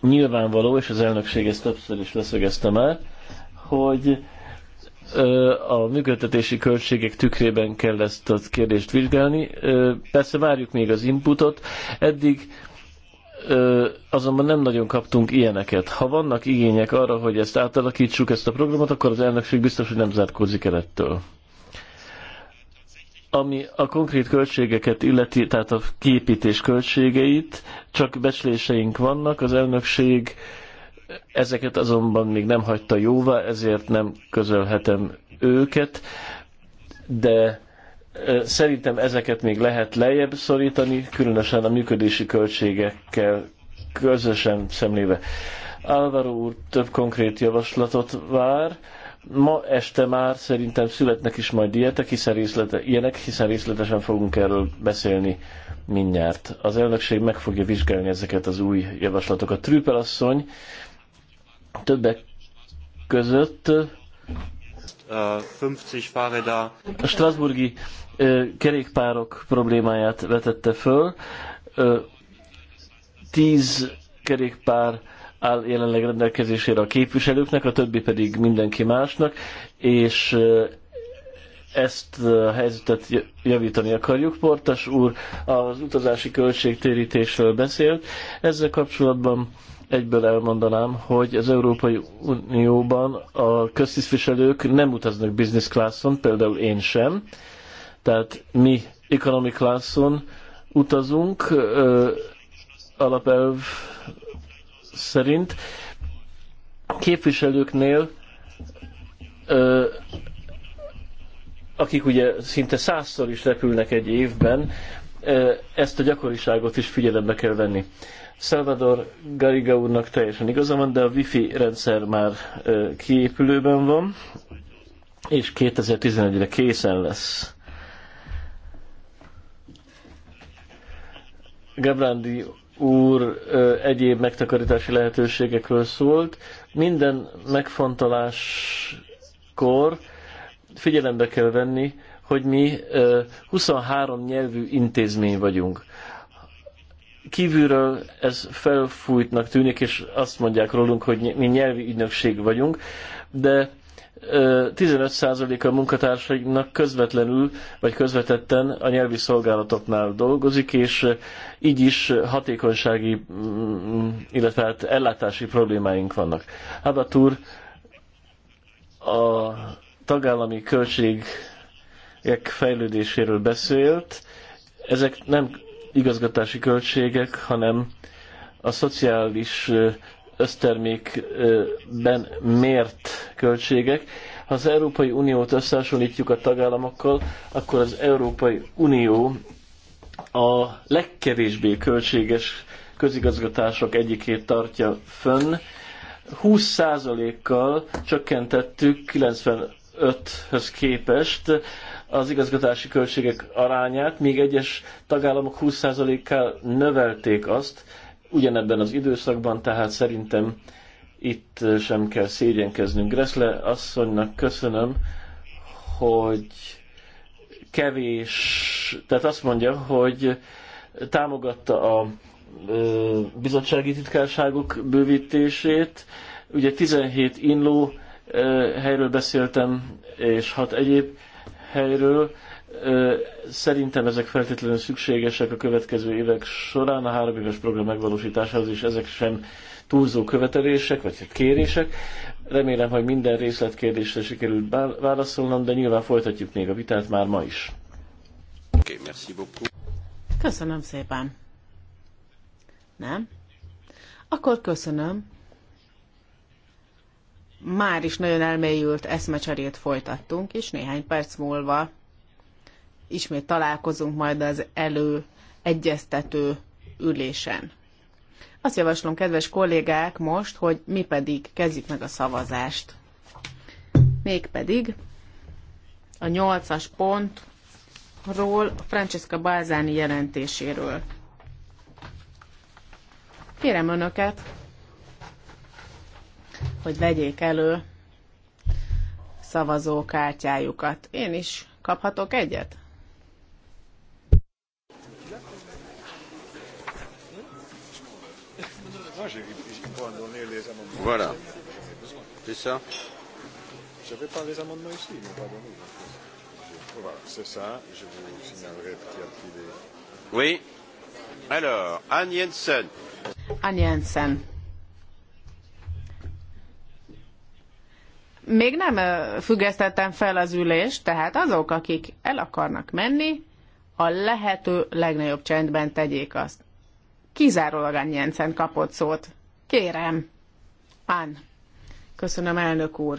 nyilvánvaló, és az elnökség ezt többször is leszögezte már, hogy a működtetési költségek tükrében kell ezt a kérdést vizsgálni. Persze várjuk még az inputot. Eddig azonban nem nagyon kaptunk ilyeneket. Ha vannak igények arra, hogy ezt átalakítsuk, ezt a programot, akkor az elnökség biztos, hogy nem zárkózik el ettől. Ami a konkrét költségeket illeti, tehát a képítés költségeit, csak becsléseink vannak, az elnökség Ezeket azonban még nem hagyta jóvá, ezért nem közölhetem őket, de szerintem ezeket még lehet lejjebb szorítani, különösen a működési költségekkel közösen szemléve. Álvaro úr több konkrét javaslatot vár. Ma este már szerintem születnek is majd ilyetek, hiszen részlete, ilyenek, hiszen részletesen fogunk erről beszélni mindjárt. Az elnökség meg fogja vizsgálni ezeket az új javaslatokat. Trüpel asszony Többek között 50 Fahrräder. A Strasburgi kerékpárok problémáját vetette föl. Tíz kerékpár áll jelenleg rendelkezésére a képviselőknek, a többi pedig mindenki másnak, és ezt a helyzetet javítani akarjuk. Portas úr az utazási költségtérítésről beszélt. Ezzel kapcsolatban egyből elmondanám, hogy az Európai Unióban a köztisztviselők nem utaznak business classon, például én sem. Tehát mi economy classon utazunk ö, alapelv szerint. Képviselőknél ö, akik ugye szinte százszor is repülnek egy évben, ezt a gyakoriságot is figyelembe kell venni. Salvador Garriga úrnak teljesen igaza van, de a wifi rendszer már kiépülőben van, és 2011-re készen lesz. Gebrandi úr egyéb megtakarítási lehetőségekről szólt. Minden megfontoláskor figyelembe kell venni, hogy mi 23 nyelvű intézmény vagyunk kívülről ez felfújtnak tűnik, és azt mondják rólunk, hogy mi nyelvi ügynökség vagyunk, de 15% a munkatársainknak közvetlenül vagy közvetetten a nyelvi szolgálatoknál dolgozik, és így is hatékonysági, mm, illetve hát ellátási problémáink vannak. Habatúr, a tagállami költségek fejlődéséről beszélt, ezek nem igazgatási költségek, hanem a szociális össztermékben mért költségek. Ha az Európai Uniót összehasonlítjuk a tagállamokkal, akkor az Európai Unió a legkevésbé költséges közigazgatások egyikét tartja fönn. 20%-kal csökkentettük 95-höz képest az igazgatási költségek arányát, míg egyes tagállamok 20%-kal növelték azt, ugyanebben az időszakban, tehát szerintem itt sem kell szégyenkeznünk. Gressle asszonynak köszönöm, hogy kevés, tehát azt mondja, hogy támogatta a bizottsági titkárságok bővítését. Ugye 17 inló helyről beszéltem, és hat egyéb helyről. Szerintem ezek feltétlenül szükségesek a következő évek során, a három éves program megvalósításához is ezek sem túlzó követelések vagy hát kérések. Remélem, hogy minden részletkérdésre sikerült válaszolnom, de nyilván folytatjuk még a vitát már ma is. Köszönöm szépen. Nem? Akkor köszönöm már is nagyon elmélyült eszmecserét folytattunk, és néhány perc múlva ismét találkozunk majd az elő egyeztető ülésen. Azt javaslom, kedves kollégák, most, hogy mi pedig kezdjük meg a szavazást. Mégpedig a nyolcas pontról, Francesca Balzáni jelentéséről. Kérem Önöket, hogy vegyék elő szavazókártyájukat. Én is kaphatok egyet? Voilà. C'est ça J'avais pas les amendements ici, mais m'ont pas donné. Voilà, c'est ça. Je vous signalerai petit à petit les... Oui. Alors, Anne Jensen. Anne Jensen. Még nem függesztettem fel az ülést, tehát azok, akik el akarnak menni, a lehető legnagyobb csendben tegyék azt. Kizárólag Ann kapott szót. Kérem. Ann. Köszönöm, elnök úr.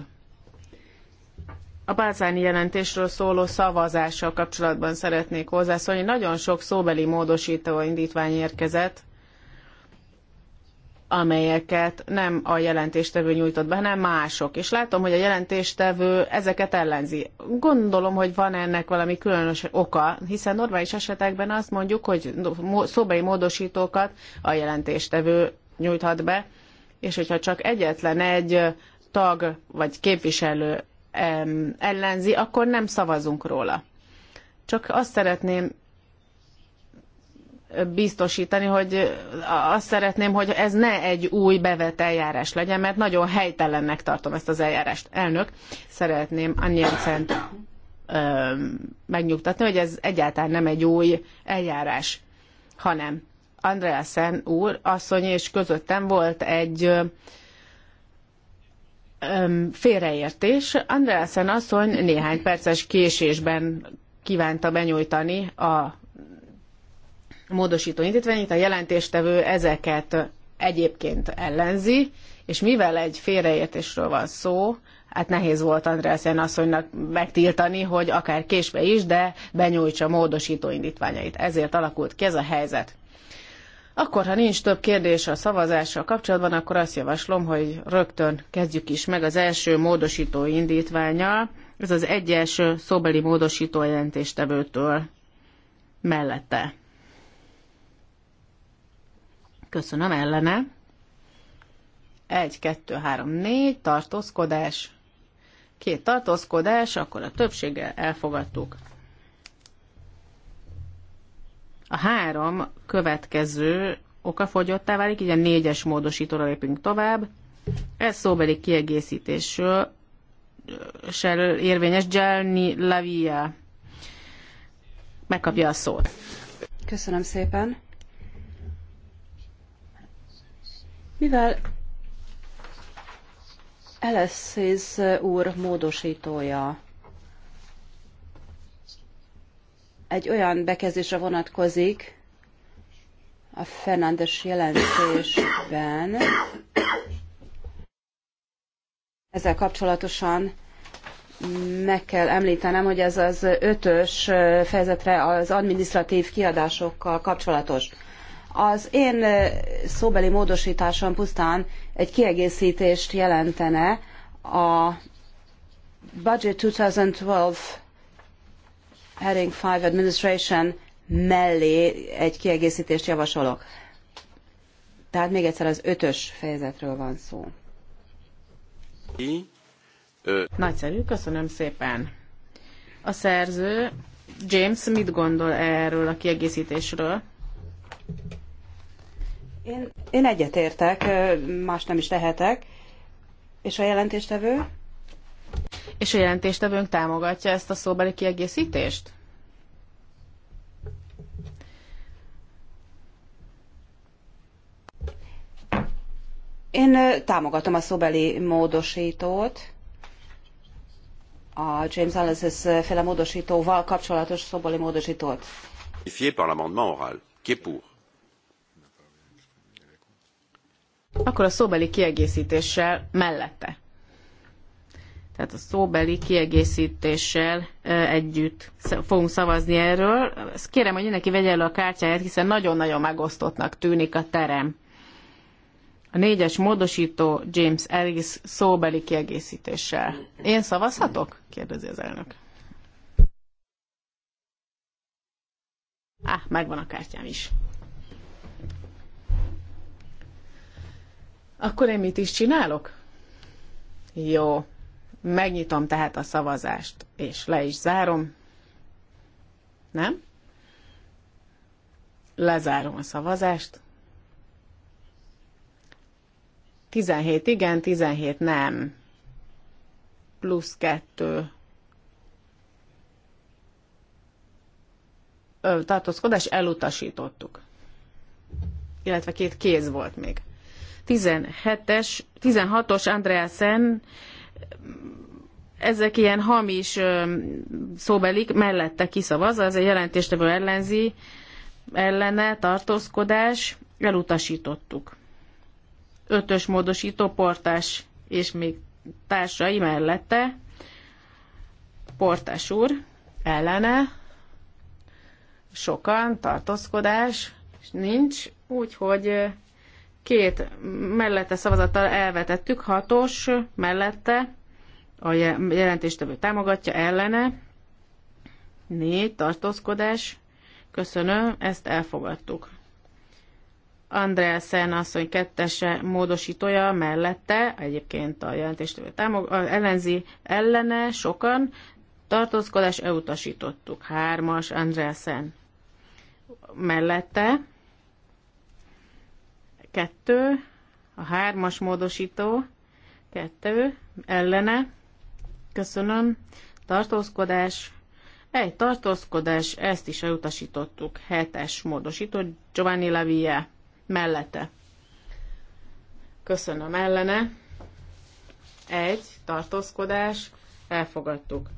A Bázáni jelentésről szóló szavazással kapcsolatban szeretnék hozzászólni. Nagyon sok szóbeli módosító indítvány érkezett, amelyeket nem a jelentéstevő nyújtott be, hanem mások. És látom, hogy a jelentéstevő ezeket ellenzi. Gondolom, hogy van ennek valami különös oka, hiszen normális esetekben azt mondjuk, hogy szobai módosítókat a jelentéstevő nyújthat be, és hogyha csak egyetlen egy tag vagy képviselő ellenzi, akkor nem szavazunk róla. Csak azt szeretném biztosítani, hogy azt szeretném, hogy ez ne egy új bevett eljárás legyen, mert nagyon helytelennek tartom ezt az eljárást. Elnök, szeretném annyian szent megnyugtatni, hogy ez egyáltalán nem egy új eljárás, hanem Andreasen úr, asszony és közöttem volt egy ö, félreértés. Andreasen asszony néhány perces késésben kívánta benyújtani a módosító indítványait, a jelentéstevő ezeket egyébként ellenzi, és mivel egy félreértésről van szó, hát nehéz volt Andrászen asszonynak megtiltani, hogy akár késve is, de benyújtsa módosító indítványait. Ezért alakult ki ez a helyzet. Akkor, ha nincs több kérdés a szavazással kapcsolatban, akkor azt javaslom, hogy rögtön kezdjük is meg az első módosító indítványal. Ez az egyes szóbeli módosító jelentéstevőtől mellette. Köszönöm ellene. Egy kettő három négy tartózkodás. Két tartózkodás, akkor a többséggel elfogadtuk. A három következő okafogyottá válik, így a négyes módosítóra lépünk tovább. Ez szóbeli kiegészítésről érvényes Gelni Lavia. Megkapja a szót. Köszönöm szépen. Mivel Eleszéz úr módosítója egy olyan bekezdésre vonatkozik a Fernandes jelentésben, ezzel kapcsolatosan meg kell említenem, hogy ez az ötös fejezetre az administratív kiadásokkal kapcsolatos. Az én szóbeli módosításom pusztán egy kiegészítést jelentene a Budget 2012 Heading 5 Administration mellé egy kiegészítést javasolok. Tehát még egyszer az ötös fejezetről van szó. Nagyszerű, köszönöm szépen. A szerző James mit gondol erről a kiegészítésről? Én, én egyetértek, más nem is tehetek. És a jelentéstevő? És a jelentéstevőnk támogatja ezt a szóbeli kiegészítést? Én támogatom a szóbeli módosítót, a James Ellis féle módosítóval kapcsolatos szóbeli módosítót. Par l'amendement oral, qui est pour? Akkor a szóbeli kiegészítéssel mellette. Tehát a szóbeli kiegészítéssel együtt fogunk szavazni erről. Ezt kérem, hogy mindenki vegye elő a kártyáját, hiszen nagyon-nagyon megosztottnak tűnik a terem. A négyes módosító James Ellis szóbeli kiegészítéssel. Én szavazhatok? kérdezi az elnök. Á, ah, megvan a kártyám is. Akkor én mit is csinálok? Jó, megnyitom tehát a szavazást, és le is zárom. Nem? Lezárom a szavazást. 17 igen, 17 nem. Plusz 2. Tartózkodás elutasítottuk. Illetve két kéz volt még. 17-es, 16-os Andreasen, ezek ilyen hamis szóbelik, mellette kiszavaz, az egy jelentéstevő ellenzi, ellene tartózkodás, elutasítottuk. Ötös módosító portás és még társai mellette, portás úr, ellene, sokan, tartózkodás, és nincs, úgyhogy két mellette szavazattal elvetettük, hatos mellette a jelentéstevő támogatja ellene, négy tartózkodás, köszönöm, ezt elfogadtuk. Szen asszony kettese módosítója mellette, egyébként a jelentéstevő támog, ellenzi ellene sokan, tartózkodás elutasítottuk. Hármas Szen mellette, kettő, a hármas módosító, kettő, ellene, köszönöm, tartózkodás, egy tartózkodás, ezt is elutasítottuk, hetes módosító, Giovanni Lavia mellette. Köszönöm ellene. Egy, tartózkodás, elfogadtuk.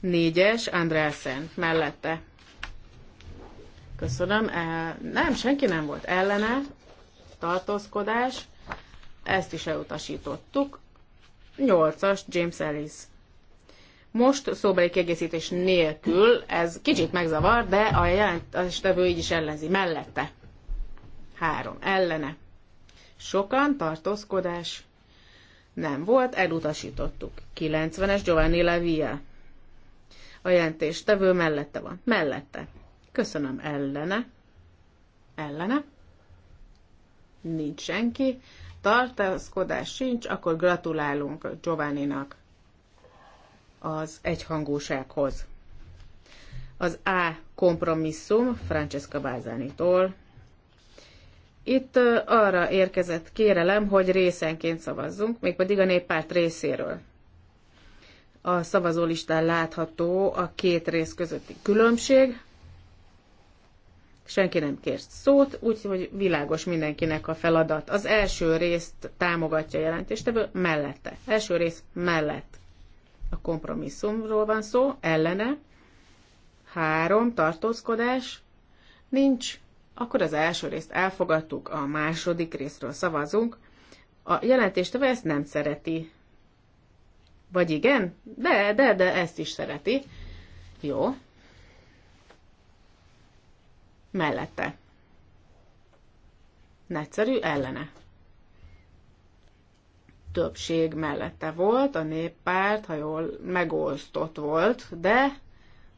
Négyes, Andrásen mellette. Köszönöm. E, nem, senki nem volt ellene. Tartózkodás. Ezt is elutasítottuk. 8-as James Ellis. Most szóbeli kiegészítés nélkül, ez kicsit megzavar, de a jelentestevő így is ellenzi. Mellette. Három. Ellene. Sokan tartózkodás. Nem volt, elutasítottuk. 90-es Giovanni Levia. A jelentéstevő mellette van. Mellette. Köszönöm ellene. Ellene. Nincs senki. Tartaszkodás sincs, akkor gratulálunk Giovanninak az egyhangúsághoz. Az A kompromisszum Francesca Bázánitól. Itt arra érkezett kérelem, hogy részenként szavazzunk, mégpedig a néppárt részéről. A szavazólistán látható a két rész közötti különbség, senki nem kért szót, úgyhogy világos mindenkinek a feladat. Az első részt támogatja a jelentéstevő mellette. Első rész mellett. A kompromisszumról van szó, ellene. Három, tartózkodás. Nincs. Akkor az első részt elfogadtuk, a második részről szavazunk. A jelentéstevő ezt nem szereti. Vagy igen? De, de, de ezt is szereti. Jó, mellette. Nagyszerű ellene. Többség mellette volt, a néppárt, ha jól megosztott volt, de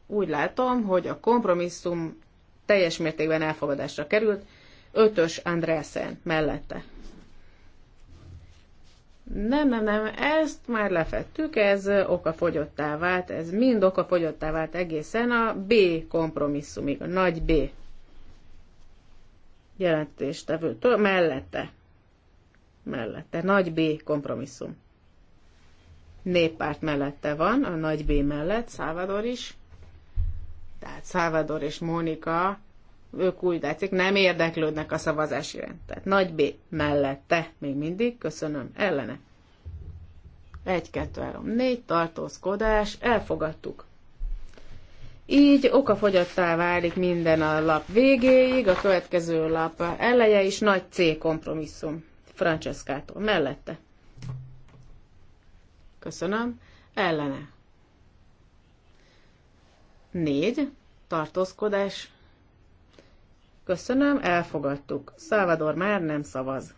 úgy látom, hogy a kompromisszum teljes mértékben elfogadásra került, ötös Andreasen mellette. Nem, nem, nem, ezt már lefettük, ez okafogyottá vált, ez mind okafogyottá vált egészen a B kompromisszumig, a nagy B jelentéstevőtől, mellette. Mellette. Nagy B kompromisszum. Néppárt mellette van, a nagy B mellett, Szávador is. Tehát Szávador és Mónika, ők úgy látszik, nem érdeklődnek a szavazási rend. Tehát nagy B mellette még mindig, köszönöm, ellene. 1, 2, 3, 4, tartózkodás, elfogadtuk. Így okafogyottá válik minden a lap végéig, a következő lap eleje is nagy C kompromisszum Francescától mellette. Köszönöm. Ellene. Négy. Tartózkodás. Köszönöm, elfogadtuk. Salvador már nem szavaz.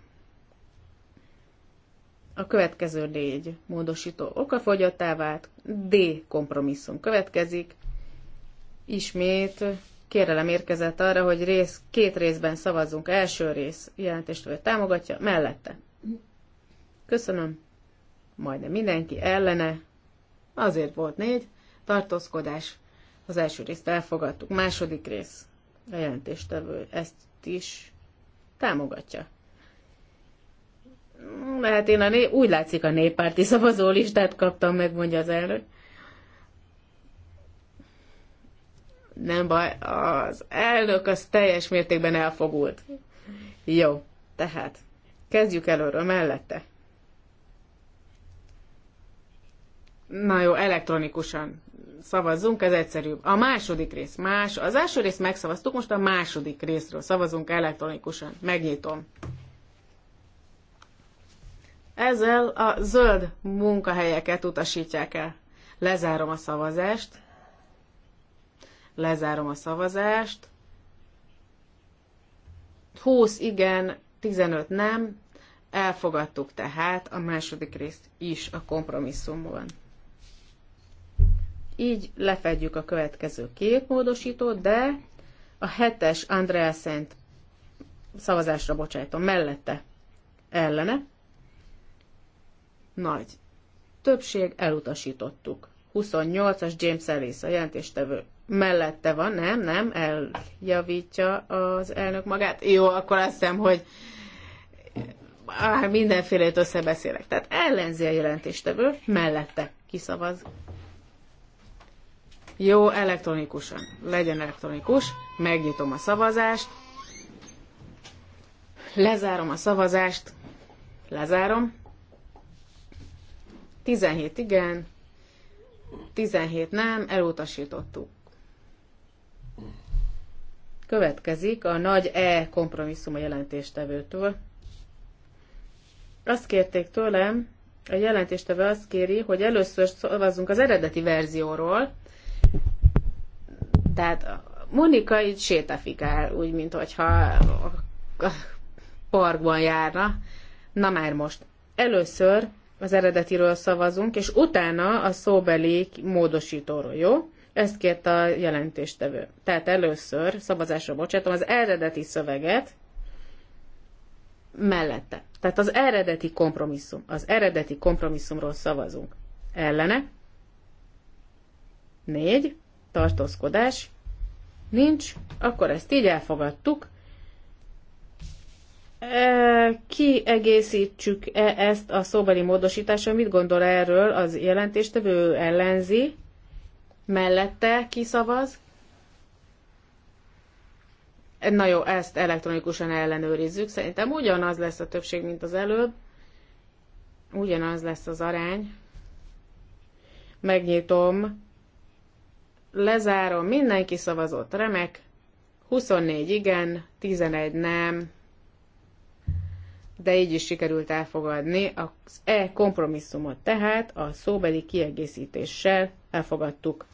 A következő négy módosító okafogyottá vált, D kompromisszum következik, Ismét kérelem érkezett arra, hogy rész, két részben szavazzunk. Első rész jelentést vagy támogatja, mellette. Köszönöm. Majdnem mindenki ellene. Azért volt négy. Tartózkodás. Az első részt elfogadtuk. Második rész. A jelentéstevő ezt is támogatja. Lehet én a né- úgy látszik a néppárti szavazólistát kaptam meg, mondja az elnök. Nem baj, az elnök az teljes mértékben elfogult. Jó, tehát kezdjük előről mellette. Na jó, elektronikusan szavazzunk, ez egyszerűbb. A második rész más. Az első részt megszavaztuk, most a második részről szavazunk elektronikusan. Megnyitom. Ezzel a zöld munkahelyeket utasítják el. Lezárom a szavazást. Lezárom a szavazást. 20 igen, 15 nem. Elfogadtuk tehát a második részt is a kompromisszumban. Így lefedjük a következő két de a hetes Andrea Szent szavazásra bocsájtom, mellette ellene nagy többség elutasítottuk. 28-as James Ellis, a jelentéstevő mellette van, nem, nem, eljavítja az elnök magát. Jó, akkor azt hiszem, hogy áh, mindenfélét összebeszélek. Tehát ellenzi a jelentéstevő, mellette kiszavaz. Jó, elektronikusan. Legyen elektronikus. Megnyitom a szavazást. Lezárom a szavazást. Lezárom. 17 igen, 17 nem, elutasítottuk. Következik a nagy E kompromisszum a jelentéstevőtől. Azt kérték tőlem, a jelentéstevő azt kéri, hogy először szavazzunk az eredeti verzióról, tehát Monika így sétafikál, úgy, mint hogyha a parkban járna. Na már most. Először az eredetiről szavazunk, és utána a szóbeli módosítóról, jó? Ezt kért a jelentéstevő. Tehát először szavazásra bocsátom az eredeti szöveget mellette. Tehát az eredeti kompromisszum. Az eredeti kompromisszumról szavazunk. Ellene. Négy. Tartózkodás. Nincs. Akkor ezt így elfogadtuk. E, kiegészítsük -e ezt a szóbeli módosítással? Mit gondol erről az jelentéstevő ellenzi? mellette kiszavaz. Na jó, ezt elektronikusan ellenőrizzük. Szerintem ugyanaz lesz a többség, mint az előbb. Ugyanaz lesz az arány. Megnyitom. Lezárom. Mindenki szavazott. Remek. 24 igen, 11 nem de így is sikerült elfogadni. Az E kompromisszumot tehát a szóbeli kiegészítéssel elfogadtuk.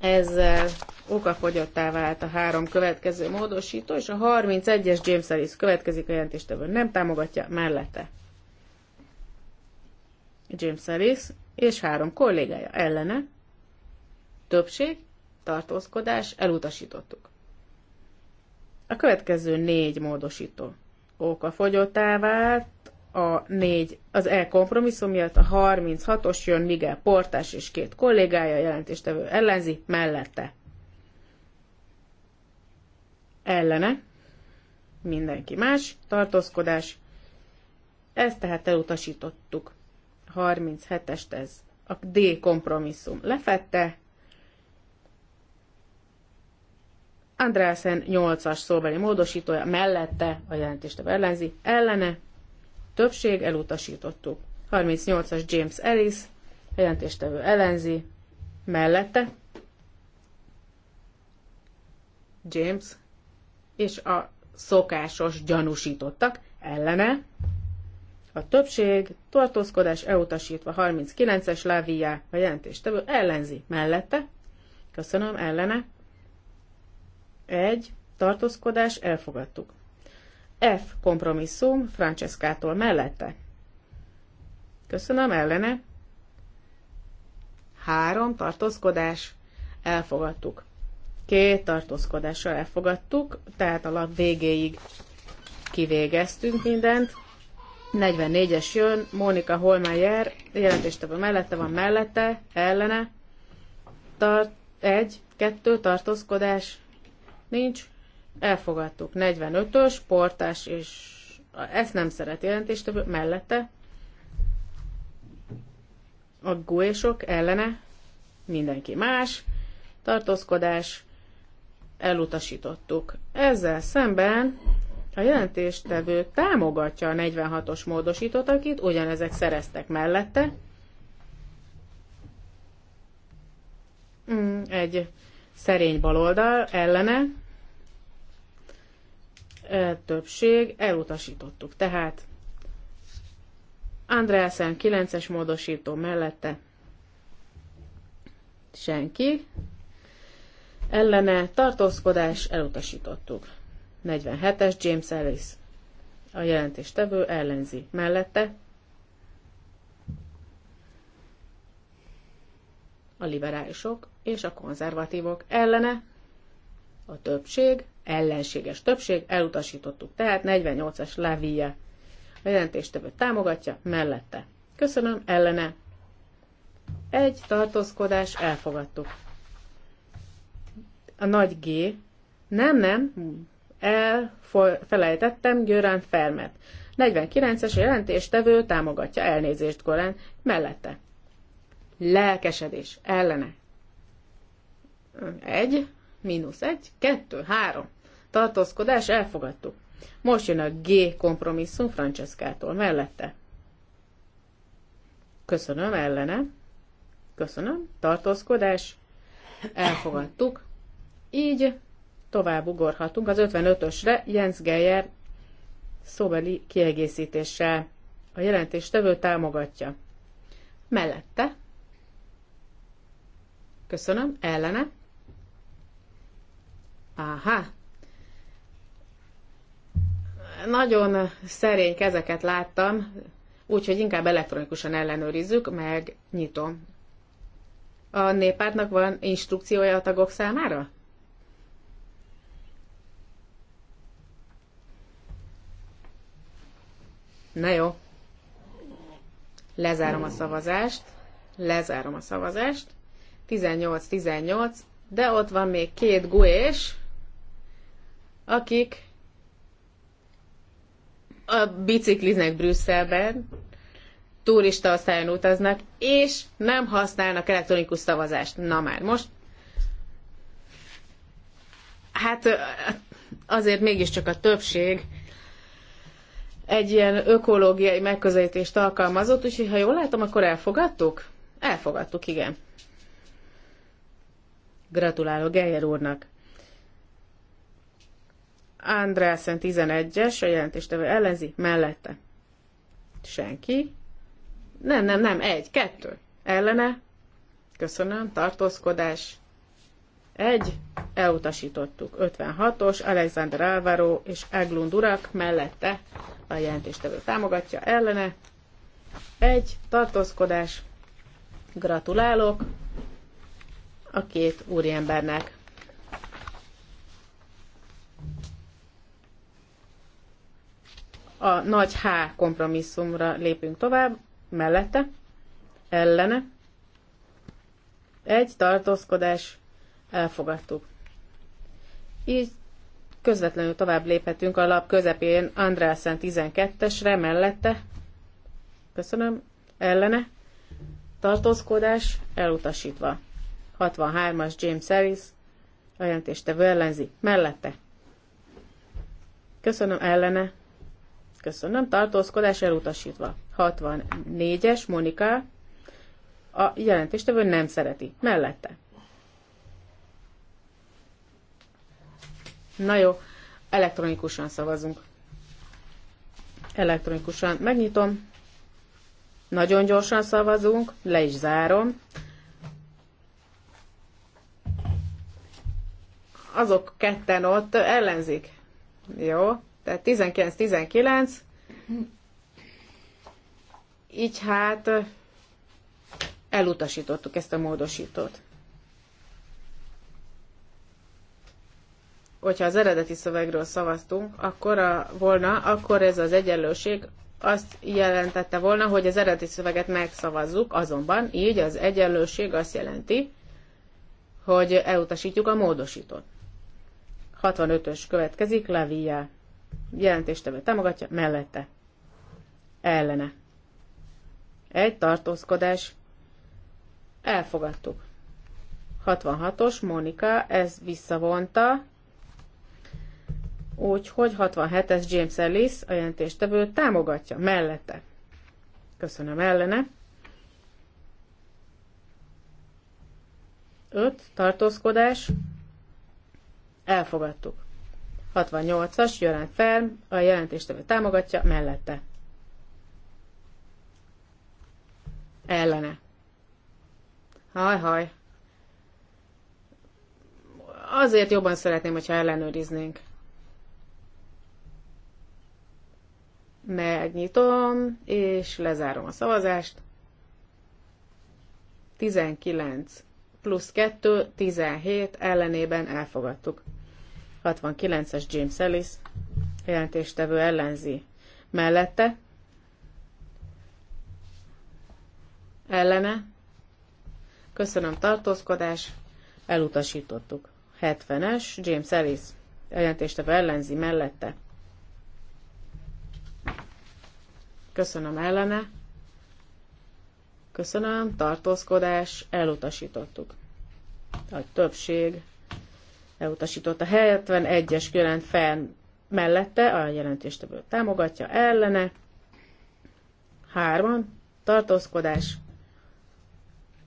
Ezzel okafogyottá vált a három következő módosító, és a 31-es James Ellis következik a jelentéstevő nem támogatja mellette. James Ellis és három kollégája ellene. Többség, tartózkodás, elutasítottuk. A következő négy módosító oka fogyottá vált, a négy, az E kompromisszum miatt a 36-os jön Miguel Portás és két kollégája jelentéstevő ellenzi mellette. Ellene mindenki más tartózkodás. Ezt tehát elutasítottuk. 37-est ez a D kompromisszum lefette, Andrásen 8-as szóbeli módosítója mellette a jelentést ellenzi, ellene többség elutasítottuk. 38-as James Ellis a jelentéstevő ellenzi, mellette James és a szokásos gyanúsítottak ellene. A többség tartózkodás elutasítva 39-es Lávia a jelentéstevő ellenzi mellette. Köszönöm, ellene egy, tartózkodás, elfogadtuk. F. Kompromisszum, Franceskától mellette. Köszönöm, ellene. Három, tartózkodás, elfogadtuk. Két tartózkodással elfogadtuk, tehát a lap végéig kivégeztünk mindent. 44-es jön, Mónika Holmeyer, jelentéstevő mellette van, mellette, ellene, tart, egy, kettő, tartózkodás, Nincs. Elfogadtuk. 45-ös, portás és ezt nem szeret jelentéstevő, mellette a guésok ellene mindenki más, tartózkodás, elutasítottuk. Ezzel szemben a jelentéstevő támogatja a 46-os módosítót, akit ugyanezek szereztek mellette. Mm, egy szerény baloldal ellene többség elutasítottuk. Tehát Andreasen 9-es módosító mellette senki, ellene tartózkodás elutasítottuk. 47-es James Ellis a jelentéstevő ellenzi mellette a liberálisok és a konzervatívok ellene, a többség, ellenséges többség, elutasítottuk. Tehát 48-as levíje a jelentéstevő támogatja, mellette. Köszönöm, ellene. Egy tartózkodás, elfogadtuk. A nagy G. Nem, nem, elfelejtettem Görán Fermet. 49-es jelentéstevő támogatja elnézést Golán mellette lelkesedés ellene. Egy, mínusz egy, kettő, három. Tartózkodás, elfogadtuk. Most jön a G kompromisszum Franceszkától, mellette. Köszönöm, ellene. Köszönöm, tartózkodás, elfogadtuk. Így tovább ugorhatunk az 55-ösre Jens Geyer szóbeli kiegészítéssel. A jelentéstevő támogatja. Mellette Köszönöm. Ellene? Áhá. Nagyon szerény kezeket láttam, úgyhogy inkább elektronikusan ellenőrizzük, meg nyitom. A néppártnak van instrukciója a tagok számára? Na jó. Lezárom a szavazást. Lezárom a szavazást. 18-18, de ott van még két gués, akik a bicikliznek Brüsszelben, turista osztályon utaznak, és nem használnak elektronikus szavazást. Na már most. Hát azért mégiscsak a többség egy ilyen ökológiai megközelítést alkalmazott, úgyhogy ha jól látom, akkor elfogadtuk? Elfogadtuk, igen. Gratulálok Geyer úrnak. Andrásen 11-es, a jelentéstevő ellenzi, mellette. Senki. Nem, nem, nem, egy, kettő. Ellene. Köszönöm, tartózkodás. Egy, elutasítottuk. 56-os, Alexander Álvaro és Eglund urak mellette a jelentéstevő támogatja ellene. Egy, tartózkodás. Gratulálok a két úriembernek. A nagy H kompromisszumra lépünk tovább, mellette, ellene, egy tartózkodás, elfogadtuk. Így közvetlenül tovább léphetünk a lap közepén Andrásen 12-esre, mellette, köszönöm, ellene, tartózkodás elutasítva. 63-as James Ellis, a jelentéstevő ellenzi, mellette. Köszönöm ellene. Köszönöm, tartózkodás elutasítva. 64-es Monika, a jelentéstevő nem szereti, mellette. Na jó, elektronikusan szavazunk. Elektronikusan megnyitom. Nagyon gyorsan szavazunk, le is zárom. azok ketten ott ellenzik. Jó? Tehát 19-19. Így hát elutasítottuk ezt a módosítót. Hogyha az eredeti szövegről szavaztunk, akkor a, volna, akkor ez az egyenlőség azt jelentette volna, hogy az eredeti szöveget megszavazzuk, azonban így az egyenlőség azt jelenti, hogy elutasítjuk a módosítót. 65-ös következik, Lavia jelentéstevő támogatja, mellette. Ellene. Egy tartózkodás. Elfogadtuk. 66-os, Monika, ez visszavonta. Úgyhogy 67-es James Ellis, a jelentéstevő támogatja, mellette. Köszönöm, ellene. 5. Tartózkodás. Elfogadtuk. 68-as, Jörán Ferm, a jelentéstevő támogatja, mellette. Ellene. haj. Azért jobban szeretném, hogyha ellenőriznénk. Megnyitom, és lezárom a szavazást. 19 plusz 2, 17 ellenében elfogadtuk. 69-es James Ellis jelentéstevő ellenzi. Mellette ellene köszönöm tartózkodás, elutasítottuk. 70-es James Ellis jelentéstevő ellenzi mellette. Köszönöm ellene. Köszönöm, tartózkodás, elutasítottuk. A többség elutasította. 71-es jelent fel mellette, a jelentéstevő támogatja, ellene. Hárman, tartózkodás,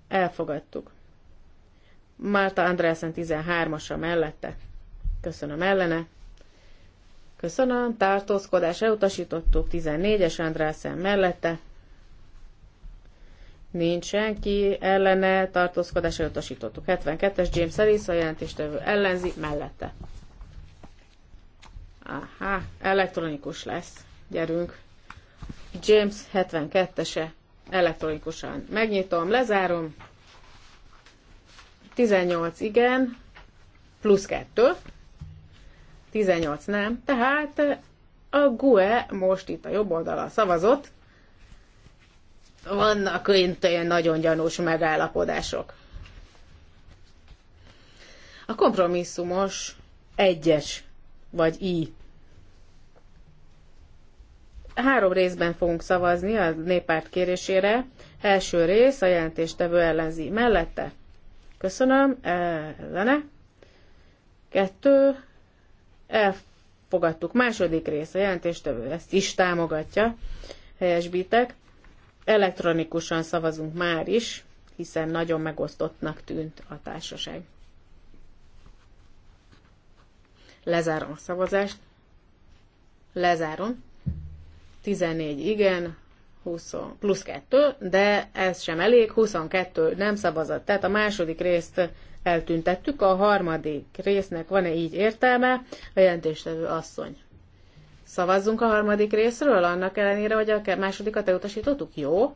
elfogadtuk. Márta Andrásen 13-asa mellette, köszönöm ellene. Köszönöm, tartózkodás, elutasítottuk, 14-es Andrásen mellette, Nincs senki ellene, tartózkodás elutasítottuk. 72-es James Ellis, a jelentéstevő ellenzi, mellette. Aha, elektronikus lesz. Gyerünk. James 72-ese, elektronikusan. Megnyitom, lezárom. 18 igen, plusz 2. 18 nem, tehát a GUE most itt a jobb oldalon szavazott, vannak itt nagyon gyanús megállapodások. A kompromisszumos egyes, vagy i. Három részben fogunk szavazni a néppárt kérésére. Első rész a jelentéstevő ellenzi mellette. Köszönöm, ellene. Kettő, elfogadtuk. Második rész a jelentéstevő ezt is támogatja. Helyesbítek elektronikusan szavazunk már is, hiszen nagyon megosztottnak tűnt a társaság. Lezárom a szavazást. Lezárom. 14 igen, 20, plusz 2, de ez sem elég, 22 nem szavazott. Tehát a második részt eltüntettük, a harmadik résznek van-e így értelme, a jelentéstevő asszony. Szavazzunk a harmadik részről, annak ellenére, hogy a másodikat elutasítottuk? Jó.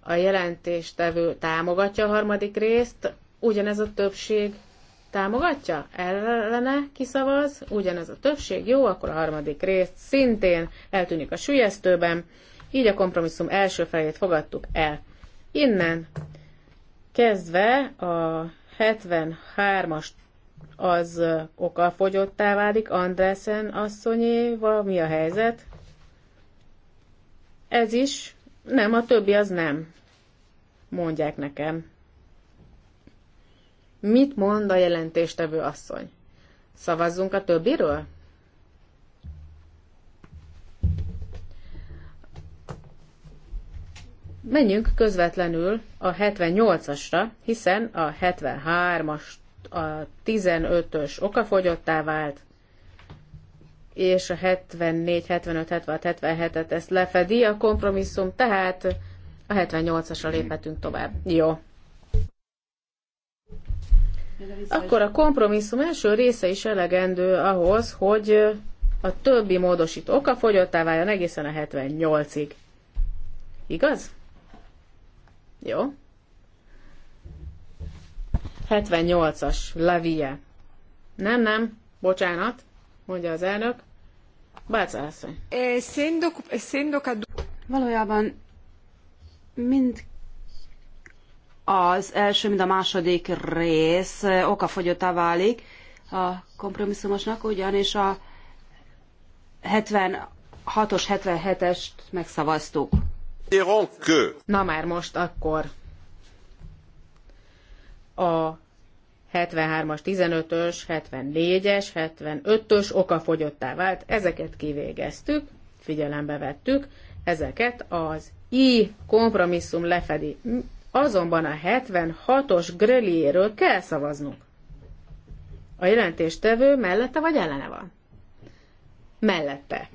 A jelentéstevő támogatja a harmadik részt, ugyanez a többség támogatja, ellene kiszavaz, ugyanez a többség, jó, akkor a harmadik részt szintén eltűnik a sülyeztőben, így a kompromisszum első felét fogadtuk el. Innen kezdve a 73-as az okafogyottá válik. Andresen asszonyéval mi a helyzet? Ez is, nem, a többi az nem. Mondják nekem. Mit mond a jelentéstevő asszony? Szavazzunk a többiről? Menjünk közvetlenül a 78-asra, hiszen a 73-ast a 15-ös okafogyottá vált, és a 74, 75, 76, 77-et ezt lefedi a kompromisszum, tehát a 78-asra léphetünk tovább. Jó. Akkor a kompromisszum első része is elegendő ahhoz, hogy a többi módosító oka fogyottá váljon egészen a 78-ig. Igaz? Jó. 78-as, Lavia. Nem, nem, bocsánat, mondja az elnök. asszony. Valójában mind az első, mind a második rész okafogyottá válik a kompromisszumosnak, ugyanis a 76-os, 77-est megszavaztuk. Na már most akkor a 73-as, 15-ös, 74-es, 75-ös okafogyottá vált. Ezeket kivégeztük, figyelembe vettük, ezeket az I kompromisszum lefedi. Azonban a 76-os gröliéről kell szavaznunk. A jelentéstevő mellette vagy ellene van? Mellette.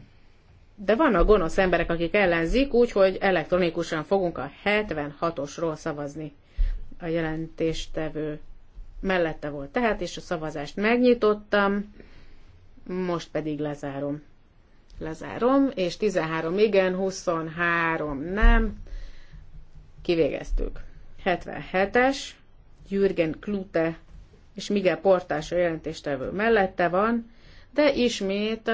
De vannak gonosz emberek, akik ellenzik, úgyhogy elektronikusan fogunk a 76-osról szavazni a jelentéstevő mellette volt tehát, és a szavazást megnyitottam, most pedig lezárom. Lezárom, és 13 igen, 23 nem, kivégeztük. 77-es, Jürgen Klute és Miguel Portás a jelentéstevő mellette van, de ismét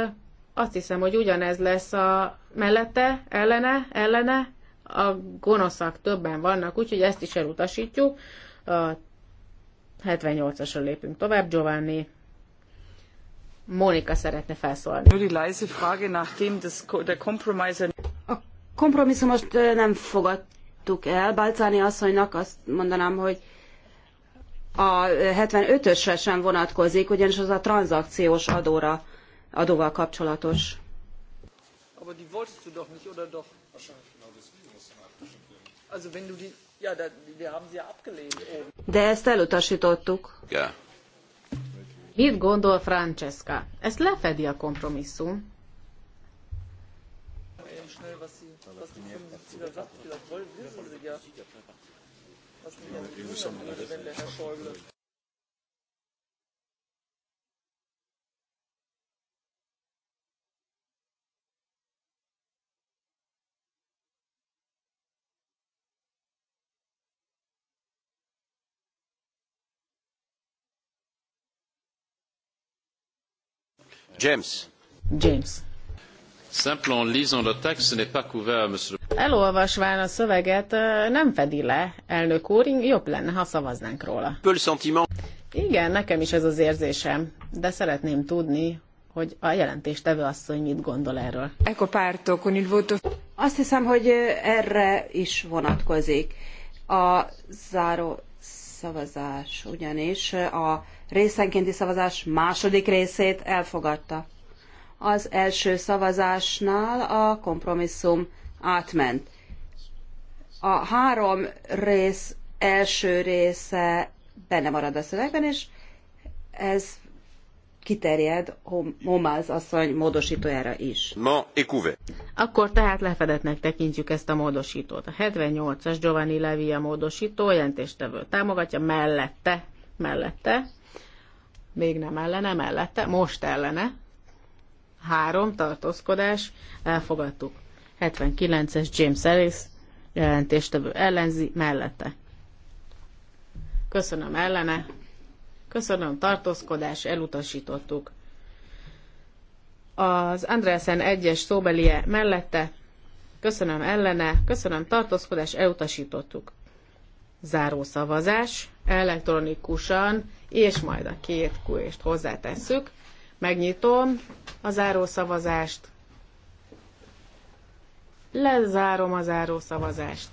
azt hiszem, hogy ugyanez lesz a mellette, ellene, ellene, a gonoszak többen vannak, úgyhogy ezt is elutasítjuk. A 78-asra lépünk tovább, Giovanni. Monika szeretne felszólni. A kompromisszumost nem fogadtuk el. Balcáni asszonynak azt mondanám, hogy a 75-ösre sem vonatkozik, ugyanis az a tranzakciós adóra, adóval kapcsolatos. Aber die wolltest du doch nicht, oder doch? De ezt elutasítottuk. Mit gondol Francesca? Ezt lefedi a kompromisszum. James. James. Elolvasván a szöveget nem fedi le, elnök úr, jobb lenne, ha szavaznánk róla. Igen, nekem is ez az érzésem, de szeretném tudni, hogy a jelentéstevő asszony mit gondol erről. Azt hiszem, hogy erre is vonatkozik. A záró szavazás ugyanis a részenkénti szavazás második részét elfogadta. Az első szavazásnál a kompromisszum átment. A három rész első része benne marad a szövegben, és ez kiterjed Homáz asszony módosítójára is. Ma écouvé. Akkor tehát lefedetnek tekintjük ezt a módosítót. A 78-as Giovanni Levia módosító jelentéstevő támogatja mellette, mellette, még nem ellene, mellette, most ellene, három tartózkodás, elfogadtuk. 79-es James Ellis jelentéstevő ellenzi, mellette. Köszönöm ellene, köszönöm tartózkodás, elutasítottuk. Az Andreasen 1-es szóbelie mellette, köszönöm ellene, köszönöm tartózkodás, elutasítottuk. Záró szavazás elektronikusan, és majd a két Q-st hozzátesszük. Megnyitom a zárószavazást, lezárom a zárószavazást.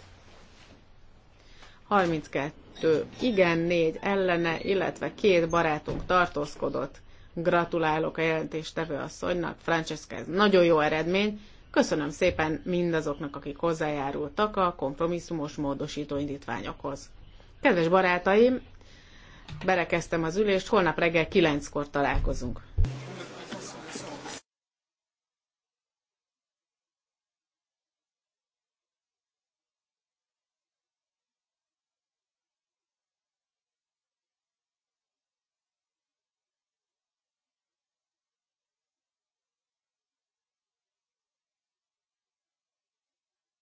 32 igen, 4 ellene, illetve két barátunk tartózkodott. Gratulálok a jelentéstevő asszonynak, Francesca, ez nagyon jó eredmény. Köszönöm szépen mindazoknak, akik hozzájárultak a kompromisszumos módosító indítványokhoz. Kedves barátaim, berekeztem az ülést, holnap reggel kilenckor találkozunk.